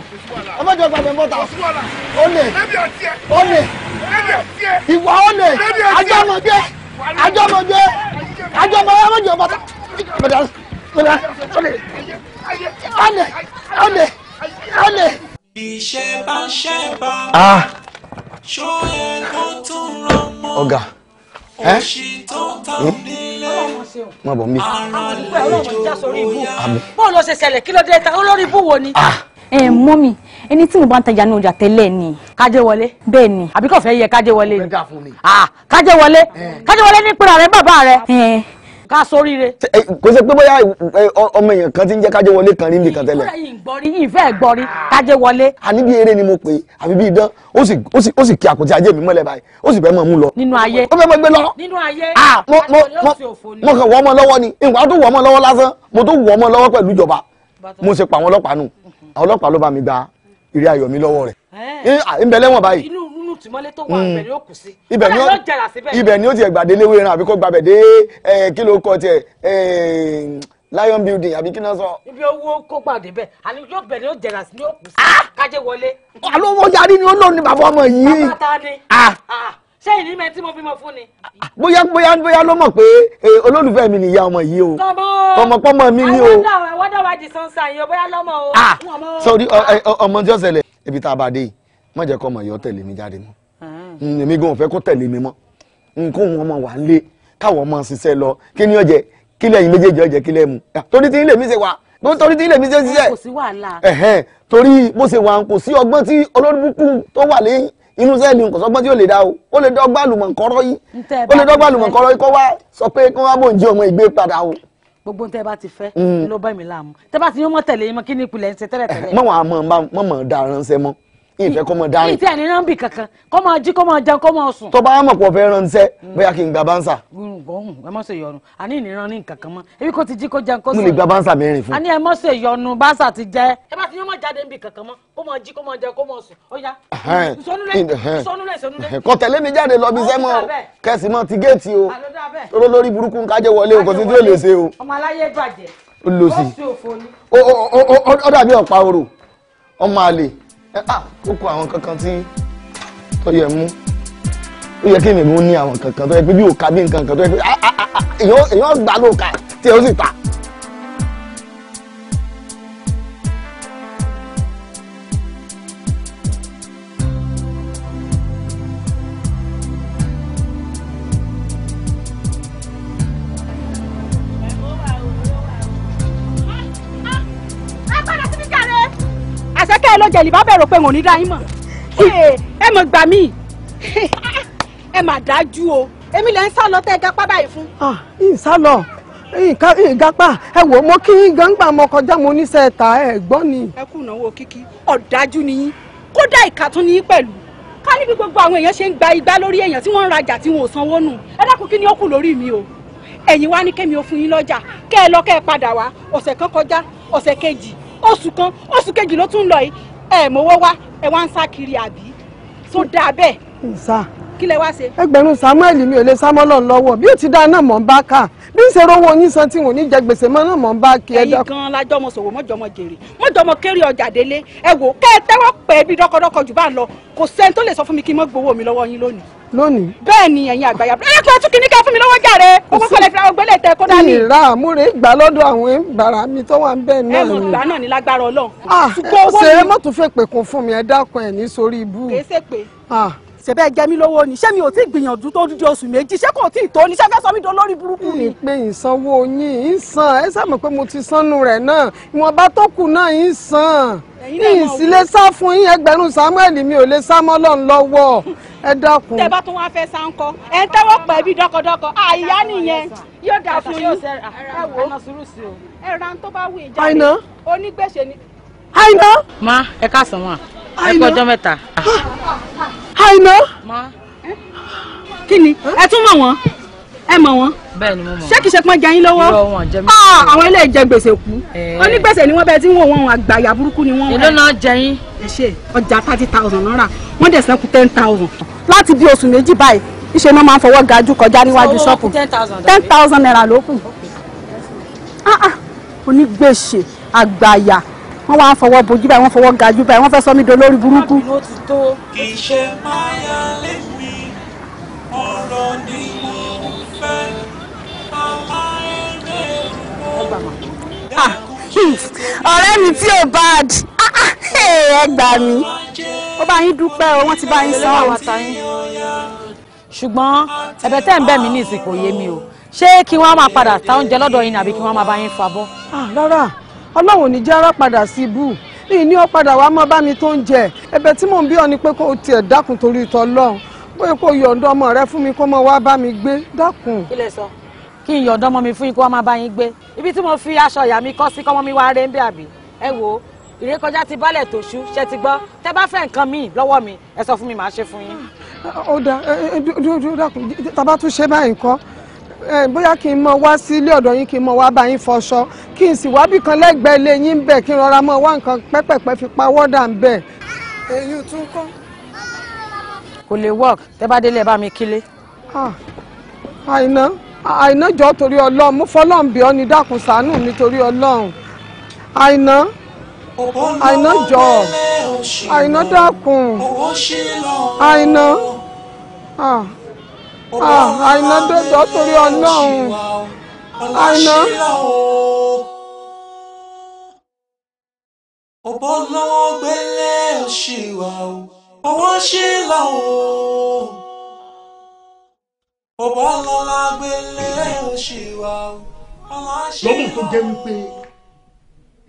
S5: ẹ mọ̀jọ gbàgbẹ́ bọ́ta o ó lè ó lè ìwà ó lè àjọmọ̀jẹ́ àjọmọ̀jẹ́ ẹ mọ̀jọ bọ́ta ó
S1: lè
S4: ó lè ó lè ó ah. ṣó ẹ̀ kó tún
S5: rọ̀ mọ́. ọ̀gá ẹ mọ bọ mi.
S2: bọ́ọ̀lù ọ̀sẹ̀ ṣẹlẹ̀ kí ló dé ta olórí ibú wo ni. Ah. ẹ mọ mi ẹni tí mo bá ń tajà ní ọjà tẹ́lẹ̀ ni. kájẹ́ wọlé. bẹ́ẹ̀ ni àbí kò fẹ́ yẹ kájẹ́ wọlé. Ah, kájẹ́ wọlé eh. kájẹ́ wọlé ní pẹ̀lú ààrẹ bàbá rẹ. Eh ká sóríire.
S5: kò ṣe pé bóyá ọmọ èèyàn kan ti ń jẹ́ kájé wọlé kan rí nìkan tẹ́lẹ̀. ìgbọ́rí ìgbọ́rí ìfẹ́ ìgbọ́rí kájé wọlé. àní bí eré ni mo pè é àbí bí idán ó sì kí àkùtì ajé mi mọ́lẹ̀ báyìí ó sì fẹ́ mọ̀ mú lọ. nínú ayé ó fẹ́ mọ̀ gbé lọ.
S2: nínú ayé mo
S5: kàn wọ́ ọmọ lọ́wọ́ ni nǹkan tó wọ́ ọmọ lọ́wọ́ lásán mo tó wọ́ ọmọ lọ́wọ́ pẹ̀lú ìjọba mo ṣe pa àwọn ọlọ́pàá nù àwọn ọlọ́pàá ló bá mi gba ìrẹ́ ayọ̀ mi lọ́wọ́ rẹ̀ ń bẹ lẹ́wọ̀n báyìí. inú
S2: rúùtù mọ́lé tó wà ibẹ̀ hmm. ni ó kù sí ibẹ̀ ni ó jẹrà ibẹ̀ ni ó ti ẹ̀ gbàdé léwé
S5: ran àbí gbàbẹ̀ dé kí kọ tiẹ̀ lion building àbí kí sọ.
S2: ibi owó kó pàdé bẹ́ẹ̀ àní yóò bẹ̀ ó jẹrà sí ni ó kù sí ah! kájé wọlé. alówó yarí ni ó lò ní bàbá ọmọ yìí. bàbá ta ni ah! Ah! ṣé ìní mẹ tí mo bímọ fún ni.
S5: bóyá bóyá bóyá ló mọ̀ pé olólùfẹ́ mi nìyá ọmọ yìí o
S2: ọmọpọ́mọ mi ni o. àwọn ọmọdé àwọn ẹwọ́dọ̀ wa di sansan yìí o bóyá lọ́mọ o. sọrí
S5: ọmọ tí ó ṣẹlẹ̀ ibi tá a bá dé yìí má jẹ́ kọ́ ọmọ yọ tẹ̀lé mi jáde mọ́ ah. hmm, èmi gan ò fẹ́ kó tẹ̀lé mi mọ́ nǹkan òun ọmọ wà ń lé káwọn ọmọ ṣiṣẹ́ lọ kí ni ó jẹ kí lẹ́yìn méjèèjì ó jẹ kí lẹ́mu ah, torí tí ilé mi ṣe wà torí tí ilé mi ṣe ṣiṣẹ́ kò sí wàhálà torí bó ṣe wà kò sí ọgbọ́n tí olórúbukú tó wà lẹ́yìn inú sẹ́ẹ̀lì nǹkan sọgbọ́n tí ó lè dá o ó lè dọ́gba àlùmọ̀kọ́rọ́ yìí
S2: ó lè dọ́gba àlùmọ̀kọ́rọ́ yìí kó
S5: wá sọ pé kó wá bò ń jí ọmọ ìgbé padà o
S2: gbogbo tẹ bá ti fẹ hmm. ló bá mi láàmú tẹ bá ti yín mọ tẹlẹ yín mọ kí ni ìpìlẹ̀ ń ṣe tẹ́lẹ̀ tẹ́lẹ̀.
S5: mọ̀wá mọ̀ mọ̀ mọ̀ dáa ránṣẹ́ ìfẹ́ kọ́ mọ dárìn. ní ìtí
S2: ẹni náà ń bì kankan kọ́ mọ jí kọ́ mọ jẹun kọ́ mọ sùn. tó
S5: bá mọ̀ pọ̀ fẹ́ ránṣẹ́ bóyá kí n gba bánsà.
S2: gbọ̀ngàn ẹ mọ̀ ṣe yọnu àní ìníran ní nǹkan kan mọ́ ebi kò ti jí kó jẹun kó sùn. mo lè gba bánsà mẹ́rin fún. àní ẹ mọ̀ ṣe yọnu bánsà ti jẹ́. ẹ bá ti yán mọ̀ jáde ń bì kankan mọ́ kó mọ jí kó mọ jẹun kó mọ sùn ó yá. kọ tẹ̀lé mi jáde lọ bí sẹ́mọ̀ kẹsì mọ́ ti géètì o tóró lórí
S5: burúkú ń kájẹ́ wọlé o kò sí tí ó lè ṣe o.
S2: ọmọ aláyé gbàjẹ́.
S5: ó lọ sí i ó dàbí ọ̀pá orò ọmọ àlè Ah, ó kó àwọn kankan tí tó yẹ mú ó yẹ kí èmi mú ní àwọn kankan tó yẹ pé bí òka bí nǹkan kan tó yẹ pé ah, ah, èèyàn gbà lóòka tí ẹ ó sì ta.
S2: jẹ̀lì bá bẹ̀rù pé òun ní dáhìn mọ̀ ẹ mọ̀ gbà mí ẹ mà dájú o èmi lẹ́ ń sá lọ tẹ́ ẹ gapá báyìí
S1: fún. ìsá lọ ìgapá ẹ wò mo kí yín gangba mo kọjá mo níṣẹ́ ta ẹ gbọ́ ni. ẹ kú ìnáwó kíkí ọ̀dájú ni yín kódà ìka tún ni yín pẹ̀lú
S2: ká níbi gbogbo àwọn èèyàn ṣe ń gba igbá lórí èèyàn tí wọ́n ń rajà tí wọn ò sanwó nù ẹ dákun kí ni ó kù lórí mi o ẹ̀yin wá ní kẹ́mi ó fún yín lọ́jà kẹ́ ẹ lọ padà wá ọ̀sẹ̀ kan kọjá ọ̀sẹ̀ kejì oṣù kan oṣù kejì ló tún lọ yìí ẹ mọwọ wá ẹ wá ń sá kiri àbí
S1: tó dáa bẹ́ẹ̀. nsá kí lẹ wá ṣe. ẹgbẹ̀rún samuel mi ò lè sá mọ́lọ̀ lọ́wọ́ bí ó ti dáa náà mọ̀ ń bá kà bí ń ṣe rówó yín san tí wọn ò ní jẹ gbèsè mọ́ náà mọ̀ ń bá kí ẹ dá. ẹ̀yin gan lajọ ọmọ sòwò mọjọ ọmọ jèrè mọjọ ọmọ kéré ọjà délé ẹ wò kẹ ẹ tẹwọ pẹ bí dọkọdọkọ jù bá ń lọ kò sẹ́ni
S2: tó lè sọ fún mi kí n mọ gbowó mi lọ́wọ́ yín lónìí lónìí. bẹ́ẹ̀ ni ẹ̀yin àgbàyà ẹ kò tún kìnnìkan fún mi lọ́wọ́ jàre
S1: owó kọlẹ̀ fi àwọn gbẹ́lẹ̀ tẹ kó dání. ìrà múre gbà lọ́dọ̀ àwọn bàrà mi tó wà ń bẹ̀ náà ni. ẹ mọ̀ gbà
S2: náà ní lágbára ọlọ́run.
S1: Ah, ṣùgbọ́n owó mi. ṣe é mọ́tò fẹ́ pè kún fún mi ẹ dákun ẹ̀ ní sórí ibú. kèé ṣe pé ṣẹbẹ jẹ mí lówó ni ṣé mi ò tí ì gbìyànjú tó dídí oṣù méjì ṣé kò tí ì tó ni ṣé fẹ́ sọ mí dán lórí burúkú ni. ìpè ìsanwó yín ń san ẹ sàmọ pé mo ti sánnu rẹ náà ìwọ̀nba tó kù náà ń san yìí sì lè sá fún yín ẹgbẹ̀rún Samuel mi ò lè sá mọ́ lọ́n lọ́wọ́ ẹ dákun. tẹ bá tún wá fẹ́ sá ẹ ń tẹ́wọ́ pẹ̀ bí dọ́kọ̀dọ́kọ̀ àyà
S2: nìyẹn yóò dà fún yín ẹ tó bá wù ìjà rẹ onígbèsè ni. àìná. má ẹ ká sàn wọn ẹ kọjọ mẹ́ta. Ah àìná. kí ni ẹ tún mọ̀ wọ́n ẹ mọ̀ wọ́n. bẹ́ẹ̀ ni mo mọ̀. ṣé kìí ṣe pọ́n jẹ yín lọ́wọ́. irọ́ wọn jẹ mí. Ah, àwọn ilé ìjẹ gbèsè kú. Eh. onígbèsè ni wọ́n bẹ tí wọ́n wọn àgbàyà burúkú ni wọ́n. èló náà jẹ yín. ẹ ṣe ọjà thirty thousand náírà wọ́n dẹ̀ sẹ́kù ten thousand. láti bí oṣù méjì báyìí iṣẹ́ náà máa ń fọwọ́ ga jù kọjá níwájú ṣọ́ọ̀pù ten thousand naira ló kù. Ah, ah. onígbèsè àgbàyà wọ́n wá fọwọ́ bojú báyìí wọ́n fọwọ́ gajú báyìí wọ́n fẹ́ sọ mí do lórí burúkú.
S4: kì í ṣe máyà lèmi ọ̀rọ̀ ni mo fẹ́ bàbá ẹ̀rẹ́ mi.
S2: ọ̀rẹ́ mi tí ò bad ah, ah, ẹ gbà mí ó bá yín dúpẹ́ o wọ́n ti bá yín sanwó àwọn àtàyìn. ṣùgbọ́n ẹ̀bẹ̀ tẹ́ ń bẹ̀ mí ní ìsìnkú yé mi o ṣé kí wọ́n máa padà ta oúnjẹ lọ́dọ̀ yín àbí kí wọ́n máa bá yín fa bọ́.
S1: Ah, rárá ọlọ́run ní jẹ́ rápadà sí ibú yìí ní ó padà wàá mọ bá mi tó ń jẹ ẹ̀bẹ̀ tí mò ń bí ọ ni pé kó o tiẹ̀ dákun torí ìtọ́ ọlọ́run bóyá kó yọ̀ǹda ọmọ rẹ fún mi kó mọ wá bá mi gbé dákun.
S3: kí lẹ sọ
S2: kí n yọ̀ǹda ọmọ mi fún yín kó wá máa bá yín gbé ibi tí mo fi aṣọ ìyá mi kọ́ sí kọ́mọ mi wá rẹ́ ń bẹ́ àbí ẹ wò ó ìrékọjá ti bálẹ̀ tó ṣú ṣe ti gbọ́ tẹ bá fẹ́ nǹkan míì lọ́wọ́ mi ẹ sọ fún mi
S1: màá bóyá kí n mọ wá sí ilé ọ̀dọ̀ yín kí n mọ wá bá yín fọṣọ kí n sì wábì kan lẹ́gbẹ̀ẹ́ ilé yín bẹ̀ kí n rọra mọ́ wá nǹkan pẹ́pẹ̀pẹ́ fi pa wọ́dà ń bẹ̀.
S3: èyí tún kọ́.
S1: kò lè work tẹ́ bá délé ẹ bá mi kílé. Ah, àìná àìná jọ torí ọlọ́run mo fọlọ́run bí ọ ní dákun ṣàánú mi torí àìná
S4: àìná jọ àìná dákun àìná ah, ah, àìná dọjọ torí ọlọ́run àìná. ọ̀bọ lọ́wọ́ gbélé òṣìwà o ọwọ́ ṣe làwọn o ọ̀bọ lọ́la gbélé o ọlá ṣe làwọn. lọ́mọ tó jẹ́ wípé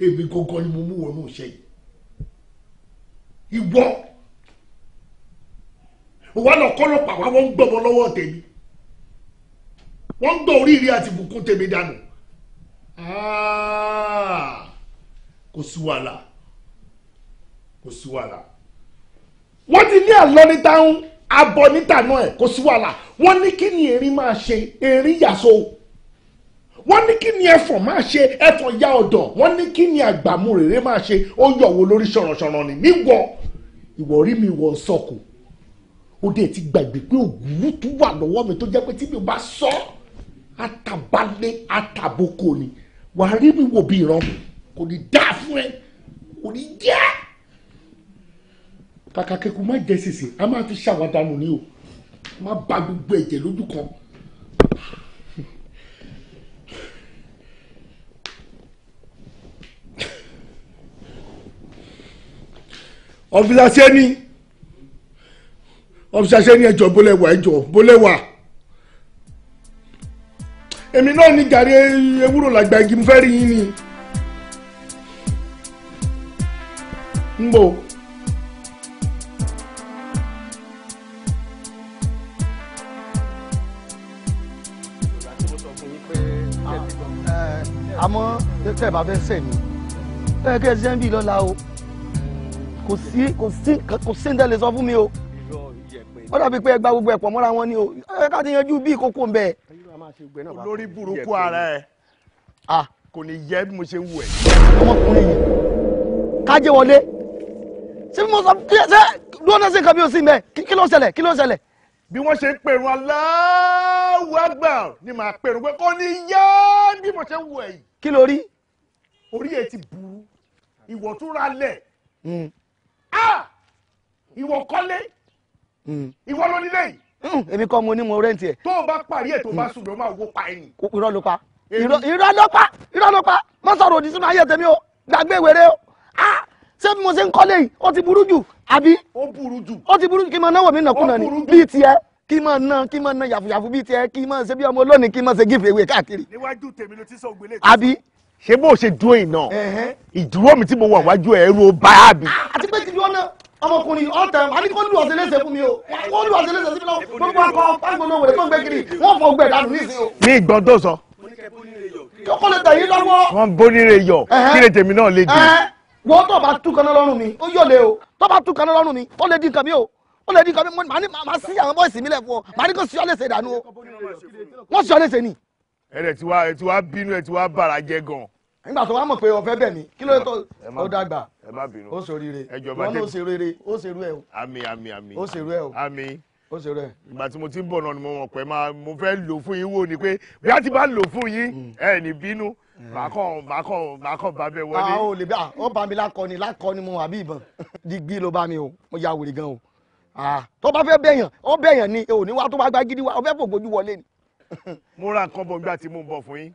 S5: èmi gangan ni mo mú wọnú iṣẹ́ yìí ìwọ ìwọ lọ kọ́lọ́pàá wa wọ́n ń gbọ́mọ lọ́wọ́ tèmi wọ́n ń gbọ́ oríire àti ìbùkún tèmi dànù kò sí wàhálà kò sí wàhálà wọ́n ti ní àlọ́ ní táwọn abọ́ níta náà ẹ̀ kò sí wàhálà wọ́n ní kí ni erin máa ṣe erin yàso wọ́n ní kí ni ẹ̀fọ̀n máa ṣe ẹ̀fọ̀n ya ọ̀dọ̀ wọ́n ní kí ni àgbàmúrèrè máa ṣe ó yọ̀wò lórí ṣọ̀rọ̀ṣọ̀rọ̀ ni níwọ̀ ìwọ̀ rí mi wọ̀ sọ̀kù ó dẹ̀ ti gbàgbé pé òwúrú tún wà lọ́wọ́ mi tó jẹ́ pé tí mi ò bá sọ àtàbálẹ̀ àtàbókò ni wàá rí mi wò bí ìran kò ní dáa fún ẹ kò ní jẹ́ kàkà kẹ́kù má jẹ́ sèse a máa fi ṣàwádànù ni o má ba gbogbo ẹ̀jẹ̀ lójú kan. ọ̀fíìsà sẹ́ni ọ̀fíìsà sẹ́ni ẹ̀jọ̀ bólẹ̀wà ẹ̀jọ̀ bólẹ̀wà èmi náà ní gàrí ewúro làgbà igi mo fẹ́ rí yín ni. ń bọ̀. àmọ́ tẹ́ ẹ bá fẹ́ sẹ̀ ni bẹ́ẹ̀ kẹ́ ẹ o kò sí kò sí kò sí ń tẹ́lẹ̀ sọ fún mi o wọ́n dàbí pé ẹ gba gbogbo ẹ̀pọ̀ mọ́ra wọn ni o ẹ ká ti yanjú bí ìkókó ń bẹ. olórí burúkú ara ẹ kò ní yẹ bí mo ṣe ń wù ẹ. ọmọkùnrin yìí kájé wọlé ṣé mo sọ ṣé lóun náà ṣe nǹkan bí o sí mẹ kí ló ń ṣẹlẹ̀ kí ló ń ṣẹlẹ̀ bí wọ́n ṣe ń pèrún Allahu Akbar ni màá pèrún pé kò ní yá bí mo ṣe ń wọ ẹ̀yìn. kí ló rí. orí ẹ ti bu ìwọ tún ra lẹ̀ hmm. a ìwọ kọ́lé hmm. ìwọ ló nílé yìí. Hmm, èmi kọ́ mo ní mo rẹ́ǹtì ẹ̀. tó o bá parí ẹ̀ tó o bá sùn ló máa wó pa ẹ̀yìn. irọ́ ló pa irọ́ ló pa irọ́ ló pa mọ́sọ̀rọ̀ òdì sínú ayé tèmi o gbàgbé wèrè o ṣé bí mo ṣe ń kọ́lé yìí ó ti burú jù àbí. ó burú jù. ó ti burú jù kí n máa náwó mi nàkúnà ni bíi tiẹ̀ kí n máa ná kí n máa ná yàfùyàfù bíi tiẹ̀ kí n máa ṣe bí ọmọ olónìí kí n máa ṣe gífè ewé káàkiri. níwájú tèmi ló ti sọ ògbélé. àbí. ṣé bó ṣe dúró iná ìdúró mi tí mo wà wájú ẹ ro báyà bí. Ah, àti pé tìlú ọ̀nà ọmọkùnrin ọ̀tẹ̀ àbí kó lù ọ̀sẹ̀ léṣe fún mi o kó lù ọ̀sẹ̀ léṣe sí mi lọ gbogbo akọ pàgbọ́nà wẹ̀rẹ̀ tó ń gbé kiri wọ́n fọ ọgbẹ́ ìdánù nísìnyí o. ní ìgbọ́n tó sọ. kí ọkọ lè tẹ̀yìn lọ́wọ́ wọ́n tó bá tú kaná lọ́rùn mi ó yọ̀lẹ̀ o tó bá tú kaná lọ́rùn mi ó lè di nǹkan mi o ó lè di nǹkan mi màá ní màá sí àwọn bọ́ọ̀sì mi lẹ̀ fún ọ màá ní kó sí ọ dànù o wọ́n sí ọ ni. ẹ rẹ ti wá ẹ ti wá bínú ẹ ti wá bàrà jẹ gan. nígbà tó wá mọ̀ pé o fẹ́ bẹ̀ mí kí ló tó ó dàgbà ó ṣoríire ìwọ náà ó ṣe rere ó ṣe rú ẹ o. àmín àmín àmín ó ṣe rú ẹ o. àmín ó ṣe rẹ. ìgbà tí mo ti ń bọ̀ náà ni mo mọ̀ pé mo fẹ́ lò fún yín wò ni pé bí a ti bá lò fún yín mm. ẹ ní bínú màá kàn màá kàn màá kàn bá bẹ wọlé. a ò lè bá ọ bá mi lákọni lákọni mo àbí ìbọn digbí ló bá mi o mo ya wèrè gan o tó bá fẹ́ bẹ̀yàn ọ bẹ̀yàn ni ò ní wá tó bá gba gidi wá ọ fẹ́ fògbójú wọlé ni. mo ra nǹkan bọ̀ nígbà tí mo ń bọ̀ fún yín.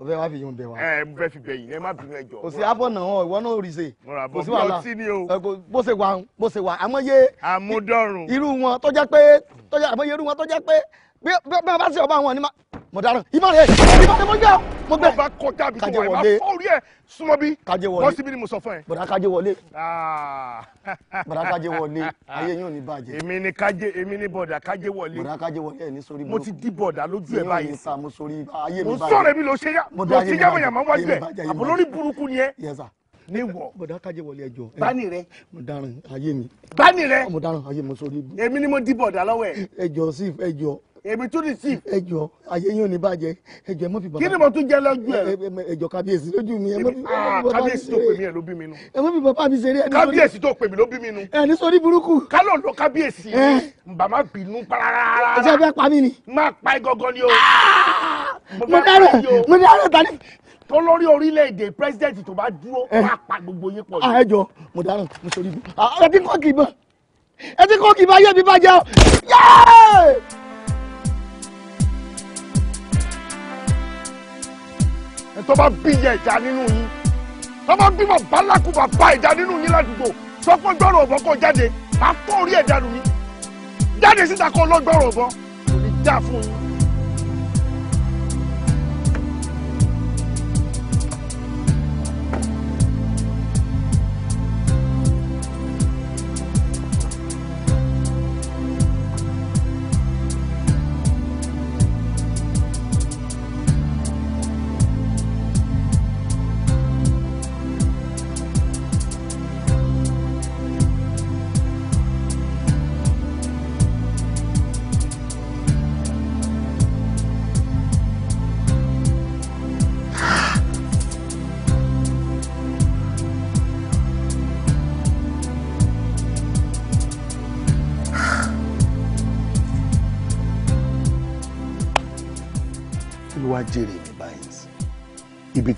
S5: o fẹ́ wá fi yun bẹ̀ wá. ẹ mo fẹ́ fi bẹ̀ yín ẹ má bínú ẹjọ́. kò sí afọ́nà hàn ìwọ náà rí ṣe. mo ra bọ̀ bí ọtí ni o. bó ṣe wà bó ṣe wà àmọ́ yé. àmúdọ̀rùn. irú wọn tó jẹ́ pé bí wọ́n bá ṣe ọba àwọn ọ̀nìmọ̀ mọ̀ dára ìmọ̀ rẹ̀ ìmọ̀ rẹ̀ mo yá mo gbẹ. ọba kọjá mi tó wà ìmọ̀ fọ́ orí ẹ̀ súnmọ́ bí wọ́n síbi ni mo sọ fún ẹ. bọ̀dá kájé wọlé ah. bọ̀dá kájé wọlé ayé yóò ní bàjẹ́. èmi ni kájé èmi ni bọ̀dá kájé wọlé. bọ̀dá kájé wọlé ẹ̀ ní sórí bọ́ọ̀. mo ti di bọ̀dá lójú ẹ̀ báyìí. mo sọ̀rọ̀ mi lọ ṣe yá mo ti yá wọ̀nyà máa wájú ẹ̀ àbọ̀lórí burúkú ni ẹ ní wọ. bọ̀dá kájé wọlé ẹjọ́. báni rẹ. mo dáràn ayé mi. báni rẹ. mo dáràn ayé mi sórí. èmi ni mo di bọ̀dá lọ́wọ́ ẹ. ẹjọ́ sí ẹjọ́ èmi tún ní sí. ẹ jọ ayé yín ò ní bàjẹ́ ẹ jọ ẹ mọ fi bàbá. kí ni mo tún jẹ lójú ẹ. ẹ jọ kábíyèsí lójú mi. Ah, kábíyèsí tó pè mí ẹ ló bí mi nu. ẹ mọ fi bàbá mi ṣeré. kábíyèsí tó pè mí ló bí mi nu. ẹ ní sori burúkú. kálọ̀ ló kábíyèsí. nbà má bínú parara. ẹ jẹ́ fẹ́ pa mí ni. má pa igangan ni o. Ah! mo dárò mo dárò tani. tó lórí orílẹ̀-èdè president tó bá dúró wá pa gbogbo yín pọ̀ yìí. Ah, ẹ jọ mo dárò mo sori burúkú. ẹ ti kọ́ kì í bọ̀ ẹ ti kọ́ kì í bá yé mi bá jẹ́ o. ẹ̀tọ́ bá bí ìyá ìjà nínú yín tó bá bímọ bálákùbà bá ìjà nínú yín ládùúgbò sọ pé gbọ́rọ̀ ọ̀bọ kọ jáde máa kọ́ orí ẹ̀ dànù yín jáde síta kọ́ lọ́gbọ́rọ̀ ọ̀bọ kò ní já fún yín.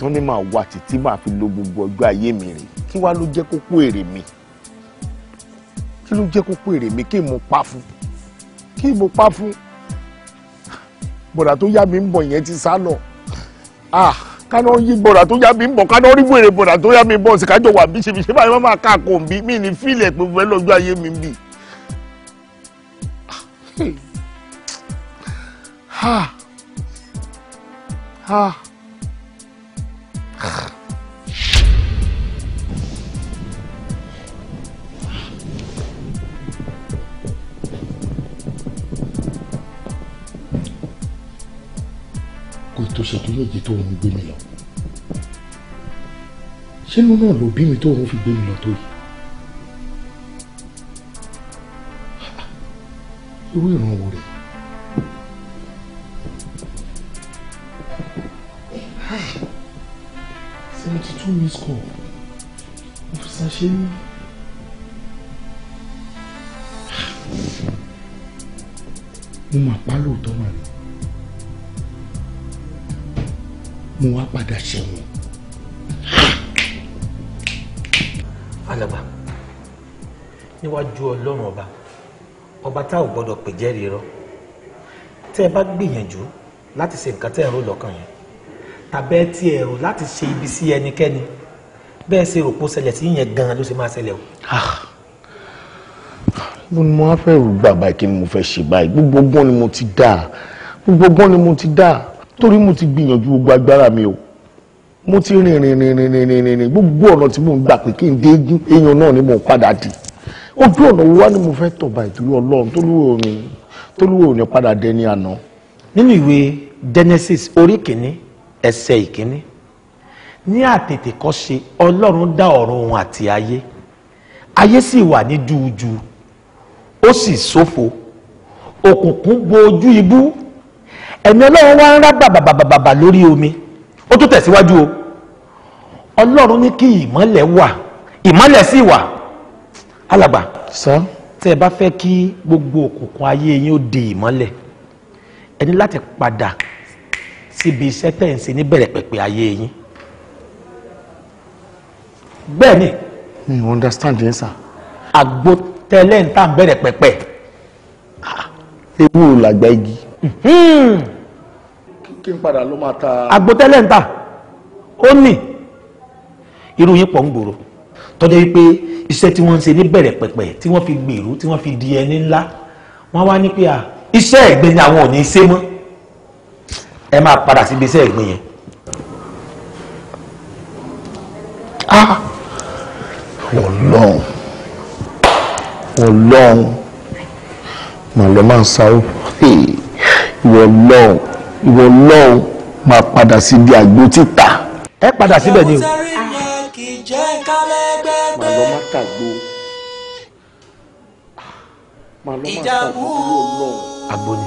S5: tán ní màá wà títí màá fi lo gbogbo ọjọ́ ayé mi rè kí wàá ló jẹ́ kókó èrè mi kí ló jẹ́ kókó èrè mi kí mo pa fún kí mo pa fún bọ̀dà tó yá mi ń bọ̀ yẹn ti sá lọ ah kaná yí bọ̀dà tó yá mi ń bọ̀ kaná rí wèrè bọ̀dà tó yá mi ń bọ̀ sì kájọ wà bí ṣe fi ṣe báyìí má máa ká àkó bí mi ní fílẹ̀ pé mo lọ́jọ́ ayé mi bì.
S1: Ah, ha ha kó
S5: tó ṣètò yóò jẹ tó òun gbé mi lọ sínú náà ló bí mi tó òun fi gbé mi lọ tó yìí irú ìrànwọ́ rẹ̀.
S6: Hey seventy two miss call
S5: òfìsà ṣe ní. mo mà pa lóòótọ́ mà ní mo wá padà ṣẹ̀wọ̀n. alàgbà níwájú ọlọ́run ọba ọba tá ò gbọ́dọ̀ pè jẹ́rìí rọ tẹ́ ẹ bá gbìyànjú láti ṣe nǹkan tẹ́ ẹ ń rò lọ́kàn yẹn tàbẹ́ tí ẹ rò láti ṣe ibi sí ẹnikẹ́ni bẹ́ẹ̀ ṣe rò pé ó ṣẹlẹ̀ sí yẹn gan-an ló ṣe máa ṣẹlẹ̀ o. Ah. mo ní mo á fẹ́ rò gbà kí ni mo fẹ́ ṣe báyìí gbogbo ọgbọ́n ni mo ti dá gbogbo ọgbọ́n ni mo ti dá torí mo ti gbìyànjú gbogbo agbára mi o mo ti rìn rìn rìn rìn rìn rìn rìn gbogbo ọ̀nà tí mò ń gbà pé kí n dé eégún náà ni mò padà dì ojú ọ̀nà wa ni mo fẹ́ tọ̀ba ìtúrú ọlọ́run tólúwò ni tólúwò ni padà dé àná. nínú ìwé Genesis orí kìíní ẹsẹ̀ ìkíní ní àtètèkọ́ṣe ọlọ́run dá ọ̀run òun àti ayé ayé sì wà ní juju ó sì ṣófo òkùnkùn bo ojú ibú ẹ̀mí ọlọ́run wá ń rá bàbàbàbà lórí omi ó tún tẹ̀síwájú o ọlọ́run ní kí ìmọ́lẹ̀ wà ìmọ́lẹ̀ sì wà alàgbà tẹ́ ẹ bá fẹ́ kí gbogbo òkùnkùn ayé yín ó di ìmọ́lẹ̀ ẹ ní láti padà síbi iṣẹ́ tẹ̀ ń ṣe níbẹ̀rẹ̀ pẹ̀pẹ̀ ayé yín bẹ́ẹ̀ ni. mi hmm, ò understand yín sà. àgbo tẹ́lẹ̀ ń tà bẹ̀rẹ̀ pẹ̀pẹ̀. ewu làgbà igi. Hmm. kí n padà ló máa ta. àgbo tẹ́lẹ̀ ń tà ó nì irú yín pọ̀ ń gbòòrò tọ́jú wípé iṣẹ́ tí wọ́n ń ṣe níbẹ̀rẹ̀ pẹ̀pẹ̀ tí wọ́n fi gbèrú tí wọ́n fi di ẹni ńlá wọ́n wá ní pé iṣẹ́ ẹ̀gbẹ́ ni àwọn ò ní í ṣe mọ́ ẹ máa padà sí ibi iṣẹ́ ìgbìn yẹn. Ah! ọlọ́run ọlọ́run mà lọ máa ń sáwó ìwọ ọlọ́run ìwọ ọlọ́run máa padà sí ibi àgbo títà. ẹ padà síbẹ̀ ni o.
S4: mà lọ má tàgbó mà lọ má tàgbó àgbo ni.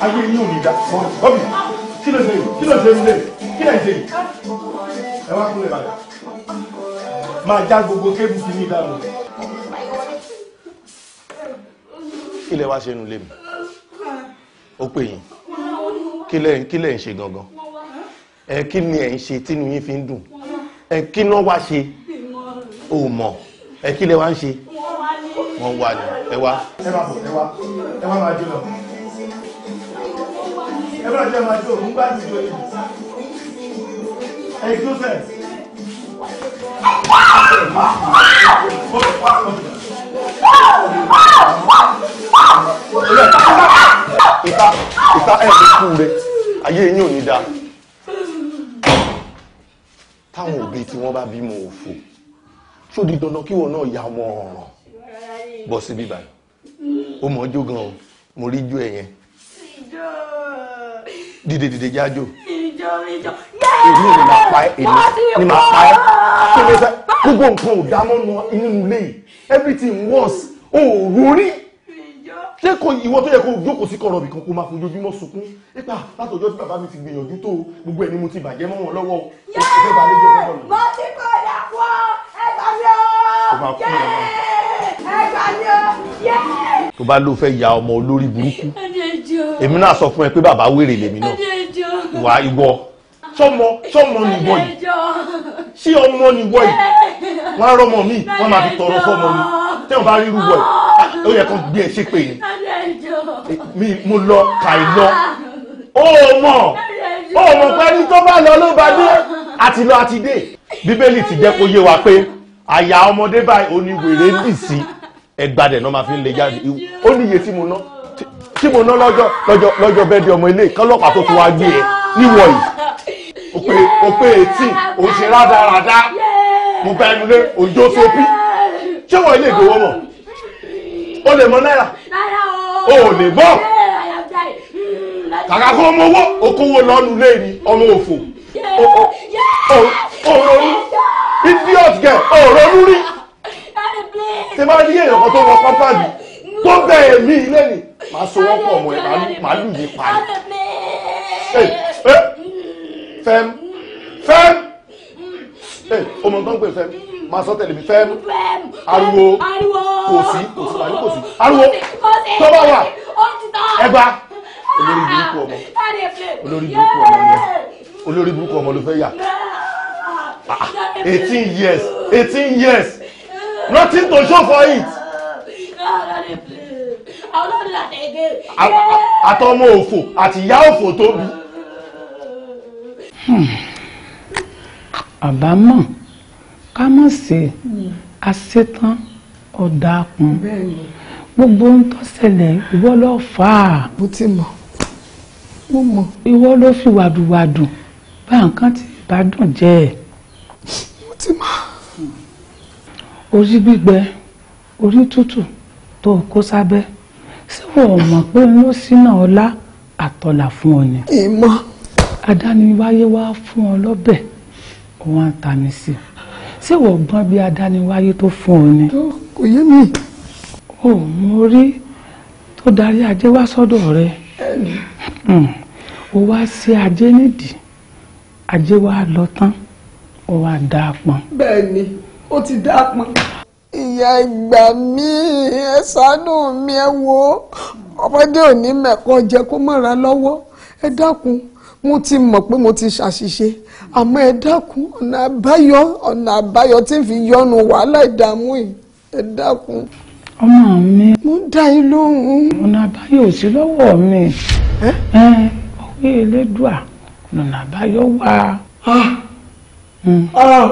S5: ayé yín ò ní da ọbì kí ló ṣe yìí kí ló ṣe yìí kí lè ṣe yìí ẹ wá kúlẹ̀ balẹ̀ máa já gbogbo kébù sí ní ìdáhùn. kí lè ṣe nù lé ó pè yín kílẹ̀ kílẹ̀ ń ṣe gangan ẹ kí ni ẹ̀ ń ṣe tínú yín fi ń dùn ẹ kí náà wá ṣe ò mọ̀ ẹ kí lẹ wá ń ṣe
S3: wọ́n wà ní ẹ wá. ẹ má bọ̀ ẹ wá
S5: ẹ má máa jó lọ ẹ má jẹ́ máa jó òun gbá ti jó yìí ẹ jó Ìta ẹ̀ ló kú re ayé yín ò ní dá táwọn òbí tí wọ́n bá bímọ òfò ṣó di dandan kí wọn náà ya ọmọ ọ̀ràn bọ̀ síbí báyìí ó mọ̀ ọjọ́ gan o mo rí ijó ẹ̀ yẹn dìde dìde jájò
S4: èmi ni màá pa ẹ́ èmi ni màá pa ẹ́ kí ló
S5: fẹ́ gbogbo nǹkan ò dá mọ́nu inú ilé yìí everything worse òòrùn rí ṣé kò ìwọ tó yẹ kó jókòó sí kọ̀rọ̀ ibìkan máa fojoojúmọ́ sunkún nípa látọjọ́ tí bàbá mi ti gbìyànjú tó gbogbo ẹni mo ti bàjẹ́ mọ́ wọn lọ́wọ́ òṣìṣẹ́ ìbàlejò ọ̀gá mi. mo ti kọ́
S7: ẹ̀dá ẹgbà mi ọ ẹgbà mi ọ.
S5: tó bá ló fẹ́ ya ọmọ olórí burúkú èmi náà sọ fún ẹ pé bàbá wèrè lèmi náà ìwà ìwọ sọmọ sọmọ nìwọ yìí sí ọmọ nìwọ
S3: yìí wọn á rọmọ mi wọn máa fi tọrọ fọmọ mi tẹ wọn bá rí irúwọ yìí ah, ó yẹ kó gbé ẹ ṣépè
S5: ni mi mo lọ kàì lọ
S3: ó mọ ó mọ pé ní tó bá lọ ló bá dé
S5: àti lọ àti dé bíbélì ti jẹ́ kó yé wa pé àyà ọmọdé báyìí oníwèrè dì sí ẹgbàdẹ náà máa fi ń lè jáde ó ní iye tí mo ná tí mo ná lọ́jọ́ lọ́jọ́ lọ́jọ́ bẹ́ẹ̀ di ọmọ ilé kọ́lọ́pàá tó ti wá gbé ẹ níwọ̀ Ope, Ope etí òun ṣe mo bá ẹnu lé òjò sopi
S3: ṣé wọ́n ilé ìgbowó mọ̀
S5: o lè mọ náírà
S3: o lè mọ̀ kàkà kó mọ owó okòwò lọ́nu
S5: lé ní ọmọ òfò òrònú idiot girl òrònú rí ṣe máa rí èèyàn kan tó wọ pápá mi tó bẹ̀ẹ̀ mí lẹ́nu màá so wọ́pọ̀ ọmọ ẹ̀ màá lù yí pa ni fẹ́m fẹ́m ẹ ọmọ nǹkan pè fẹ́m máa sọ tẹ̀lé mi fẹ́m
S7: ariwo kò
S5: sí kò sí ariwo kò sí ariwo
S7: tó bá wà
S2: ẹ bá ah.
S5: olórí burúkú ọmọ
S2: olórí burúkú ọmọ yẹn
S5: olórí burúkú ọmọ ló fẹ́ yà
S2: ah, ah. eighteen
S5: years eighteen years nothing to show for it àtọmọ òfò àti ìyá òfò tóbi.
S6: Hmm. àbámọ̀ ká mọ̀ sí asétán ọ̀dàkùn gbogbo ohun tó ṣẹlẹ̀ ìwọ ló fà á. mo ti mọ̀ mo mọ̀. ìwọ ló fi wàdùwàdù bá nǹkan tí ìbádùn jẹ́ ẹ̀. mo ti mọ̀. orí gbígbẹ orí tútù tó o kó sábẹ́ ṣé wọ́n mọ̀ pé n ló ṣínà ọlá àtọ̀là fún ọ ni. èèmọ̀. E adániwáyé wá fún ọ lọ́bẹ̀ òun àtàmì sí i ṣé wọ́n gbọ́n bí adániwáyé tó fún ọ ni. kò yé mi. o mo rí tó darí ajé wá sọ́dọ̀ rẹ o hmm. wá sí ajé nídìí ajé wa lọ tán o wá dá a pọn.
S1: bẹ́ẹ̀ni ó ti dá a pọn. ìyá ìgbà mi ẹ ṣàánú mi ẹ wo ọmọdé ò ní mẹ̀kọ́ jẹ kó mọ̀ra lọ́wọ́ ẹ dákun mo ti mọ̀ pé mo ti ṣàṣìṣe àmọ́ ẹ dákun ọ̀nà àbáyọ ọ̀nà àbáyọ tí ń fi yọnu wàhálà ìdààmú yìí ẹ dákun.
S6: ọmọ mi. mo dá yín lóhùn. ọ̀nà àbáyọ ò sí lọ́wọ́ mi. ẹ ọwọ́ elédùà ọ̀nà àbáyọ wà. Ah. Ah.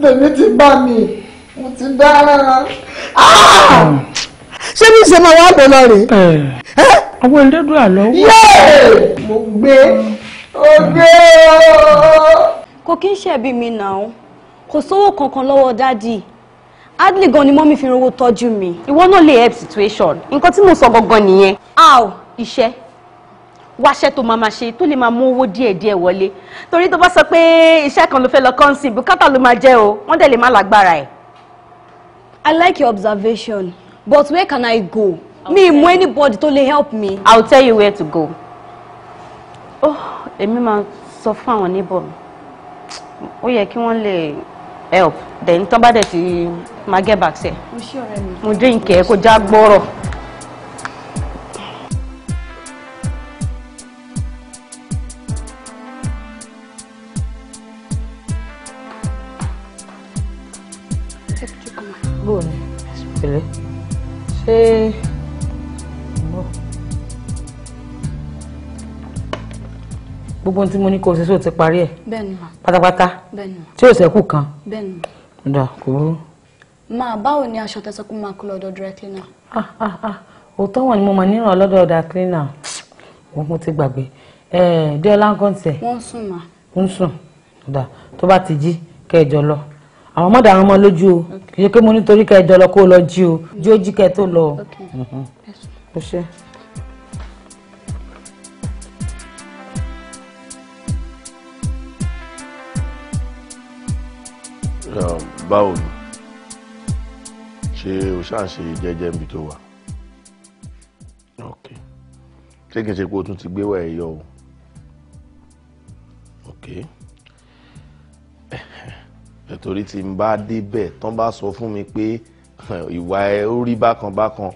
S6: bẹ̀mí ti bá mi mo ti
S1: dára. Ah! ṣé bí ṣe máa wá bọ̀ lọ rè ọwọ́ elédùà lọ́wọ́. mo gbé òde o.
S2: kò kí ń ṣẹ̀bi mi náà kò sówó kankan lọ́wọ́ dádì adley gan ni mọ́mí fi rówó tọ́jú mi. ìwọ náà lè help situation nǹkan tí mo sọ gangan nìyẹn. how iṣẹ́ wáṣẹ́ tó máa ma ṣe tó lè máa mú owó díẹ̀díẹ̀ wọlé torí tó bá sọ pé iṣẹ́ kan ló fẹ́ lọ kọ́ńsìn bùkátà ló máa jẹ́ o wọ́n dẹ̀ lè má lágbára ẹ̀. I like your observation but where can I go? Okay. mi mú anybody tó lè help me. I will tell you where to go. Oh, èmi máa sọ fún àwọn níbọ̀ mi ó yẹ kí wọ́n lè help then tán bá dẹ̀ ti máa get back sẹ̀ mo drink ẹ̀ kó já gbọ́rọ̀. bóòlù gbogbo ohun tí mo ní kó o ṣe sóò ti parí ẹ̀. bẹ́ẹ̀ni ma pátápátá. bẹ́ẹ̀ni ma tí ò ṣẹ́kù kan. bẹ́ẹ̀ni ma. ọ̀dà kò burú. máa báwo ni aṣọ tẹ sọ máa kú lọ́dọ̀ dry cleaner. ah ah ah òótọ́ wọn ni mo máa níran lọ́dọ̀ dry cleaner òun mo ti gbàgbé diola nǹkan tiẹ̀. wọ́n sùn ma. ń sùn ọ̀dà tó bá ti jí kẹjọ lọ àwọn ọmọdé àwọn ọmọ lójú o kì í ṣe pé mo nítorí kẹjọ lọ kó lọ jí o jí ó jí kẹ tó lọ mhm. ó ṣe.
S5: báwo ni ṣé o ṣáà ṣe jẹ́jẹ́ níbi tó wà ok ṣé kì í ṣe pé o tún ti gbé wà ẹ yọ o ok nítorí tí n bá débẹ̀ tán bá sọ fún mi pé ìwà ẹ ó rí bákan bákan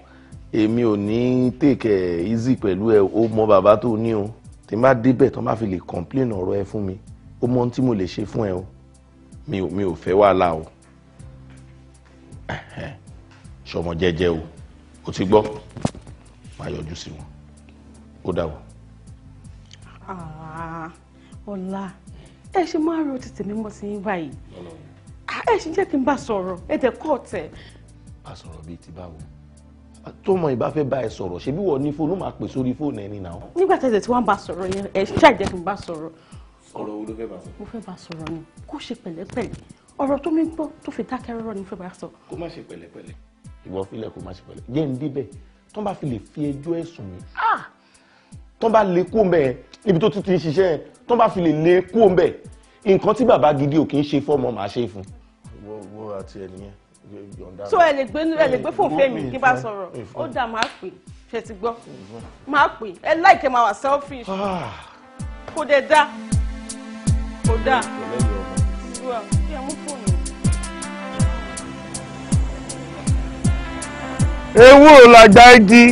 S5: èmi ò ní tèkẹ́ easy pẹ̀lú ẹ ó mọ bàbá tó ní o tí n bá débẹ̀ tán bá fi lè complain ọ̀rọ̀ ẹ fún mi ó mọ ohun tí mo lè ṣe fún ẹ o mi ò mi ò fẹ́ wàhálà o ṣọmọ jẹ́jẹ́ o o ti gbọ́ máa yọjú sí wọn ó dà wọ.
S2: Ah, ọ̀la ẹ ṣe máa ro tètè mímọ́ sí yín báyìí ẹ ṣe jẹ́ kí n bá sọ̀rọ̀ ẹ tẹ̀ kọ́ ọ̀tẹ̀.
S5: bá sọ̀rọ̀ bíi ti báwo tó mọ ìbá fẹ́ bá ẹ sọ̀rọ̀ ṣebí wọ́n ní fóònù máa pè sórí fóònù ẹni náà.
S2: nígbà tí ẹ tẹ̀ tí wọ́n bá sọ̀rọ̀ yẹn ẹ ṣáà jẹ́ kí n bá sọ̀rọ̀
S5: ọ̀rọ̀ wo ló fẹ́ bá
S2: sọ. mo fẹ́ bá sọ̀rọ̀ ni kó ṣe pẹ̀lẹ́pẹ̀lẹ́ ọ̀rọ̀ tó mi gbọ́ tó fi dákẹ́ rọ́rọ́ ni mo fẹ́ bá sọ.
S5: kó má ṣe pẹ̀lẹ́pẹ̀lẹ́. ìwọ filẹ̀ kó má ṣe pẹ̀lẹ́ jẹ́ ń débẹ̀ tó bá fi lè fi ẹjọ́ ẹ̀sùn mi tó bá lè kó mbẹ́ níbi tó tún ti ń ṣiṣẹ́ tó bá fi lè lè kó mbẹ́ nǹkan tí bàbá gidi ò kì í ṣe fọ́mọ màá ṣe fún. wo àti ẹ nìyẹn so ẹ lè gbé ẹ lè gbé fún fẹmi kí bá sọ̀rọ̀ ó dà
S2: máa pè ṣe ti gbọ́ máa pè ẹ láìkẹ máa wà selfish ah. kò dé dá kò dáa. ìwà kí ẹ mú fóònù.
S5: ewúro làgbà igi.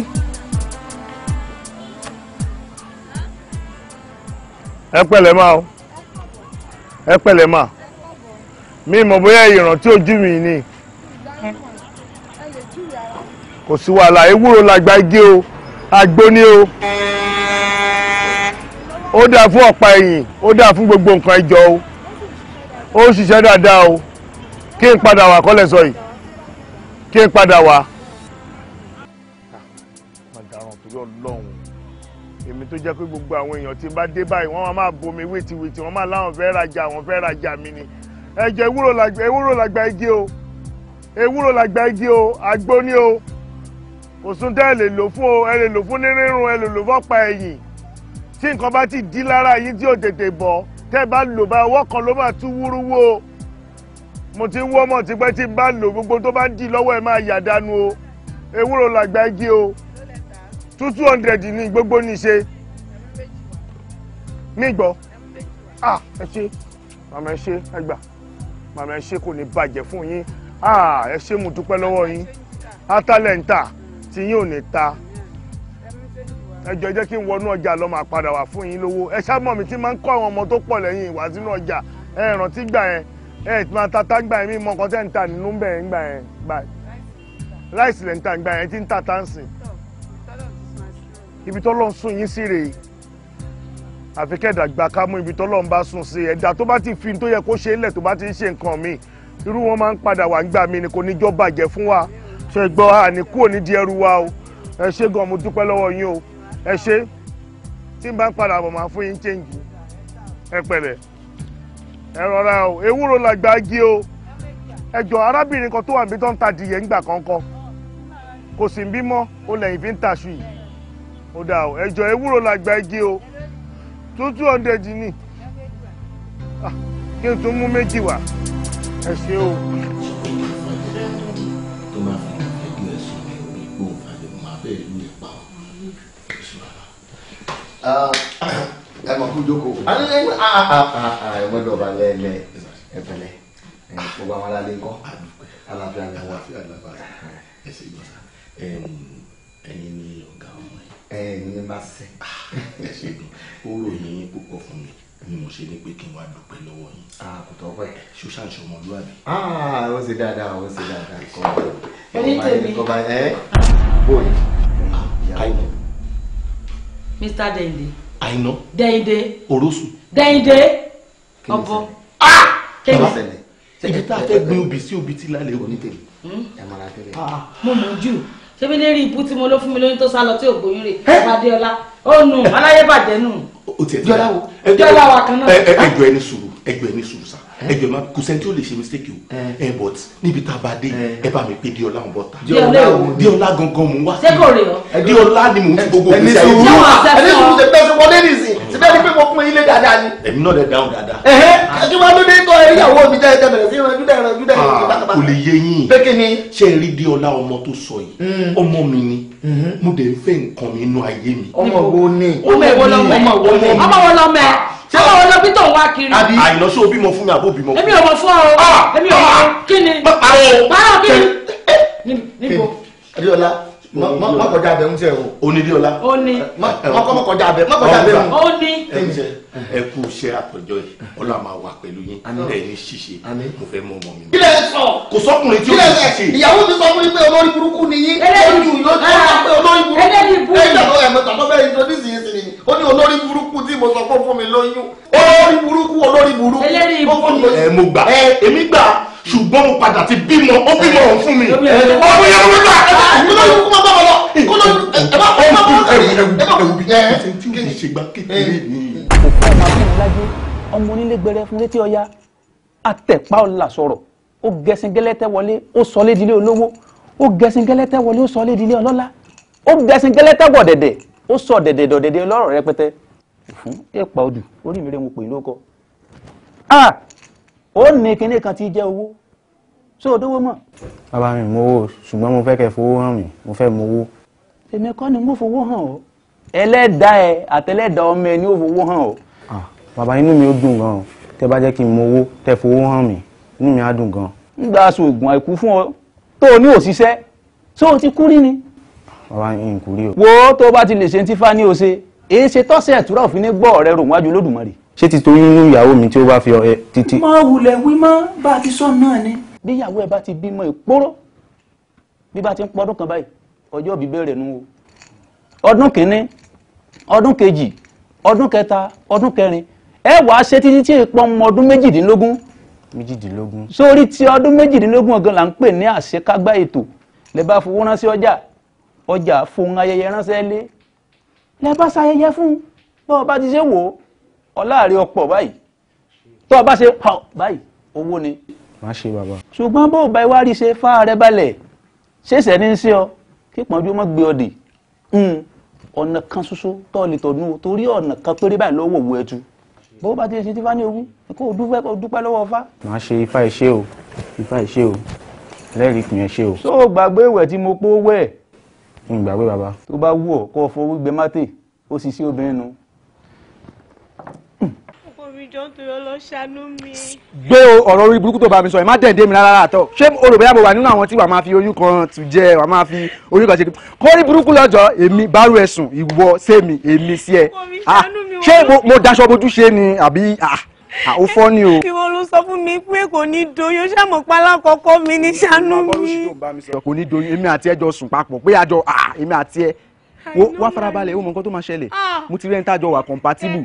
S5: ẹ pẹ̀lẹ́ máa o ẹ pẹ̀lẹ́ máa mi mọ̀ bóyá ìrántí ojú mi ni kò sí wàhálà ewúro làgbà igi o àgbo ni o. Eh ó dáa fún ọ̀pá ẹ̀yìn ó dáa fún gbogbo nǹkan ẹjọ́ o ó ṣiṣẹ́ dáadáa o kí n padà wá kọ́lẹ̀ sọ yìí kí n padà wá. má dáràn torí ọlọ́run èmi tó jẹ́ pé gbogbo àwọn èèyàn tí bá dé báyìí wọ́n máa bomi wìtìwìtì wọ́n máa láwọn fẹ́ rajà àwọn fẹ́ rajà mi ni ẹ̀jẹ̀ ewúro làgbà igi o ewúro làgbà igi o àgbo ni o òsùn tẹ́ ẹ lè lò fún ẹ lè lò fún nírírun ẹ lè lò fọ́pa ẹ̀yìn tí nǹkan bá ti di lára yín tí ò tètè bọ̀ tẹ́ ẹ bá lò bá ọwọ́ kan ló máa tú wúrúwú o mo ti wọ́ mọ̀ tipẹ́ tí n bá lò gbogbo tó bá ń dì lọ́wọ́ ẹ máa yà dànù o ewúro làgbà igi o two two hundred ní gbogbo ní ṣe mí gbọ́ ah ẹ ṣe màmá ẹ ṣe ẹ gbà màmá ẹ ṣe kò ní bàjẹ́ fún yín ah ẹ ṣe mo dúpẹ́ lọ́wọ́ yín atálẹ̀ ń tà tí yín ò ní ta ẹjọ jẹ́ kí n wọnú ọjà lọ máa padà wá fún yín lówó ẹ ṣáàmọ̀ mi tí máa ń kọ́ àwọn ọmọ tó pọ̀ lẹ́yìn ìwà sínú ọjà ẹ rántí gbà yẹn ẹ ti máa tata gbà yẹn mí mọ nǹkan tẹ́ ń ta nínú bẹ̀ yẹn gbà yẹn gbà láìsí lẹ́ ń ta gbà yẹn tí ń ta táǹsì ibi tó lọ́n sùn yín sí rèé àfi kẹ́ẹ̀dà gbà ká mú ibi tó lọ́n bá sùn sí ẹ̀dá tó bá ti fi tó yẹ kó ṣe é lẹ̀ tó ṣe gan mo dúpẹ́ lọ́wọ́ yín o ẹ ṣe tí n bá ń padà bọ̀ máa fún yín change ẹ pẹ̀lẹ́ ẹ rọra o ewúro la gba o ẹ jọ arábìnrin kan tó wà níbi tó ń ta dìyẹ ńgbà kankan kò sì ń bímọ ó lẹ́yìn fi ń taṣu yìí ó dà o ẹ jọ ewúro la gba agi o two two hundred ni ah, kí n tún mú méjì wá ẹ ṣe o. Ah, ẹ mọ̀ kó jókòó ah, ah, ẹ gbọ́dọ̀ ọba lẹ́ẹ̀lẹ́ ẹ pẹ̀lẹ́ gbogbo àwọn alálẹ́ ńkọ́ aláfíà ni wà. ẹ̀yin ni ọ̀gá ọmọ ẹ̀. ẹ̀yin ni máa sẹ́. ẹ ṣe dùn ó ròyìn púpọ̀ fún mi ni mo ṣe ní pé kí n wá dúpẹ́ lọ́wọ́ yín. àkùtọ̀ ọpẹ́. ṣoṣà ń ṣọmọlúwàbí. ó ṣe dáadáa ó ṣe dáadáa. ẹni tèmi. bóyá.
S2: Mr. Dẹ́yìndé. Àìná. Dẹ́yìndé. Òrósù. Dẹ́yìndé.
S5: Ọ̀bọ. Bàbá ibi tá a fẹ́ gbin obì sí obì tí lálẹ́ òní tèmi. Hmm? Ah, mo mọ̀ jù.
S2: Ṣébí lérí ibú tí mo ló fún mi lóyún tó sá lọ tí ògbóyún rè. Adéọlá. Ó nù aláyébàjẹ́ nù.
S5: Jọlá wo. Jọlá wa kan náà. Ẹgbẹ́ ẹni sùúrù ẹgbẹ́ ẹni sùúrù sáà ẹ jọ ma kò sẹ́ni tí ó lè ṣe mistake o ẹ eh. eh, but níbi tá a bá dé eh. ẹ bá mi pé diola ń bọ̀ ta diola gangan mò ń wá sí diola ni mò ń fi gbogbo òkú sí ayé mi. ẹni sùúrù ṣe pẹ́ sọ́kọ́ lẹ́yìn ìsìn ṣe bẹ́ẹ̀ ni pé mo pín ilé dáadáa ni. èmi náà lè dáhùn dáadáa. ẹjú máa ló dé kọ ìyàwó mi jẹ́ ìjẹ́bẹ̀rẹ̀ sí ìrànjú dẹ̀ ìrànjú dẹ̀ ìrànjú. kò lè yé yín ṣe é rí diola ọmọ tó sọ yìí mm. ọmọ mi ni mm-hmm. mo dẹ̀ ń fẹ́ nǹkan mi inú ayé mi. ọmọ wo ni ọmọ wo lọmọ ọmọ wo lọmọ àwọn olóbi tó ń wá kiri. àbí àyìnà ṣó o bímọ fún mi àbó bímọ fún mi. èmi ò mọ̀ fún ọ ah! èmi ò mọ̀ ah! kí ni. má parọ́ o. parọ́ kí ni. níbo. adéọlá má kọjá abẹ ń tẹ o. onídìọ́lá. ó ní. má kọjá abẹ má kọjá abẹ mu. ó ní. ẹ kú iṣẹ́ àtọ̀jọ́ yìí ọlọ́ máa wà pẹ̀lú yín ẹ̀ ní ṣíṣe mo fẹ́ mọ ọmọ mi. kílẹ̀ sọ. kò sọkùnrin tí ó ní ṣíṣe. ìyàwó mi sọ fún mi pé olórí burúkú ni yín. ẹlẹ́dì bú ló sọ pé olórí burúkú. ẹlẹ́dì bú mi. ẹ̀yìn àwọn ẹ̀mẹ́ta tó bẹ́ẹ̀ ní sí sí ni ó ní olórí burúkú tí mo sọ fún mi lóyún olórí burúkú olórí burúkú. ẹ mo gbà èmi gbà ṣùgbọ́n mo padà ti bímọ ó bímọ òun fún mi. ọmọ yẹn ló ń gbà kó ló ń kó máa bá wọn lọ kó ló ń ẹ bá wọn bá wọn kàwé ẹ bá wọn bí. ṣe tí kì í ṣe gba kékeré ni. òkú ọmọ
S4: abínúlájẹ ọmọ onílé
S5: fún létí ọya àtẹ̀pá ọ̀la sọ̀rọ̀ ó gẹṣin wọlé ó sọ lédìlé olówó ó gẹṣin wọlé ó sọ lédìlé ọlọ́lá ó gẹṣin wọ̀ dẹ̀dẹ̀ ó sọ dẹ̀dẹ̀ dọ̀dẹ̀dẹ̀ lọ́rọ̀ rẹpẹtẹ fún ẹ̀pà odù orí mi rẹ̀ mo pè lóko ó ní kinní kan tí jẹ́ owó o òdówó mọ̀. bàbá mi mo wò ṣùgbọ́n mo fẹ́ kẹ́ fowó hàn mí mo fẹ́ mo wó. èmi kọ́ ni mo fowó hàn ọ́ ẹlẹ́dàá ẹ àtẹlẹ́dàá ọmọ ẹ ni ó fowó hàn ọ́. bàbá inú mi ó dùn gan o tẹ bá jẹ́ kí n mowó tẹ fowó hàn mí inú mi á dùn gan. ń gba aṣọ oògùn àìkú fún ọ tó o ní òṣìṣẹ́ ṣé o ti kú rí ni. bàbá n kú rí o. wo tó o bá ti lè ṣe ti fa ní o ṣe èé ṣe tọ́sẹ̀ ẹ̀túrà òfin ní gbọ́ ọ̀rẹ́ rò wájú lódùmarè ṣé ti torí nínú ìyàwó mi tí ó bá fi ọ ẹ títí. má wulẹ̀ wí mọ́ bá a ti sọ náà ni. bí ìyàwó ẹ bá ti bímọ ìpóró bí bá ti ń pọdún kan báyìí ọjọ́ òbí bẹ̀rẹ̀ nu o ọdún kìíní ọdún kejì ọdún kẹta ọdún kẹrin ẹ wàá ṣe títí tí ìpọn ọmọ ọdún méjìdínlógún.
S6: méjìdínlógún.
S5: sórí ti ọdún méjìdínlógún ọ̀gán là ń pè ní àṣekágbá ètò lè bá fowó ránṣẹ́ ọjà ọjà fohun ayẹyẹ ránṣẹ́ lé
S4: lè bá ṣayẹyẹ fún bọ́ọ̀ bá ti ṣe wò ó
S5: ọláàrí ọ̀pọ̀ báyìí tó o bá ṣe pa báyìí owó ni. má ṣe bàbá.
S4: ṣùgbọ́n bó o bá wá rí ṣe fá rẹ
S5: balẹ̀ ṣèṣẹ̀ ní í ṣe ọ kí pọ́njú mọ́ gbé ọ dì hmm, ọ̀nà kan ṣoṣo tó lè tọ̀nù torí ọ̀nà kan péré báyìí lọ́wọ́ òwú ẹtù bó bá ti ṣe ti fá ní ogún kó o dúpẹ́ kó o dúpẹ́ lọ́wọ́ fá. má ṣe ifá ìṣe o ifá ìṣe o ẹlẹ́rìí kùn yẹn ṣe o. ṣó o gbàgbé ìwẹ̀ tí mo pó wẹ̀. mi gbàgbé bàbá. tó bá wù ọ kó o fowó gbẹ mátè ó sì obìnrin nu
S1: jọ ń tòrọ lọ ṣàánú mi.
S5: gbé ọ̀rọ̀ orí burúkú tó bá mi sọ ẹ̀ má dẹ̀ dé mi rárá àtọ̀ ṣé olùbẹ̀yà mo wà nínú àwọn tí wàá máa fi oyún kan tù jẹ wàá máa fi oyún kan ṣe kí kórí burúkú lọ́jọ́ èmi bárò ẹ̀sùn ìwọ sẹ́mi èmi sí ẹ ah, ṣé mo daṣọ bojú ṣe ni àbí ah, ah, ó fọ́ ni o. kí
S1: wọ́n ló sọ fún mi pé kò ní doyún ṣàmọ̀ pálá kọ́kọ́ mi ní ṣàánú mi.
S5: kò ní doyún èmi àti ẹ jọ sùn papọ̀ pé àjọ èmi àti ẹ wá farabalẹ̀ ó mọ nǹkan tó máa ṣẹlẹ̀ mo ti rí ẹni tájọ wà compatible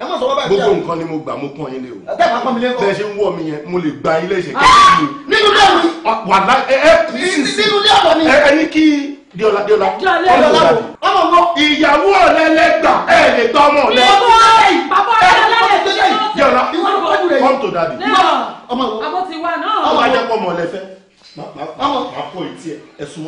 S5: ẹ má sọ wọ́n báyìí. gbogbo nǹkan ni mo gbà mo pọ́n yín lé o. bẹ́ẹ̀ máa pọ́n mi lé kọ́. bẹ́ẹ̀ ṣe ń wọ̀ mí yẹn mo lè gba ilé ìṣẹ̀kẹ́ mi. nínú ilé ọ̀rọ̀ ni. Ah, wàhálà ẹ ẹ kù sí sí. nínú ilé ọ̀rọ̀ ni. ẹ ẹ ní kí diola diola. diola diola wo. ọmọ mo. ìyàwó rẹ lẹgbà ẹ lè tọ́ ọmọ rẹ. bàbá rẹ lẹ́yìn. diola come to daddy. ọmọ wo. àbó ti wà náà. ọmọ ajẹ́pọ̀ mọ̀ lẹ́fẹ́ ọmọ máa pọ̀ ìtì ẹ̀ ẹ̀sùn